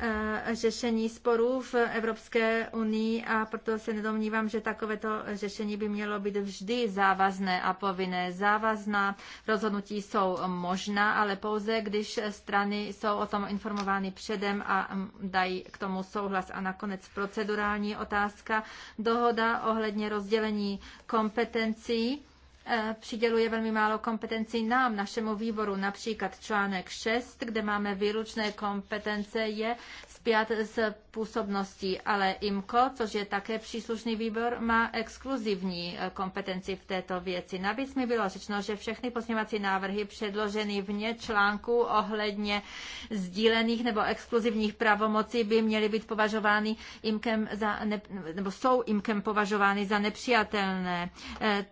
Eh, řešení sporů v Evropské unii a proto se nedomnívám, že takovéto řešení by mělo být vždy závazné a povinné. Závazná rozhodnutí jsou možná, ale pouze, když strany jsou o tom informovány předem a mm, dají k tomu souhlas. A nakonec procedurální otázka. Dohoda ohledně rozdělení kompetencí Eh, přiděluje velmi málo kompetencí nám, našemu výboru. Například článek 6, kde máme výlučné kompetence, je zpět s působností, ale IMCO, což je také příslušný výbor, má exkluzivní eh, kompetenci v této věci. Navíc mi bylo řečeno, že všechny pozměňovací návrhy předloženy vně článku ohledně sdílených nebo exkluzivních pravomocí by měly být považovány IMKem za, ne, nebo jsou IMKem považovány za nepřijatelné. Eh,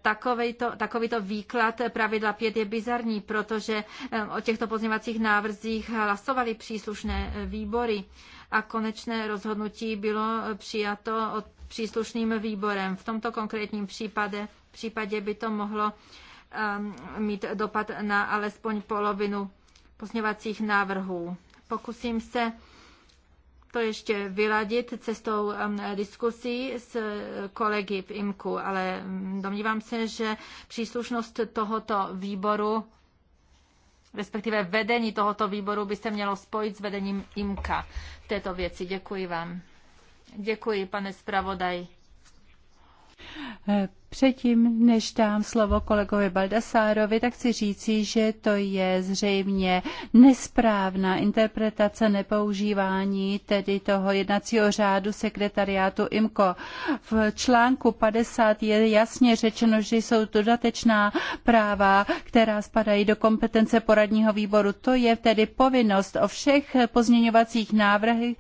to. Takovýto výklad pravidla 5 je bizarní, protože eh, o těchto pozměvacích návrzích hlasovali příslušné eh, výbory a konečné rozhodnutí bylo eh, přijato od příslušným výborem. V tomto konkrétním případě, případě by to mohlo mít dopad na alespoň polovinu pozměvacích návrhů. Pokusím se to ještě vyladit cestou um, diskusí s eh, kolegy v IMKU, ale mm, domnívám se, že příslušnost tohoto výboru respektive vedení tohoto výboru by se mělo spojit s vedením IMKA v této věci. Děkuji vám. Děkuji, pane zpravodaj. Eh, Předtím, než dám slovo kolegovi Baldasárovi, tak chci říci, že to je zřejmě nesprávná interpretace nepoužívání tedy toho jednacího řádu sekretariátu IMCO. V článku 50 je jasně řečeno, že jsou dodatečná práva, která spadají do kompetence poradního výboru. To je tedy povinnost o všech pozměňovacích návrhy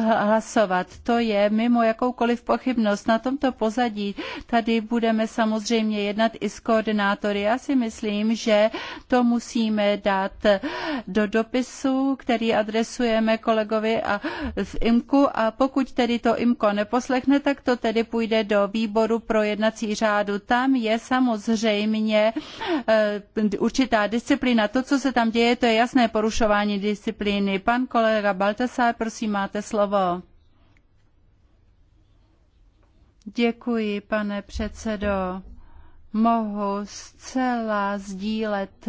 hlasovat. To je mimo jakoukoliv pochybnost. Na tomto pozadí tady budeme budeme samozřejmě jednat i s koordinátory. Já si myslím, že to musíme dát do dopisu, který adresujeme kolegovi a v IMKU a pokud tedy to IMKO neposlechne, tak to tedy půjde do výboru pro jednací řádu. Tam je samozřejmě eh, určitá disciplína. To, co se tam děje, to je jasné porušování disciplíny. Pan kolega Baltasar, prosím, máte slovo. Děkuji, pane předsedo. Mohu zcela sdílet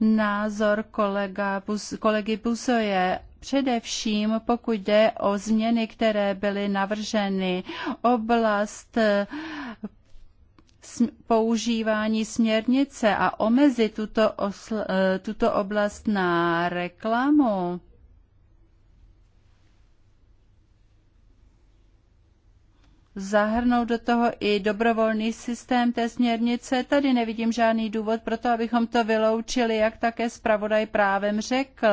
názor kolega, kolegy Buzoje Především pokud jde o změny, které byly navrženy, oblast eh, používání směrnice a omezit tuto, eh, tuto oblast na reklamu zahrnout do toho i dobrovolný systém té směrnice. Tady nevidím žádný důvod pro to, abychom to vyloučili, jak také zpravodaj právem řekl.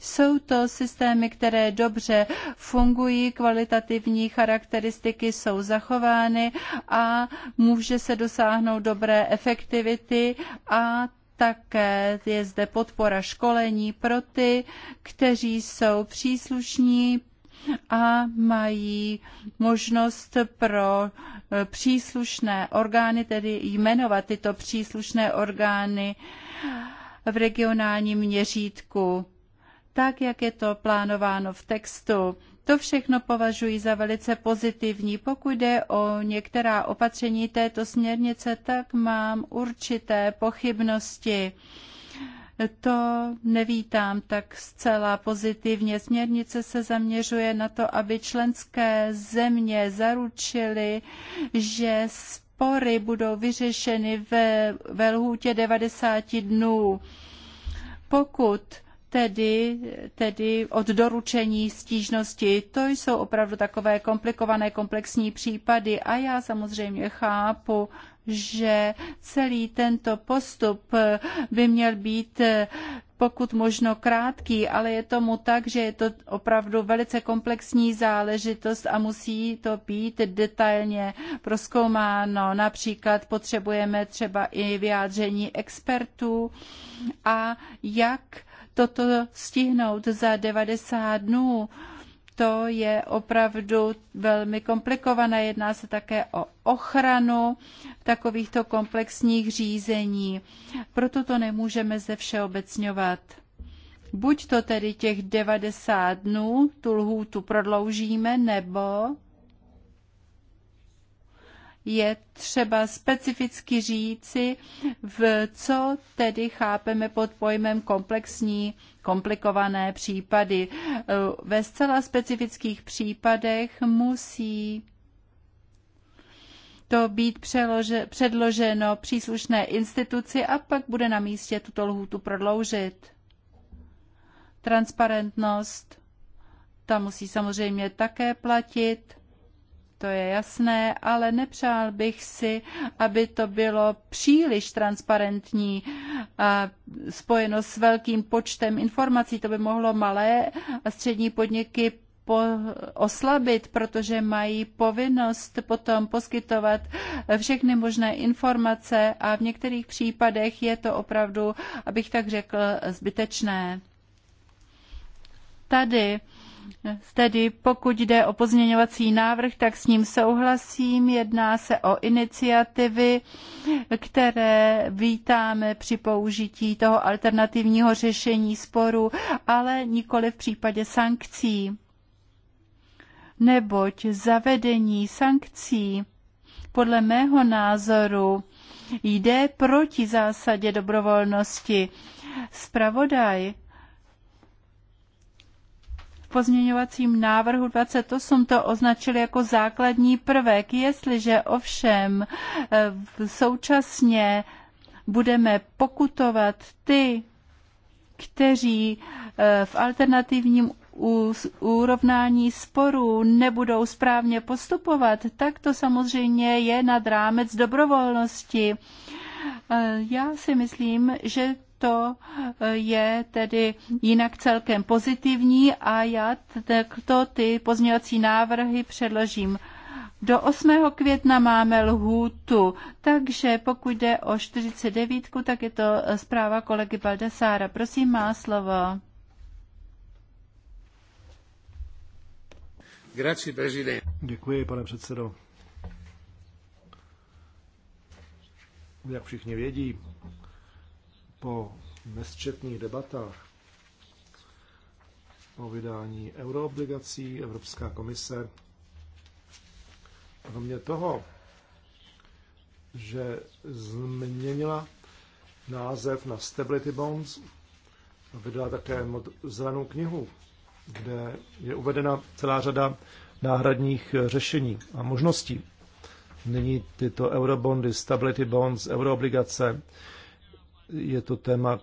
Jsou to systémy, které dobře fungují, kvalitativní charakteristiky jsou zachovány a může se dosáhnout dobré efektivity a také je zde podpora školení pro ty, kteří jsou příslušní a mají možnost pro eh, příslušné orgány, tedy jmenovat tyto příslušné orgány eh, v regionálním měřítku, tak jak je to plánováno v textu. To všechno považuji za velice pozitivní. Pokud jde o některá opatření této směrnice, tak mám určité pochybnosti. To nevítám tak zcela pozitivně. Směrnice se zaměřuje na to, aby členské země zaručily, že spory budou vyřešeny ve, ve lhůtě 90 dnů. Pokud tedy, tedy od doručení stížnosti. To jsou opravdu takové komplikované, komplexní případy a já samozřejmě chápu že celý tento postup eh, by měl být eh, pokud možno krátký, ale je tomu tak, že je to opravdu velice komplexní záležitost a musí to být detailně proskoumáno. Například potřebujeme třeba i vyjádření expertů a jak toto stihnout za 90 dnů to je opravdu velmi komplikované. Jedná se také o ochranu takovýchto komplexních řízení. Proto to nemůžeme ze všeobecňovat. Buď to tedy těch 90 dnů, tu lhůtu prodloužíme, nebo je třeba specificky říci, v co tedy chápeme pod pojmem komplexní, komplikované případy. Ve zcela specifických případech musí to být přelože, předloženo příslušné instituci a pak bude na místě tuto lhůtu prodloužit. Transparentnost, ta musí samozřejmě také platit to je jasné, ale nepřál bych si, aby to bylo příliš transparentní a spojeno s velkým počtem informací. To by mohlo malé a střední podniky po, oslabit, protože mají povinnost potom poskytovat všechny možné informace a v některých případech je to opravdu, abych tak řekl, zbytečné. Tady Tedy pokud jde o pozměňovací návrh, tak s ním souhlasím. Jedná se o iniciativy, které vítáme při použití toho alternativního řešení sporu, ale nikoli v případě sankcí. Neboť zavedení sankcí podle mého názoru jde proti zásadě dobrovolnosti. Spravodaj pozměňovacím návrhu 28 to označili jako základní prvek. Jestliže ovšem eh, současně budeme pokutovat ty, kteří eh, v alternativním úrovnání sporů nebudou správně postupovat, tak to samozřejmě je nad rámec dobrovolnosti. Eh, já si myslím, že to eh, je tedy jinak celkem pozitivní a já takto ty pozměňovací návrhy předložím. Do 8. května máme lhůtu, takže pokud jde o 49, tak je to eh, zpráva kolegy Baldesára. Prosím, má slovo. Děkuji, pane předsedo. Jak všichni vědí, po nesčetných debatách o vydání euroobligací Evropská komise. Kromě toho, že změnila název na Stability Bonds vydala také zelenou knihu, kde je uvedena celá řada náhradních řešení a možností. Nyní tyto eurobondy, stability bonds, euroobligace je to téma,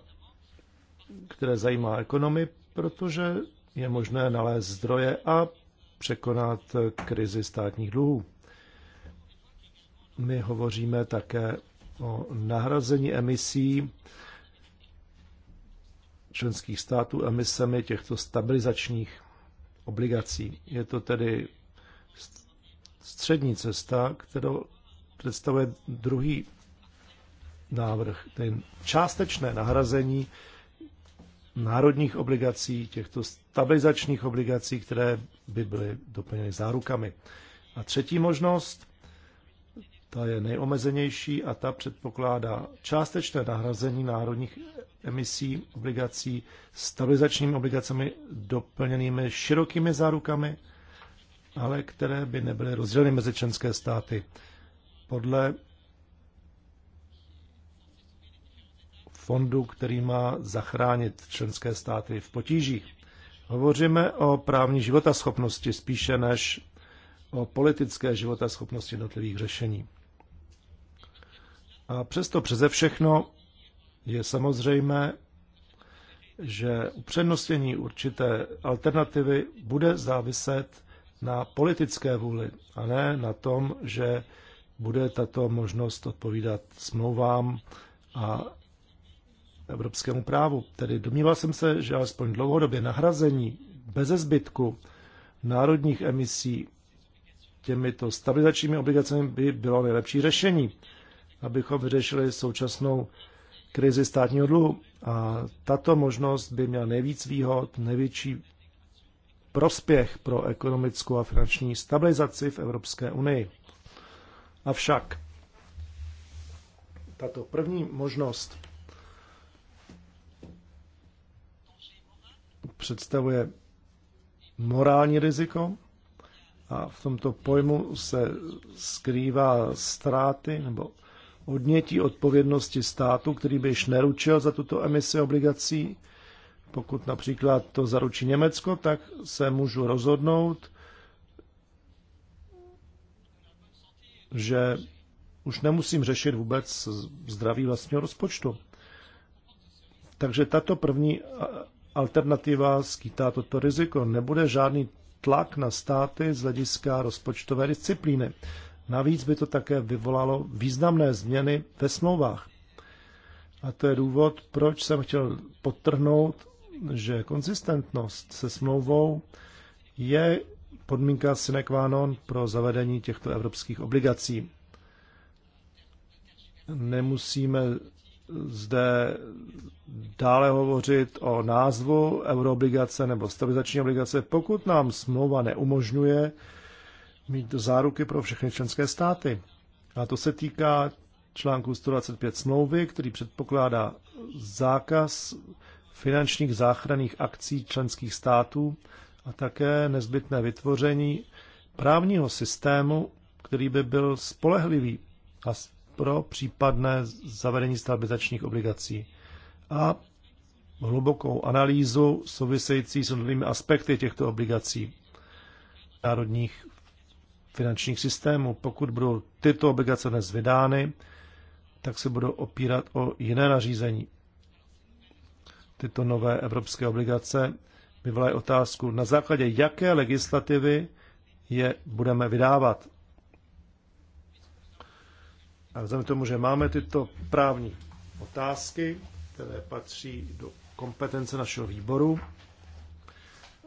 které zajímá ekonomy, protože je možné nalézt zdroje a překonat krizi státních dluhů. My hovoříme také o nahrazení emisí členských států emisemi těchto stabilizačních obligací. Je to tedy střední cesta, kterou představuje druhý návrh, ten částečné nahrazení národních obligací, těchto stabilizačních obligací, které by byly doplněny zárukami. A třetí možnost, ta je nejomezenější a ta předpokládá částečné nahrazení národních emisí obligací stabilizačními obligacemi doplněnými širokými zárukami, ale které by nebyly rozděleny mezi členské státy podle fondu, který má zachránit členské státy v potížích. Hovoříme o právní životaschopnosti spíše než o politické životaschopnosti jednotlivých řešení. A přesto přeze všechno je samozřejmé, že upřednostnění určité alternativy bude záviset na politické vůli a ne na tom, že bude tato možnost odpovídat smlouvám a evropskému právu. Tedy domníval jsem se, že alespoň dlouhodobě nahrazení beze zbytku národních emisí těmito stabilizačními obligacemi by bylo nejlepší řešení, abychom vyřešili současnou krizi státního dluhu. A tato možnost by měla nejvíc výhod, největší prospěch pro ekonomickou a finanční stabilizaci v Evropské unii. Avšak tato první možnost představuje morální riziko a v tomto pojmu se skrývá ztráty nebo odnětí odpovědnosti státu, který by již neručil za tuto emisi obligací. Pokud například to zaručí Německo, tak se můžu rozhodnout, že už nemusím řešit vůbec zdraví vlastního rozpočtu. Takže tato první alternativa skýtá toto riziko. Nebude žádný tlak na státy z hlediska rozpočtové disciplíny. Navíc by to také vyvolalo významné změny ve smlouvách. A to je důvod, proč jsem chtěl podtrhnout, že konzistentnost se smlouvou je podmínka sine qua non pro zavedení těchto evropských obligací. Nemusíme zde dále hovořit o názvu euroobligace nebo stabilizační obligace, pokud nám smlouva neumožňuje mít záruky pro všechny členské státy. A to se týká článku 125 smlouvy, který předpokládá zákaz finančních záchranných akcí členských států a také nezbytné vytvoření právního systému, který by byl spolehlivý a pro případné zavedení stabilizačních obligací a hlubokou analýzu související s jednotlivými aspekty těchto obligací národních finančních systémů. Pokud budou tyto obligace dnes vydány, tak se budou opírat o jiné nařízení. Tyto nové evropské obligace vyvolají otázku, na základě jaké legislativy je budeme vydávat. A vzhledem tomu, že máme tyto právní otázky, které patří do kompetence našeho výboru.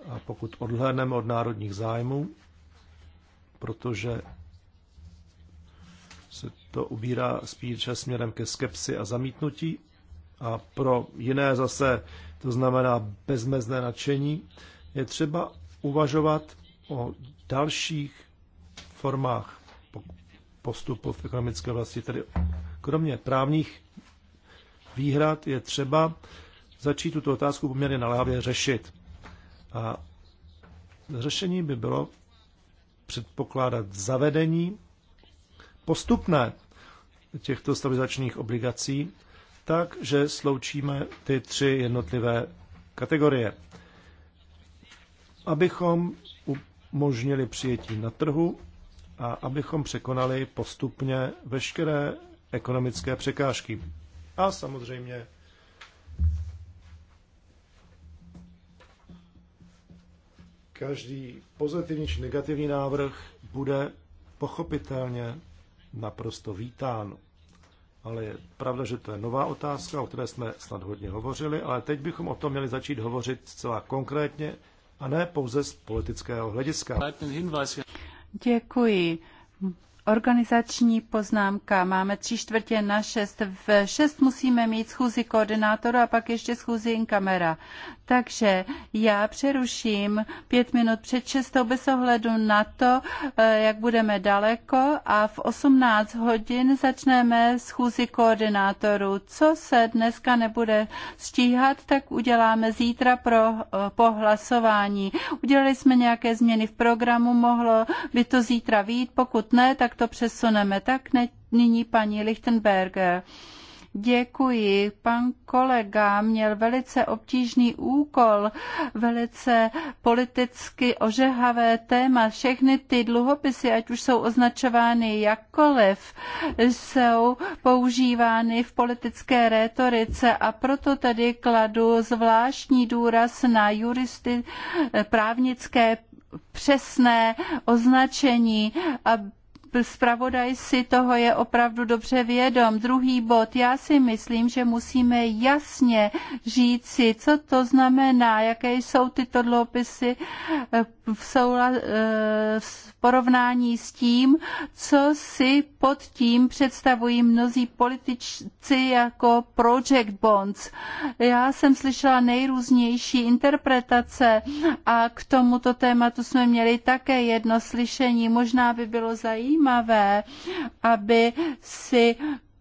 A pokud odhlédneme od národních zájmů, protože se to ubírá spíše směrem ke skepsi a zamítnutí, a pro jiné zase to znamená bezmezné nadšení, je třeba uvažovat o dalších formách postupu v ekonomické oblasti, tedy kromě právních výhrad, je třeba začít tuto otázku poměrně naléhavě řešit. A řešení by bylo předpokládat zavedení postupné těchto stabilizačních obligací, tak, že sloučíme ty tři jednotlivé kategorie. Abychom umožnili přijetí na trhu a abychom překonali postupně veškeré ekonomické překážky. A samozřejmě každý pozitivní či negativní návrh bude pochopitelně naprosto vítán. Ale je pravda, že to je nová otázka, o které jsme snad hodně hovořili, ale teď bychom o tom měli začít hovořit zcela konkrétně a ne pouze z politického hlediska. Děkuji. Organizační poznámka. Máme tři čtvrtě na šest. V šest musíme mít schůzi koordinátoru a pak ještě schůzi in kamera. Takže já přeruším pět minut před šestou bez ohledu na to, eh, jak budeme daleko a v 18 hodin začneme schůzi koordinátoru. Co se dneska nebude stíhat, tak uděláme zítra pro, eh, pohlasování. Udělali jsme nějaké změny v programu, mohlo by to zítra vít, pokud ne, tak tak to přesuneme. Tak ne, nyní paní Lichtenberger. Děkuji. Pan kolega měl velice obtížný úkol, velice politicky ožehavé téma. Všechny ty dluhopisy, ať už jsou označovány jakkoliv, jsou používány v politické rétorice a proto tedy kladu zvláštní důraz na juristy právnické přesné označení, aby zpravodaj si toho je opravdu dobře vědom. Druhý bod, já si myslím, že musíme jasně říci, co to znamená, jaké jsou tyto dloupisy eh, v, soula, eh, v porovnání s tím, co si pod tím představují mnozí politici jako project bonds. Já jsem slyšela nejrůznější interpretace a k tomuto tématu jsme měli také jedno slyšení. Možná by bylo zajímavé, zajímavé, aby si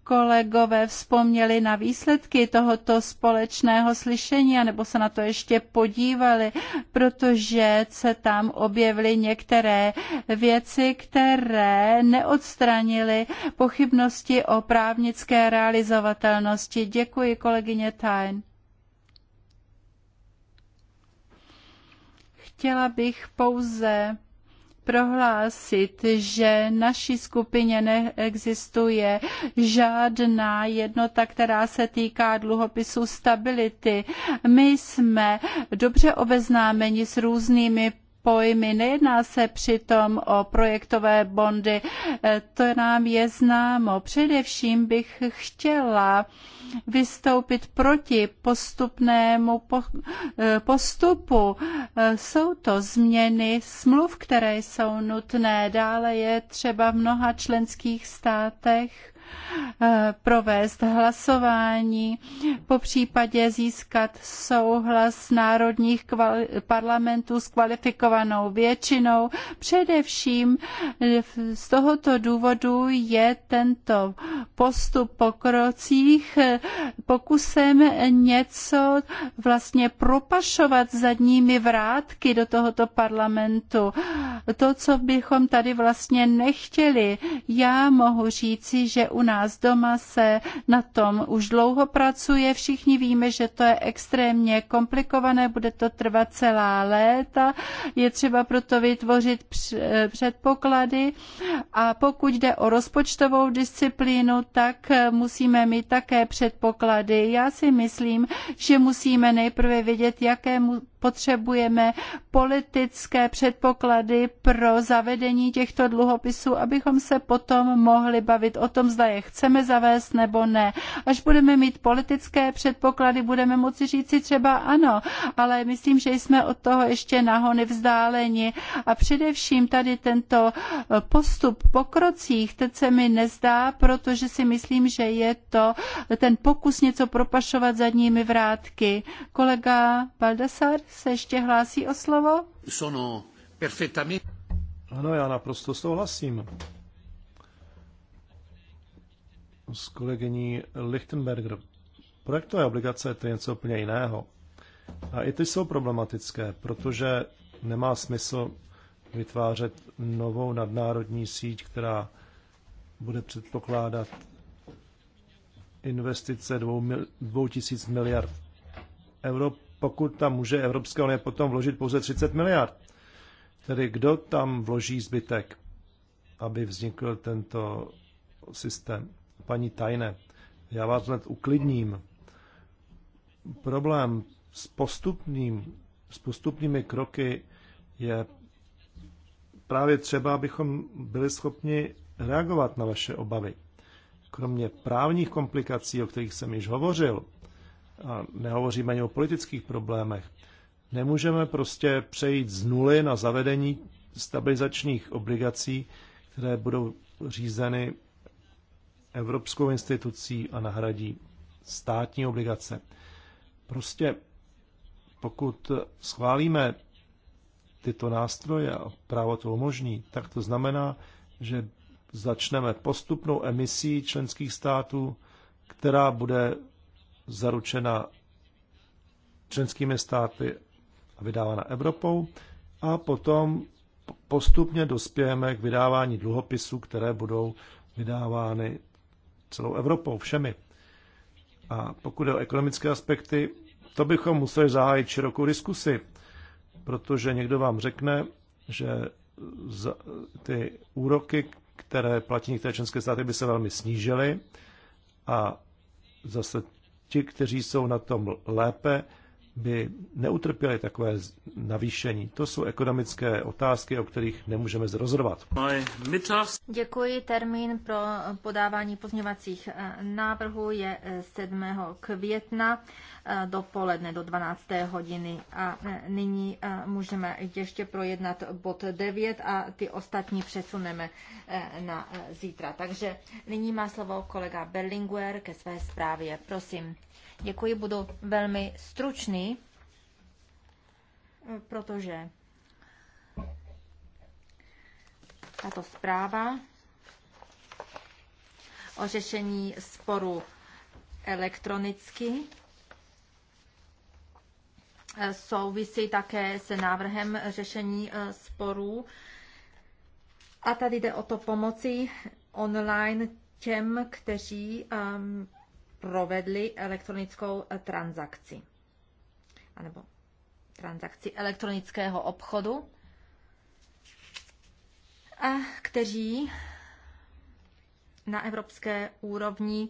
kolegové vzpomněli na výsledky tohoto společného slyšení, anebo se na to ještě podívali, protože se tam objevily některé věci, které neodstranily pochybnosti o právnické realizovatelnosti. Děkuji, kolegyně Tajn. Chtěla bych pouze prohlásit, že naší skupině neexistuje žádná jednota, která se týká dluhopisů stability. My jsme dobře obeznámeni s různými pojmy. Nejedná se přitom o projektové bondy, eh, to nám je známo. Především bych chtěla vystoupit proti postupnému eh, postupu. Eh, jsou to změny smluv, které jsou nutné. Dále je třeba v mnoha členských státech Eh, provést hlasování, po případě získat souhlas národních parlamentů s kvalifikovanou většinou. Především eh, z tohoto důvodu je tento postup po krocích eh, pokusem něco vlastně propašovat zadními vrátky do tohoto parlamentu. To, co bychom tady vlastně nechtěli, já mohu říci, že u nás doma se na tom už dlouho pracuje. Všichni víme, že to je extrémně komplikované, bude to trvat celá léta. Je třeba proto vytvořit předpoklady. A pokud jde o rozpočtovou disciplínu, tak musíme mít také předpoklady. Já si myslím, že musíme nejprve vědět, jaké potřebujeme politické předpoklady pro zavedení těchto dluhopisů, abychom se potom mohli bavit o tom, zda je chceme zavést nebo ne. Až budeme mít politické předpoklady, budeme moci říci třeba ano, ale myslím, že jsme od toho ještě nahony vzdáleni. A především tady tento eh, postup po krocích, teď se mi nezdá, protože si myslím, že je to ten pokus něco propašovat zadními vrátky. Kolega Baldassar se ještě hlásí o slovo? Sono perfettamente. Ano, já naprosto souhlasím. S kolegyní Lichtenberger. Projektové obligace to je něco úplně jiného. A i ty jsou problematické, protože nemá smysl vytvářet novou nadnárodní síť, která bude předpokládat investice dvou tisíc miliard euro pokud tam může Evropská unie potom vložit pouze 30 miliard. Tedy kdo tam vloží zbytek, aby vznikl tento systém? Paní Tajne, já vás hned uklidním. Problém s, postupným, s postupnými kroky je právě třeba, abychom byli schopni reagovat na vaše obavy. Kromě právních komplikací, o kterých jsem již hovořil, a nehovoříme ani o politických problémech. Nemůžeme prostě přejít z nuly na zavedení stabilizačních obligací, které budou řízeny evropskou institucí a nahradí státní obligace. Prostě pokud schválíme tyto nástroje a právo to umožní, tak to znamená, že začneme postupnou emisí členských států, která bude zaručena členskými státy a vydávána Evropou a potom postupně dospějeme k vydávání dluhopisů, které budou vydávány celou Evropou, všemi. A pokud je o ekonomické aspekty, to bychom museli zahájit širokou diskusi, protože někdo vám řekne, že ty úroky, které platí některé členské státy, by se velmi snížily a zase ti, kteří jsou na tom lépe, by neutrpěli takové navýšení. To jsou ekonomické otázky, o kterých nemůžeme zde Děkuji. Termín pro podávání pozměvacích eh, návrhů je 7. Eh, května eh, dopoledne do 12. hodiny. A nyní můžeme ještě projednat bod 9 a ty ostatní přesuneme na zítra. Takže nyní má slovo kolega Berlinguer ke své zprávě. Prosím. Děkuji, budu velmi stručný, protože tato zpráva o řešení sporu elektronicky souvisí také se návrhem řešení eh, sporů. A tady jde o to pomoci online těm, kteří um, provedli elektronickou eh, transakci. anebo transakci elektronického obchodu a kteří na evropské úrovni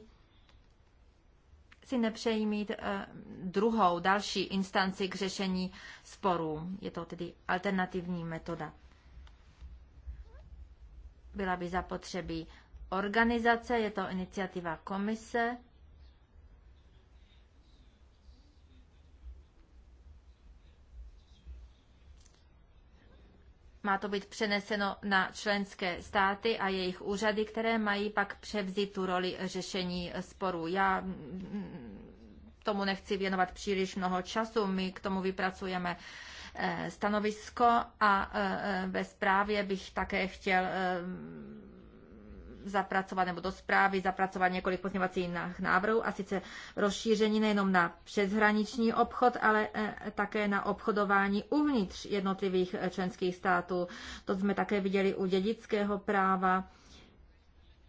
si nepřejí mít eh, druhou, další instanci k řešení sporů. Je to tedy alternativní metoda. Byla by zapotřebí organizace, je to iniciativa komise, Má to být přeneseno na členské státy a jejich úřady, které mají pak převzít tu roli řešení sporů. Já mm, tomu nechci věnovat příliš mnoho času. My k tomu vypracujeme eh, stanovisko a eh, eh, ve zprávě bych také chtěl zapracovat nebo do zprávy zapracovat několik pozměňovacích návrhů a sice rozšíření nejenom na přeshraniční obchod, ale e, také na obchodování uvnitř jednotlivých e, členských států. To jsme také viděli u dědického práva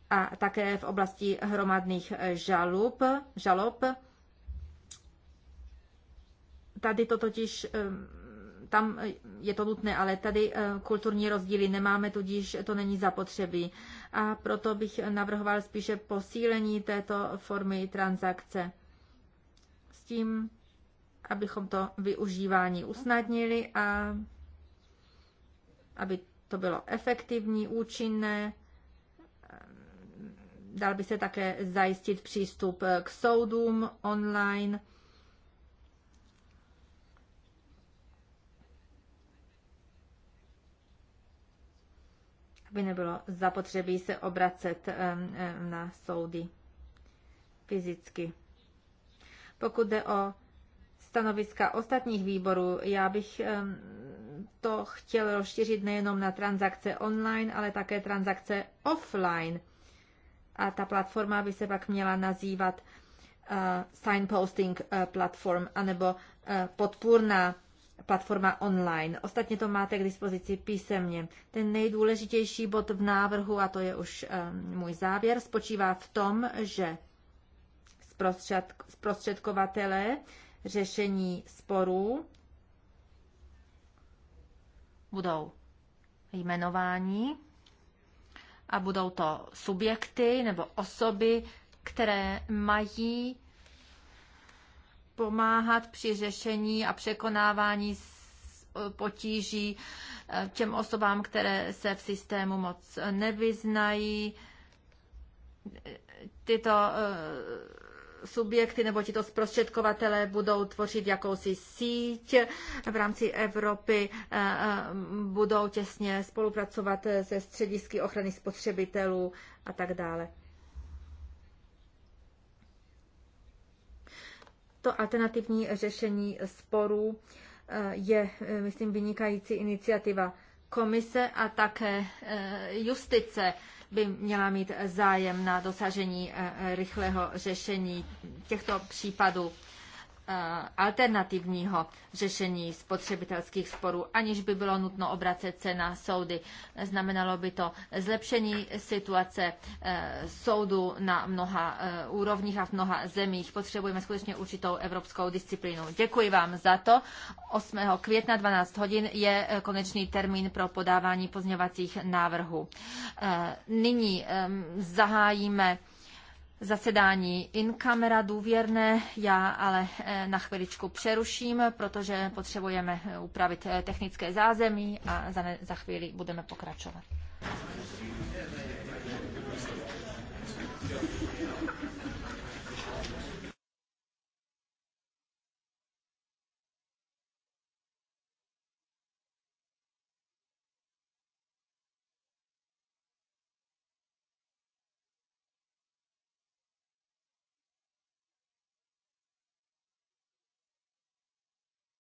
a také v oblasti hromadných e, žalub, žalob. Tady to totiž tam e, je to nutné, ale tady e, kulturní rozdíly nemáme, tudíž to není zapotřebí. A proto bych navrhoval spíše posílení této formy transakce s tím, abychom to využívání usnadnili a aby to bylo efektivní, účinné. Dal by se také zajistit přístup k soudům online aby nebylo zapotřebí se obracet na soudy fyzicky. Pokud jde o stanoviska ostatních výborů, já bych to chtěl rozšířit nejenom na transakce online, ale také transakce offline. A ta platforma by se pak měla nazývat eh, signposting eh, platform anebo eh, podpůrná platforma online. Ostatně to máte k dispozici písemně. Ten nejdůležitější bod v návrhu, a to je už eh, můj závěr, spočívá v tom, že zprostředkovatele řešení sporů budou jmenováni a budou to subjekty nebo osoby, které mají pomáhat při řešení a překonávání e, potíží e, těm osobám, které se v systému moc nevyznají. Tyto e, subjekty nebo tito zprostředkovatele budou tvořit jakousi síť v rámci Evropy, budou těsně spolupracovat se středisky ochrany spotřebitelů a tak dále. To alternativní řešení sporů eh, je, eh, myslím, vynikající iniciativa komise a také eh, justice by měla mít zájem na dosažení rychlého řešení těchto případů. Eh, alternativního řešení spotřebitelských sporů, aniž by bylo nutno obracet se na soudy. Znamenalo by to zlepšení situace eh, soudu na mnoha eh, úrovních a v mnoha zemích. Potřebujeme skutečně určitou evropskou disciplínu. Děkuji vám za to. 8. května 12 hodin je konečný termín pro podávání pozměvacích návrhů. Nyní zahájíme zasedání in důvěrné. Já ale eh, na chviličku přeruším, protože potřebujeme eh, upravit eh, technické zázemí a za, ne, za chvíli budeme pokračovat.